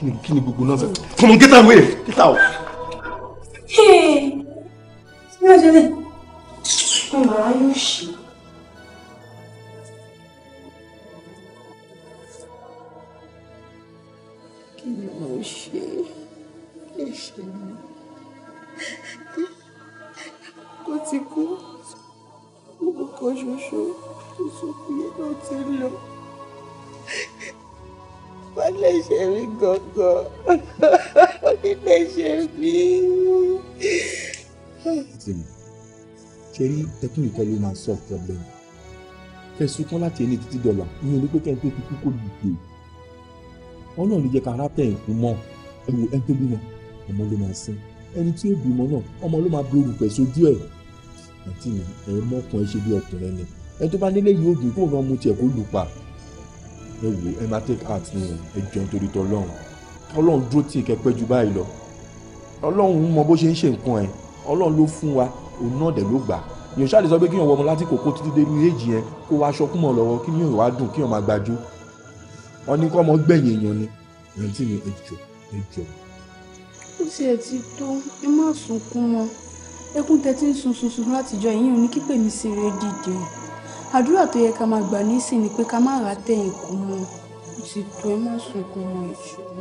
A: kí ni gbogbo náà sẹ́yìn. come on get away get out.
B: Hey, o ṣe lè are you? ṣe. kí ni mo ṣe kí ṣe ni
A: kó ti kú mo kọ ṣoṣo tó sọ pé ó ti lọ wọ́n lè ṣe mí gangan wọ́n lè ṣe mí. ṣe rí tẹkínìkẹ́ ló máa sọ problem fẹ̀sùn kan láti ẹni títí dọ́là ní orí pé kẹ́ńtẹ́ fi kú kó dìde ọlọ́run jẹ́ ká rápẹ́ ìkún mọ́ ẹ̀wò ẹni tó bímọ ọmọ ló máa sin ẹni tí ó bímọ náà ọmọ ló máa bí olùpẹ̀ sójú ẹ̀ àti ẹ̀ mọ́kàn ẹ ṣe bí ọkùnrin ẹni ẹni tó bá nílé yìí ó dùn kó náà mu tiẹ̀ kó lù pa ẹ wò ẹ máa take heart ni ẹ jẹun torí tọlọ́run ọlọ́run dúró tì kẹ́ pẹ́ ju báyìí lọ ọlọ́run mọ bó ṣe ń ṣe nǹkan ẹ̀ ọlọ́run ló fún wa òun náà dẹ̀ ló gbà yòó ṣáà lè sọ pé kí yàn wọ ọmọ láti kókó títí dé irú èjì yẹn kó wá aṣọ kúmọ̀ lọ́wọ́ kí yàn wá dùn kí yàn máa gbájú wọn ní kọ́ ọmọ gbẹ̀yìn èèyàn ni àǹtí mi ẹ jọ ẹ jọ.
D: ó sì ẹ ti tó ẹ má sunkún mọ́ ẹkún tẹ ti ń sun sunsun látijọ́ ìyẹn ò ní kí pèmí sí rẹ dìde àdúrà tó yẹ ká máa gbà nísìn ni pé ká má ra tẹ̀yìn kú mọ́ ó ti tó ẹ má sunkún mọ́ ìṣòro.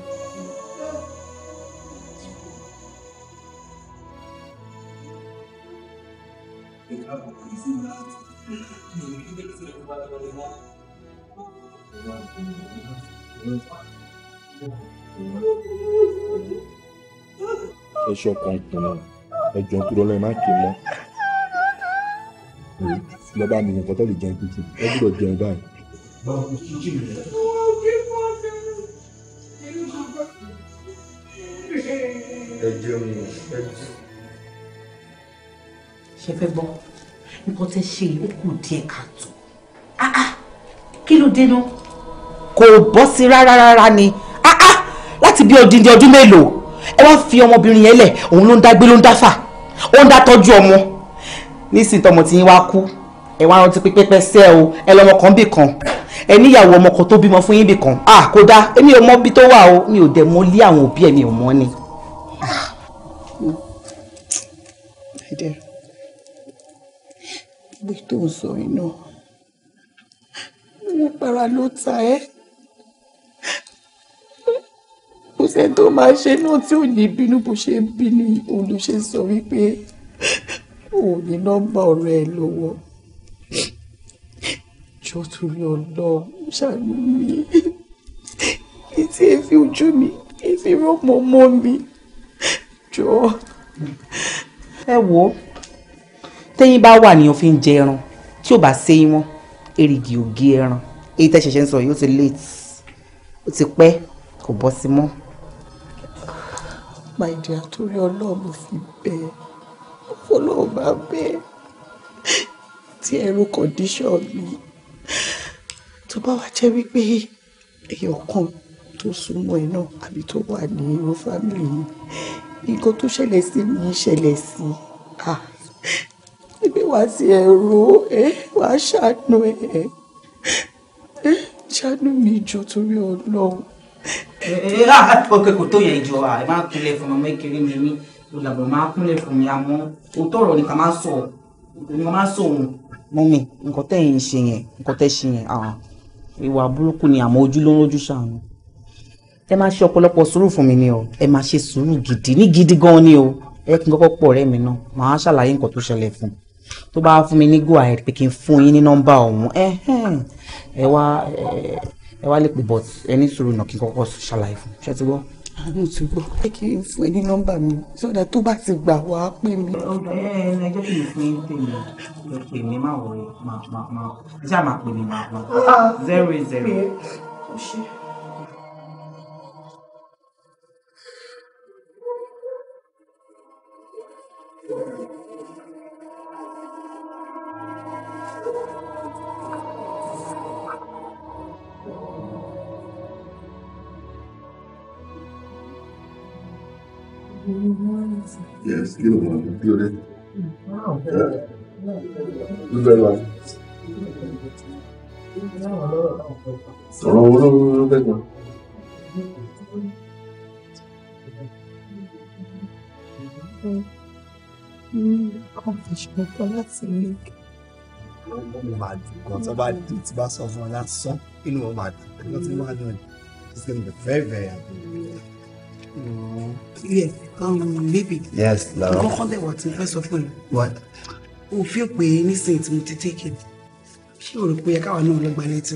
A: ẹ ṣọkan kùnà ẹ jọ ń kúrò lẹ́yìn má kì í mọ́ lọ́ba mi nǹkan tó lè jẹun tuntun ẹ gbọ́dọ̀ jẹun báyìí. ẹ jẹun ẹ jẹun.
C: ṣe fẹ́ gbọ́ nǹkan tẹ́ ṣe yìí ó kù díẹ̀ káàtó ah, ah. kí ló dé náà kò bọ́ sí rárá rárá ni ah, láti bí
A: odindi ọdún mélòó ẹ wá fi ọmọbìnrin yẹn lẹ̀ òun ló ń dá gbé ló ń dá fà ó ń dá tọ́jú ọmọ nísìnyí tọmọ tí yín wá kú ẹ wá rántí pípẹ́pẹ́ sẹ́ o ẹ lọ́mọ kan bì kan ẹ níyàwó ọmọ kan tó bímọ fún yín bì kan ah kódà èmi ò mọ bí tó wà o mi ò dẹ̀ mọ lé àwọn òbí ẹ̀ mi ò mọ ni. gbé ah, tó ń sọ iná wọn para ló ta ẹ kò sẹ́ tó máa ṣe náà tí ò ní bínú bó ṣe ń bí ni olùṣe sọ wípé òun ní nọ́mbà ọ̀rẹ́ ẹ lọ́wọ́ jọ torí Ọlọ́run ṣàánú mi etí èéfì ojú mi èéfì rọpò mọ mi jọ. ẹ wo
C: tẹ́yìn bá wà nìyàn fi ń jẹ ẹran tí ò bá séyìn wọn èrìgì ò gé ẹran èyí tẹ́ ṣẹ̀ṣẹ̀ ń sọ yìí ti late ó ti pẹ́ kò bọ́ sí mọ́.
A: my dear torí Ọlọ́run fi bẹ́ẹ̀ ọ̀pọ̀lọpọ̀ bẹ́ẹ̀ sí ẹ̀rù condition mi tó bá wá jẹ́ wípé èèyàn kan tó súnmọ́ ẹ náà àbí tó wà ní irú fámìlì yìí nǹkan tó ṣẹlẹ̀ sí mi ṣẹlẹ̀ sí i níbi wàá sí ẹ̀rù ẹ wàá ṣàánú ẹ ṣàánú mi jọ torí ọlọ́run. ẹ ọkẹ ah,
C: ah, kò tó yẹ ìjọ ah, ẹ máa kúnlẹ̀ fún ọmọ ìkéré mi mi lọ́làbọ̀ máa kúnlẹ̀ fún mi àmọ́ òótọ́ ọ̀rọ̀ ni ká máa sọ òun ni ká máa sọ òun mọ́mì nǹkan tẹ́ ẹ̀ ń ṣe yẹn nǹkan tẹ́ ṣe yẹn ah, ìwà burúkú ni àmọ́ ojú ló ń rojú ṣàánú ẹ máa ṣe ọ̀pọ̀lọpọ̀ sùúrù fún mi ni o ẹ máa ṣe sùúrù gidi ní gidi gan ni o ẹ kí n kọ́kọ́ pọ̀ ọ̀rẹ́ mi náà màá ṣàlàyé nǹkan tó ṣẹlẹ̀ fún un tó bá fún mi ní go ahead pé kí n fún yín ní nọ́mbà ọ̀hún ẹ ẹ wá ẹ wá lè pè bọ́t ẹ ní sùúrù náà kí n kọ́kọ́ ṣàlàyé fún un ṣé ti gbọ́
A: àánú ti gbọ́ pé kí n fún ẹ ní nọ́mbà mi sọ́dà tó bá ti gbà wá pè mí. ọgbà ẹ ẹ ẹ jẹ́ kí n fún yín pè mí ẹ pè mí má wọlé má má má ẹ ṣáà má pè mí má má
B: ah. zero zero. Yes, kí ló mọ̀ ní
A: kí ló dé? Lúbẹ̀ lọ. Ọ̀rọ̀ wo ló ló bẹ̀ gan?
D: Kàn fi ṣòkò láti ilé.
A: Mo máa dùn gan tó bá di tí bá sọ fún ọ láti sọ, inú wọn máa dùn. Lọ́tí máa dùn. It's gonna be very very happy. Yeah, um, baby. Yes, love. Nǹkan kan dẹ̀ wà tí mo fẹ́ sọ fún ẹ. What? O fi pé nísìnyí tí mo ti take it. Ṣé o rò pé ẹ káwa náà lọ gba létí?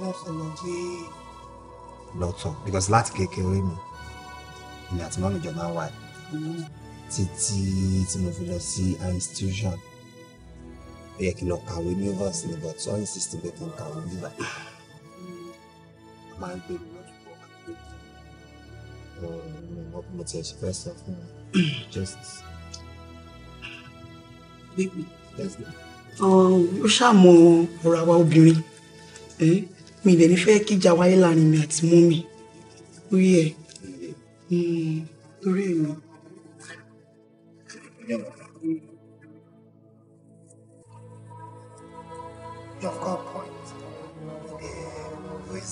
B: wọ́n kò
A: lọ́tọ̀ because láti kékeré mi ni àti mọ́mí jọ máa ń wà títí tí mo fi lọ sí institution ó yẹ kí n lọ kàwé ní overs ní but wọ́n insist pé kí n kàwé nígbà máa ń gbé mi lọ́dún pọ̀ máa ń gbé mi mo mo tiẹ̀ ṣe fẹ́ sọ fún mi just. Um, ó ṣàmọ ọ̀rọ̀ àwa obìnrin. Eh? mi ìdẹ̀ ní fẹ́ kíjà wáyé láàrin mi àti mú mi lórí ẹ̀ lórí ẹ̀ mi.
B: Your uh, but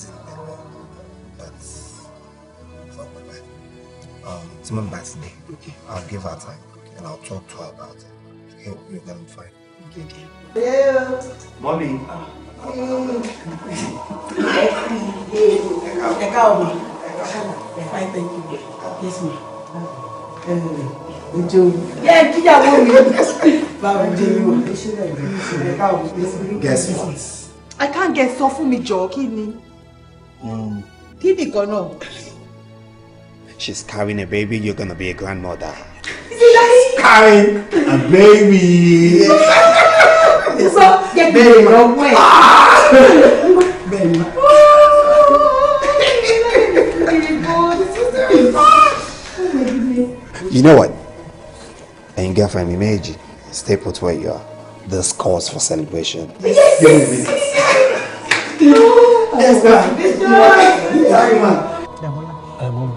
B: for
A: Baba. Um, Timon by today. Okay. I'll give her time and I'll talk to her about it. Okay,
B: you're gonna be fine. Okay,
A: okay. Hello. Mommy. Uh, ẹ ká ọmọ ẹ fáyé thank you
C: yes ma ojú omi yẹ kíyàwó mi
D: báwo jẹ
A: mi wà ẹ ká ọmọ guess what.
C: I can't get sọ for me jọ kí ni um, kí ni kan
A: She's carrying a baby, you're gonna be a grandmother. Is it daddy? Carrying a baby! ti sọ bẹ́ẹ̀ lọ́wọ́ ẹ̀ bẹ́ẹ̀ ni. Ah! You know what? And girlfriend mi stay put where you are. This calls for celebration. Yes, yes, yes.
B: No, yes, ma'am. No, sorry, ma'am. Dàmọ́lá. Ẹ mọ́ mi.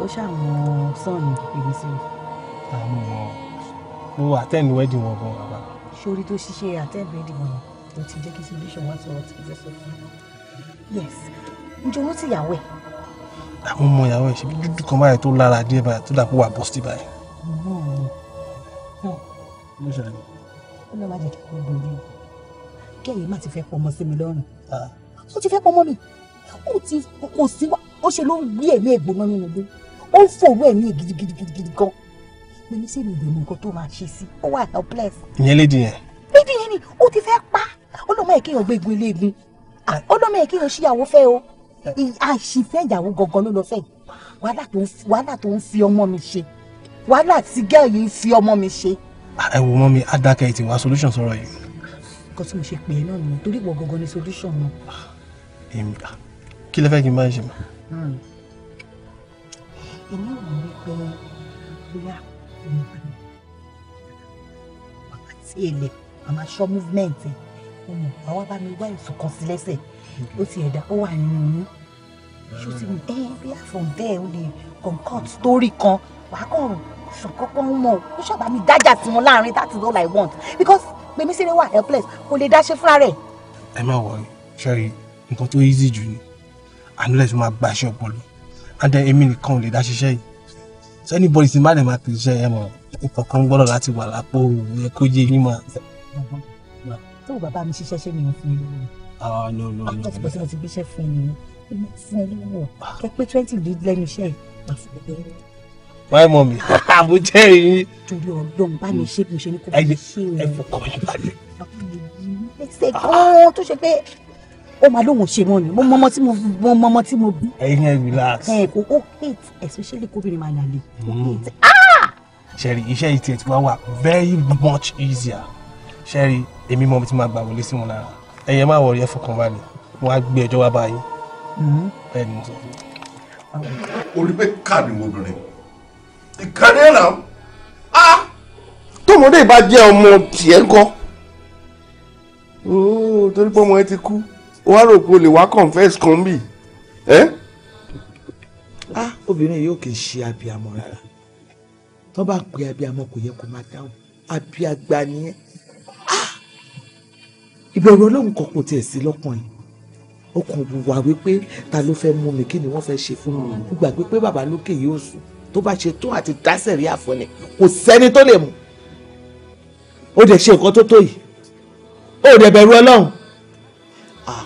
D: Ó ṣàmọ̀ sọ́ọ̀nù ìgbésí.
A: Àmọ́ mo àtẹ́nu wẹ́dìn wọn gan-an
D: sórí tó ṣiṣẹ́ àtẹ́bẹ̀rẹ̀dì wọ̀nyẹn ló ti jẹ́ kí solution wá sọ̀rọ̀ tí ìfẹ́ sọ fún mi yes ǹjẹ́ wọ́n ti yàwẹ̀.
A: àwọn ọmọ ìyàwó ẹ̀ ṣe bí dúdú kan báyìí tó lára díẹ̀ báyìí tó dàpọ̀ wà bọ́sítì báyìí.
C: Hm. ó
A: lọ́ọ́
C: má jẹ́ kí n gbọ́ yín kẹ́yìn má ti fẹ́ pọ̀ ọmọ sí mi lọ́rùn ó ti fẹ́ pọ̀ ọmọ mi ó ti kò sí ó ṣe ló ń gbé ẹ̀mí ègbò mọ́ nínú ilé ó ń fòrú ẹ̀mí gidigidigidi gan pé ní sílùú ìlú nǹkan tó máa ṣe sí ó wà helpless. ìyẹn lédi yẹn. lédi yẹn ni ó ti fẹ́ pa ọlọ́mọ yẹn kéèyàn gbégun eléegun ọlọ́mọ yẹn ṣíyàwó fẹ́ o àṣìfẹ́ ìyàwó gangan ló lọ fẹ́ wàhálà tó ń fi ọmọ mi ṣe wàhálà tí gẹ́ẹ̀ yìí fi ọmọ mi ṣe.
A: Ah, ẹ wo mọ mi adákẹ́ ẹ ti wá solution sọ̀rọ̀ yìí.
C: nǹkan tí mo ṣe pè é náà nìyẹn torí ìwọ gangan ni solution náà.
A: Ah, kí lẹ fẹ́ kí n bá ṣe mọ́.
C: Hmm. èmi ò ní pẹ́ bóyá sí èlé màmá ṣọ́ movement ẹ̀ ọmọ àwa bá mi wá ìsùn kan sí lẹ́sẹ̀ ó ti ẹ̀dá ó wà nínú oyún ṣó ti ní ẹ bí àfọ̀n bẹ́ẹ̀ ó lè concord story kan wàá kàn sùn kọ́kọ́ ń mọ̀ ó ṣọ̀bà mi dájà sí wọn láàrin that is all I want because gbèmí sí ni wà helpless kò lè dáṣe fúnra rẹ̀.
B: ẹ má
A: wọrí ṣẹ́rí nǹkan tó easy jù ni àánú lẹ́sìn máa gba iṣẹ́ ọpọlọ and then èmi nìkan ò lè dá ṣiṣẹ́ yìí so anybody ti má lè máa tẹ iṣẹ́ yẹn mọ́ ìkọ̀kan gbọ́dọ̀ láti wà lápò yẹ kó yé yín mà.
C: tó o bàbá mi ṣiṣẹ́ ṣé mi ò fún yín lówó. ah no no no. àtẹ̀síkọ̀ tí mo ti gbéṣẹ́ fún yín ni fún yín lówó kẹ twenty lè lẹ́nu iṣẹ́
A: yìí máa fún mi àbò jẹ́ èyí. torí ọlọ́run bá mi ṣe bí mo ṣe ní kó bá mi ṣe o. ẹ fọkàn mi balẹ̀.
C: ẹsẹ̀ gan-an tó ṣe pé ó máa lóun ṣe mọ́ ni mo mọ́mọ́ tí mo mọ́mọ́ tí mo bí. ẹyin ẹ relax. ẹ kò ó hate especially kóbìnrin máa yàn lè.
A: ó mm. hate ah! ṣẹ́rí iṣẹ́ ìtì ẹ̀ ti wá wà very much easier ṣẹ́rí èmi mọ̀ mi ti máa gbà wọlé sí wọn lára ẹ̀yẹ má wọrí ẹ̀ fọkàn balẹ̀ wọ́n á gbé ẹjọ́ wá báyìí mm-hmm. bẹ́ẹ̀ ni mo sọ fún un. orí pé káàdì wo obìnrin ìkànnì ẹ̀ náà á. Ah! tọmọdé bá jẹ ọmọ tiẹ̀ gan ooo torí pé ọmọ ẹ ti kú o wá rò pé o lè wá confess kan bì ah obìnrin yìí ò kì í ṣe abiyamọ rárá tó bá ń pè abiyamọ kò yẹ kó máa dáhùn abiagba nìyẹn ah! ìbẹ̀rù ọlọ́run kan kò tiẹ̀ sí lọ́kàn yìí ọkàn wà wípé ta ló fẹ́ mú mi kí ni wọ́n fẹ́ ṣe fún mi mo gbàgbé pé bàbá lókè yóò sùn tó bá ṣe tó àti dásẹ̀ rí àfọ̀nì kò sẹ́ni tó lè mú ó dẹ̀ ṣe nǹkan tó tó yìí ó dẹ̀ bẹ̀rù ọlọ́run ah!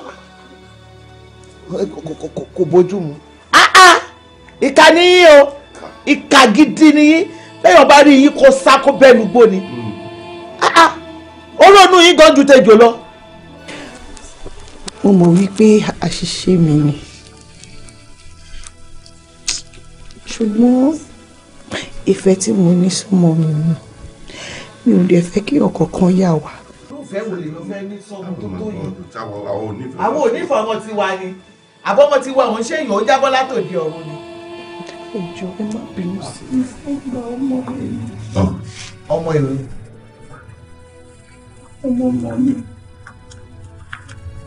A: kò bójú mu ah, ìkà nìyí o ìkà gidi nìyí bẹ́ẹ̀ bá rí yín kó sá kó bẹ́ẹ̀ lùgbò ni ah, ah. olóòórùn yín gan ju tejò lọ. mo mọ̀ wípé àṣìṣe mi ni ṣùgbọ́n ìfẹ́ tí mo ní sọ́mọ mi ni
C: mi ò dẹ̀ fẹ́ kí ọ̀kọ̀ọ̀kan yà wá
A: fẹ́ wò lè lọ fẹ́ ní sọ́mu tó tó yìí. àwọn onífọ̀ọ́mọ ti wa ni àbọ̀mọ ti wa òun ṣèyàn ó jábọ́ látòdì ọ̀run ni
C: ẹjọ ẹ má bínú sí i fún gba ọmọ
A: mi. ọmọ ìwé. ọmọ ọmọ mi.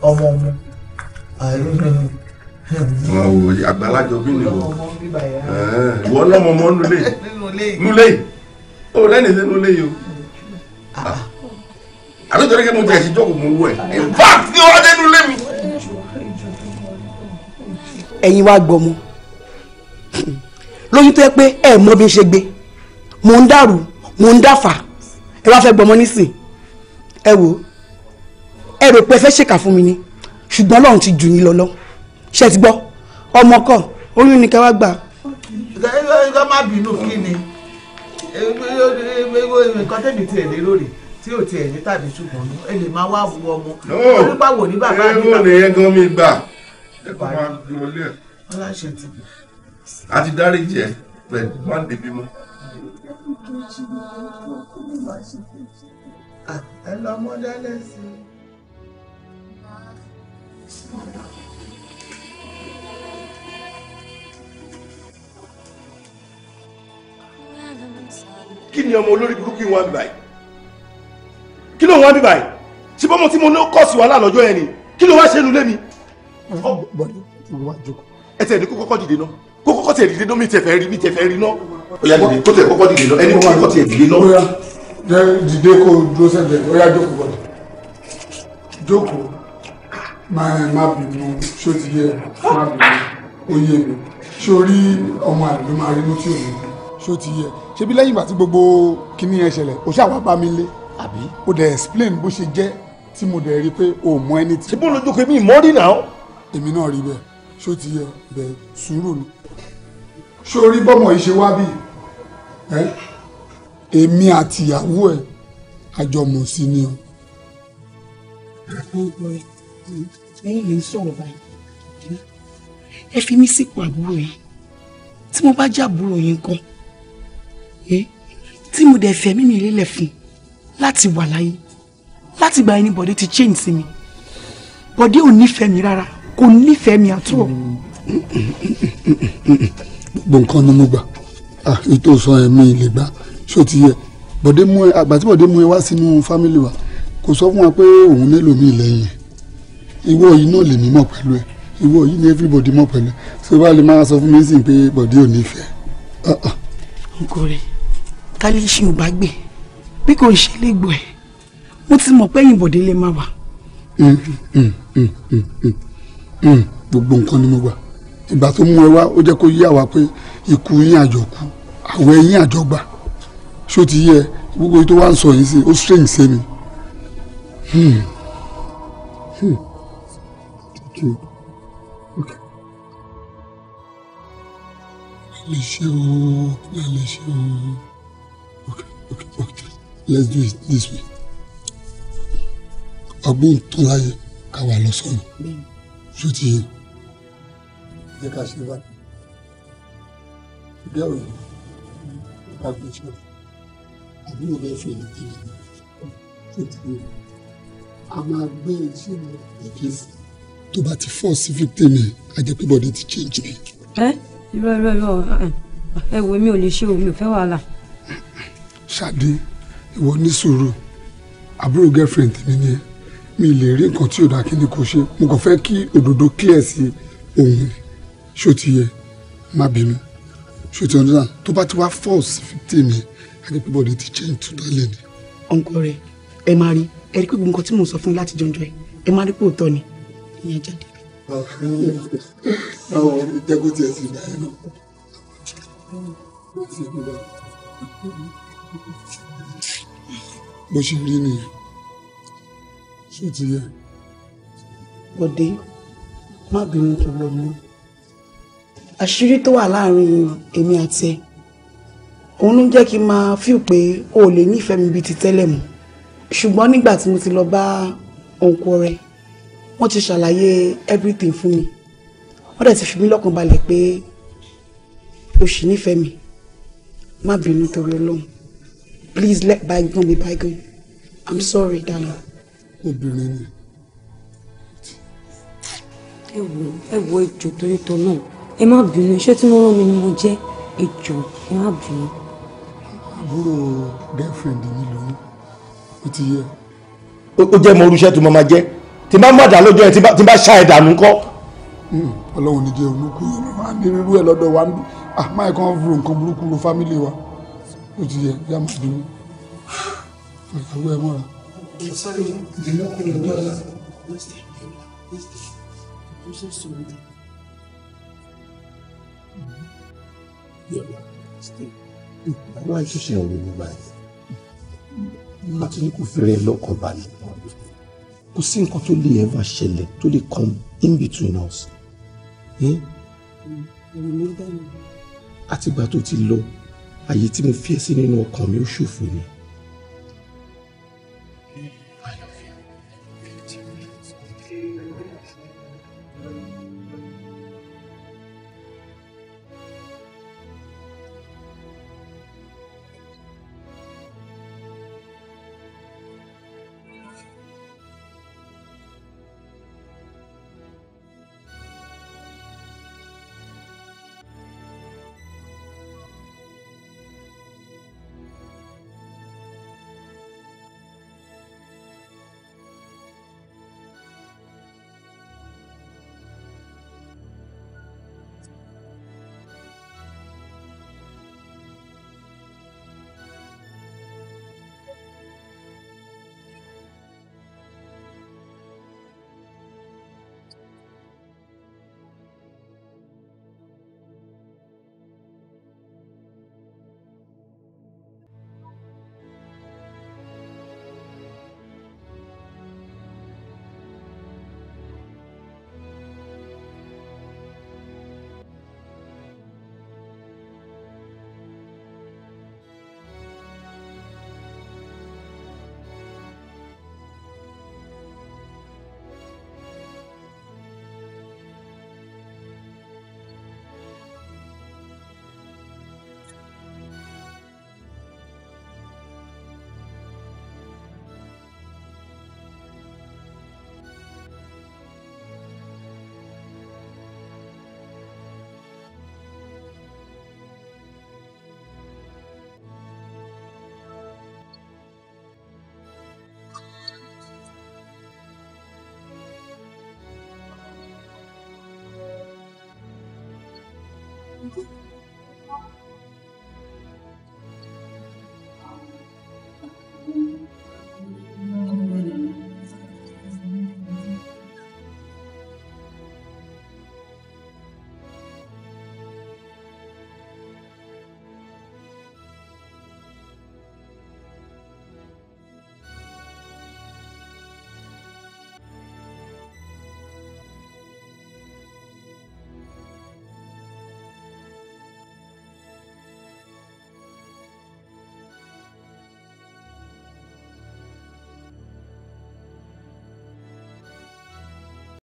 A: ọmọ ọmọ àìrí nínú. wọn ò àgbàlájọ bí ni wọ ìwọ lọmọ ọmọ nulẹ nulẹ o lẹni sẹ nulẹ yìí o àbí torí ah. ah. kí mo jẹ ìṣíjọ kò mú wọ ẹ in
B: ni wọn dé nulẹ mi. ẹ̀yin
A: wá gbọ́mọ lóyún tó yẹ pé ẹ mọ bí n ṣe gbé mò ń dàrú mò ń dàfà ẹ wá fẹ́ gbọmọ nísìn ẹ wò ẹ rò pé ẹ fẹ́ ṣèkà fún mi ni ṣùgbọ́n Ọlọ́run ti jù yín lọ́lọ́ ṣe ti gbọ́ ọmọ kọ oyún ni kẹ wá gbà. ẹ má bínú kí ni nǹkan tẹ̀mí tiẹ̀ lérò rè tí ò tiẹ̀ ní tàbí ṣùgbọ́n ẹ lè máa wá wu ọmọ onípàwọ̀ ní bàbá mi. ẹ wò ni ẹ gan mi gbà ẹ kò máa dúró lé ẹ. ọlá ṣe ti bẹ̀rẹ̀ a ti dáríjì ẹ pẹ̀lú má débi mọ́.
B: ẹ lọ mọ dálẹ sí i.
A: kí ni ọmọ olórí burúkú yìí wá bí báyìí kí ló ń wá bí báyìí ṣé bọ́mọ tí mo ní kọ́ọ̀sì wàhálà lọ́jọ́ yẹn ni kí ló wá ṣe é nulẹ̀ mi. bọ́dọ̀ wá jókòó. ẹ tẹ̀ ní kó kọ́kọ́ dìde náà kó kọ́kọ́ tẹ̀ dìde lómi tẹ̀fẹ́ rí mi tẹ̀fẹ́ rí náà. ó yá dìde kó tẹ̀ kọ́kọ́ dìde náà ẹni kó tẹ̀ dìde náà. ó yá dìde kó dúró sẹ́gbẹ̀ ó yá jókòó bọ̀dọ̀ jókòó máa má bínú ṣó ti yẹ má bínú ó yé mi ṣó rí ọmọ àdúgbò máa rí inú tí ò ní ṣó ti yẹ ṣebí lẹ́yìn ìgbà tí gbogbo kinní yẹn ṣẹlẹ̀ ó ṣàwá bá mi lé àbí ó dẹ̀ explain bó ṣe jẹ́ tí mo dẹ̀ rí pé o mọ ẹni tí. ṣé bó lójú kò mí ìmọ̀rí náà. èmi náà rí bẹ́ẹ̀ ṣó ti yẹ bẹ́ẹ̀ sùúrù ni sórí bọ́mọ yìí ṣe wá bí èmi àtìyàwó ẹ àjọmọ̀ sí ni o. lẹ́yìn lè sọ̀rọ̀ báyìí ẹ fi mí sípò àbúrò yìí tí mo bá jẹ́ àbúrò yìí kan tí mo dẹ̀ fẹ́ mímì lélẹ̀ fún láti wà láyé láti gba ẹni bọ̀dé ti change sí mi bọ̀dé ò nífẹ̀ẹ́ mi rárá kò nífẹ̀ẹ́ mi àtúrọ̀. gbogbo nǹkan ni mo gbà ah, ètò sọ ẹ̀ mi lè gbà ṣó ti yẹ bọ̀dé mú ẹ àgbà tí bọ̀dé mú ẹ wá sínú fámìlì wa kò sọ fún wa pé òun nílò mi lẹ́yìn ìwọ yìí náà lèmi mọ̀ pẹ̀lú ẹ ìwọ yìí ni everybody mọ̀ pẹ̀lú ṣé wàá lè máa sọ fún mi sìn pé bọ̀dé ò nífẹ̀ẹ́. Ah, ah. nkùnrin kálíṣì ò bá gbè bí kò ń ṣe lè gbọ́ ẹ mo ti mọ̀ pé ìbọ̀dé lè má wà. Mm, mm, mm, gbogbo nǹkan ni mo gbà ìgbà tó mú ẹ wá ó jẹ́ kó yé àwa pé ikú yín àjọkú àwẹ̀ yín àjọgbà ṣó ti yẹ gbogbo yìí tó wá ń sọ yìí sí ó strange sí mi. let's do this way ọgbọ́n tó láyé ká wà lọ́sọ̀nù ṣó ti yẹ jẹ́ ká ṣe wá bẹ́ẹ̀ ò ní ká gbé ṣe àbí ò bẹ́ẹ̀ fi èdè èdè a máa gbé iṣẹ́ mi èdè victim yẹn a jẹ́ pé bọ́dé ti change mi. ẹ irọ́ irọ́
D: irọ́ ẹ wo mi ò lè ṣe o mi ò fẹ́ wàhálà.
A: ṣáde ìwọ ní sùúrù girlfriend mi ni mi lè rí nǹkan tí ò dáa kí ni kò ṣe mo clear sí ṣó ti yẹ má bínú ṣó ti ọdún náà tó bá ti wá false fifteen yẹn àgbẹ̀pẹ̀bọ̀dé ti change to dalẹ̀ ni. ọ̀nkọ rẹ ẹ máa rí ẹ rí pé gbogbo nǹkan tí mò ń sọ fún láti jọjọ ẹ ẹ máa rí pé òótọ́ ni ìyẹn jáde. báwo jẹ́ kó tiẹ̀ sí ìgbà yẹn náà bó ṣe rí nìyẹn ṣó ti yẹ. bọ̀dé má bínú tó lọ mú àṣírí tó wà láàrin èmi àti ẹ òun ló jẹ́ kí n máa fíù pé o ò lè nífẹ̀ẹ́ mi bíi ti tẹ́lẹ̀ mọ́ ṣùgbọ́n nígbà tí mo ti lọ bá òǹkọ rẹ wọ́n ti ṣàlàyé everything fún mi wọ́n dẹ̀ ti fi mí lọ́kàn balẹ̀ pé o ṣì nífẹ̀ẹ́ mi má bínú torí ọlọ́run please let bygone be bygone i'm sorry darling. obìnrin ni.
D: ẹ wo ẹ wo ètò torí tó náà ẹ má bínú iṣẹ́ tí wọ́n rán mi ni mo
A: jẹ́ ẹ jọ̀ọ́ ẹ má bínú. àbúrò girlfriend mi lòun ó ti yẹ. ó jẹ́ mọ orúṣẹ́ tó máa jẹ́ tí bá mọ̀dà lójọ́ ẹ tí bá ṣá ẹ̀dà nù kọ́. Hmm, ọlọ́run ní jẹ́ olúkú yẹn ló máa ń rírú ẹ̀ lọ́dọ̀ wa máa kàn ń fún nǹkan burúkú lu fámílì wa ó ti yẹ yá má bínú ìyàwó ẹ mọ́ra. I'm so sorry. Yeah, still. I want to share with you, man. Má tún ní kò fẹ́rẹ̀ lọ́kàn balẹ̀. Kò sí nǹkan tó lè ever ṣẹlẹ̀ tó lè come in between us. Àtìgbà tó ti lọ, àyè tí mo fi ẹ́ sí nínú ọkàn mi ó ṣòfò ni.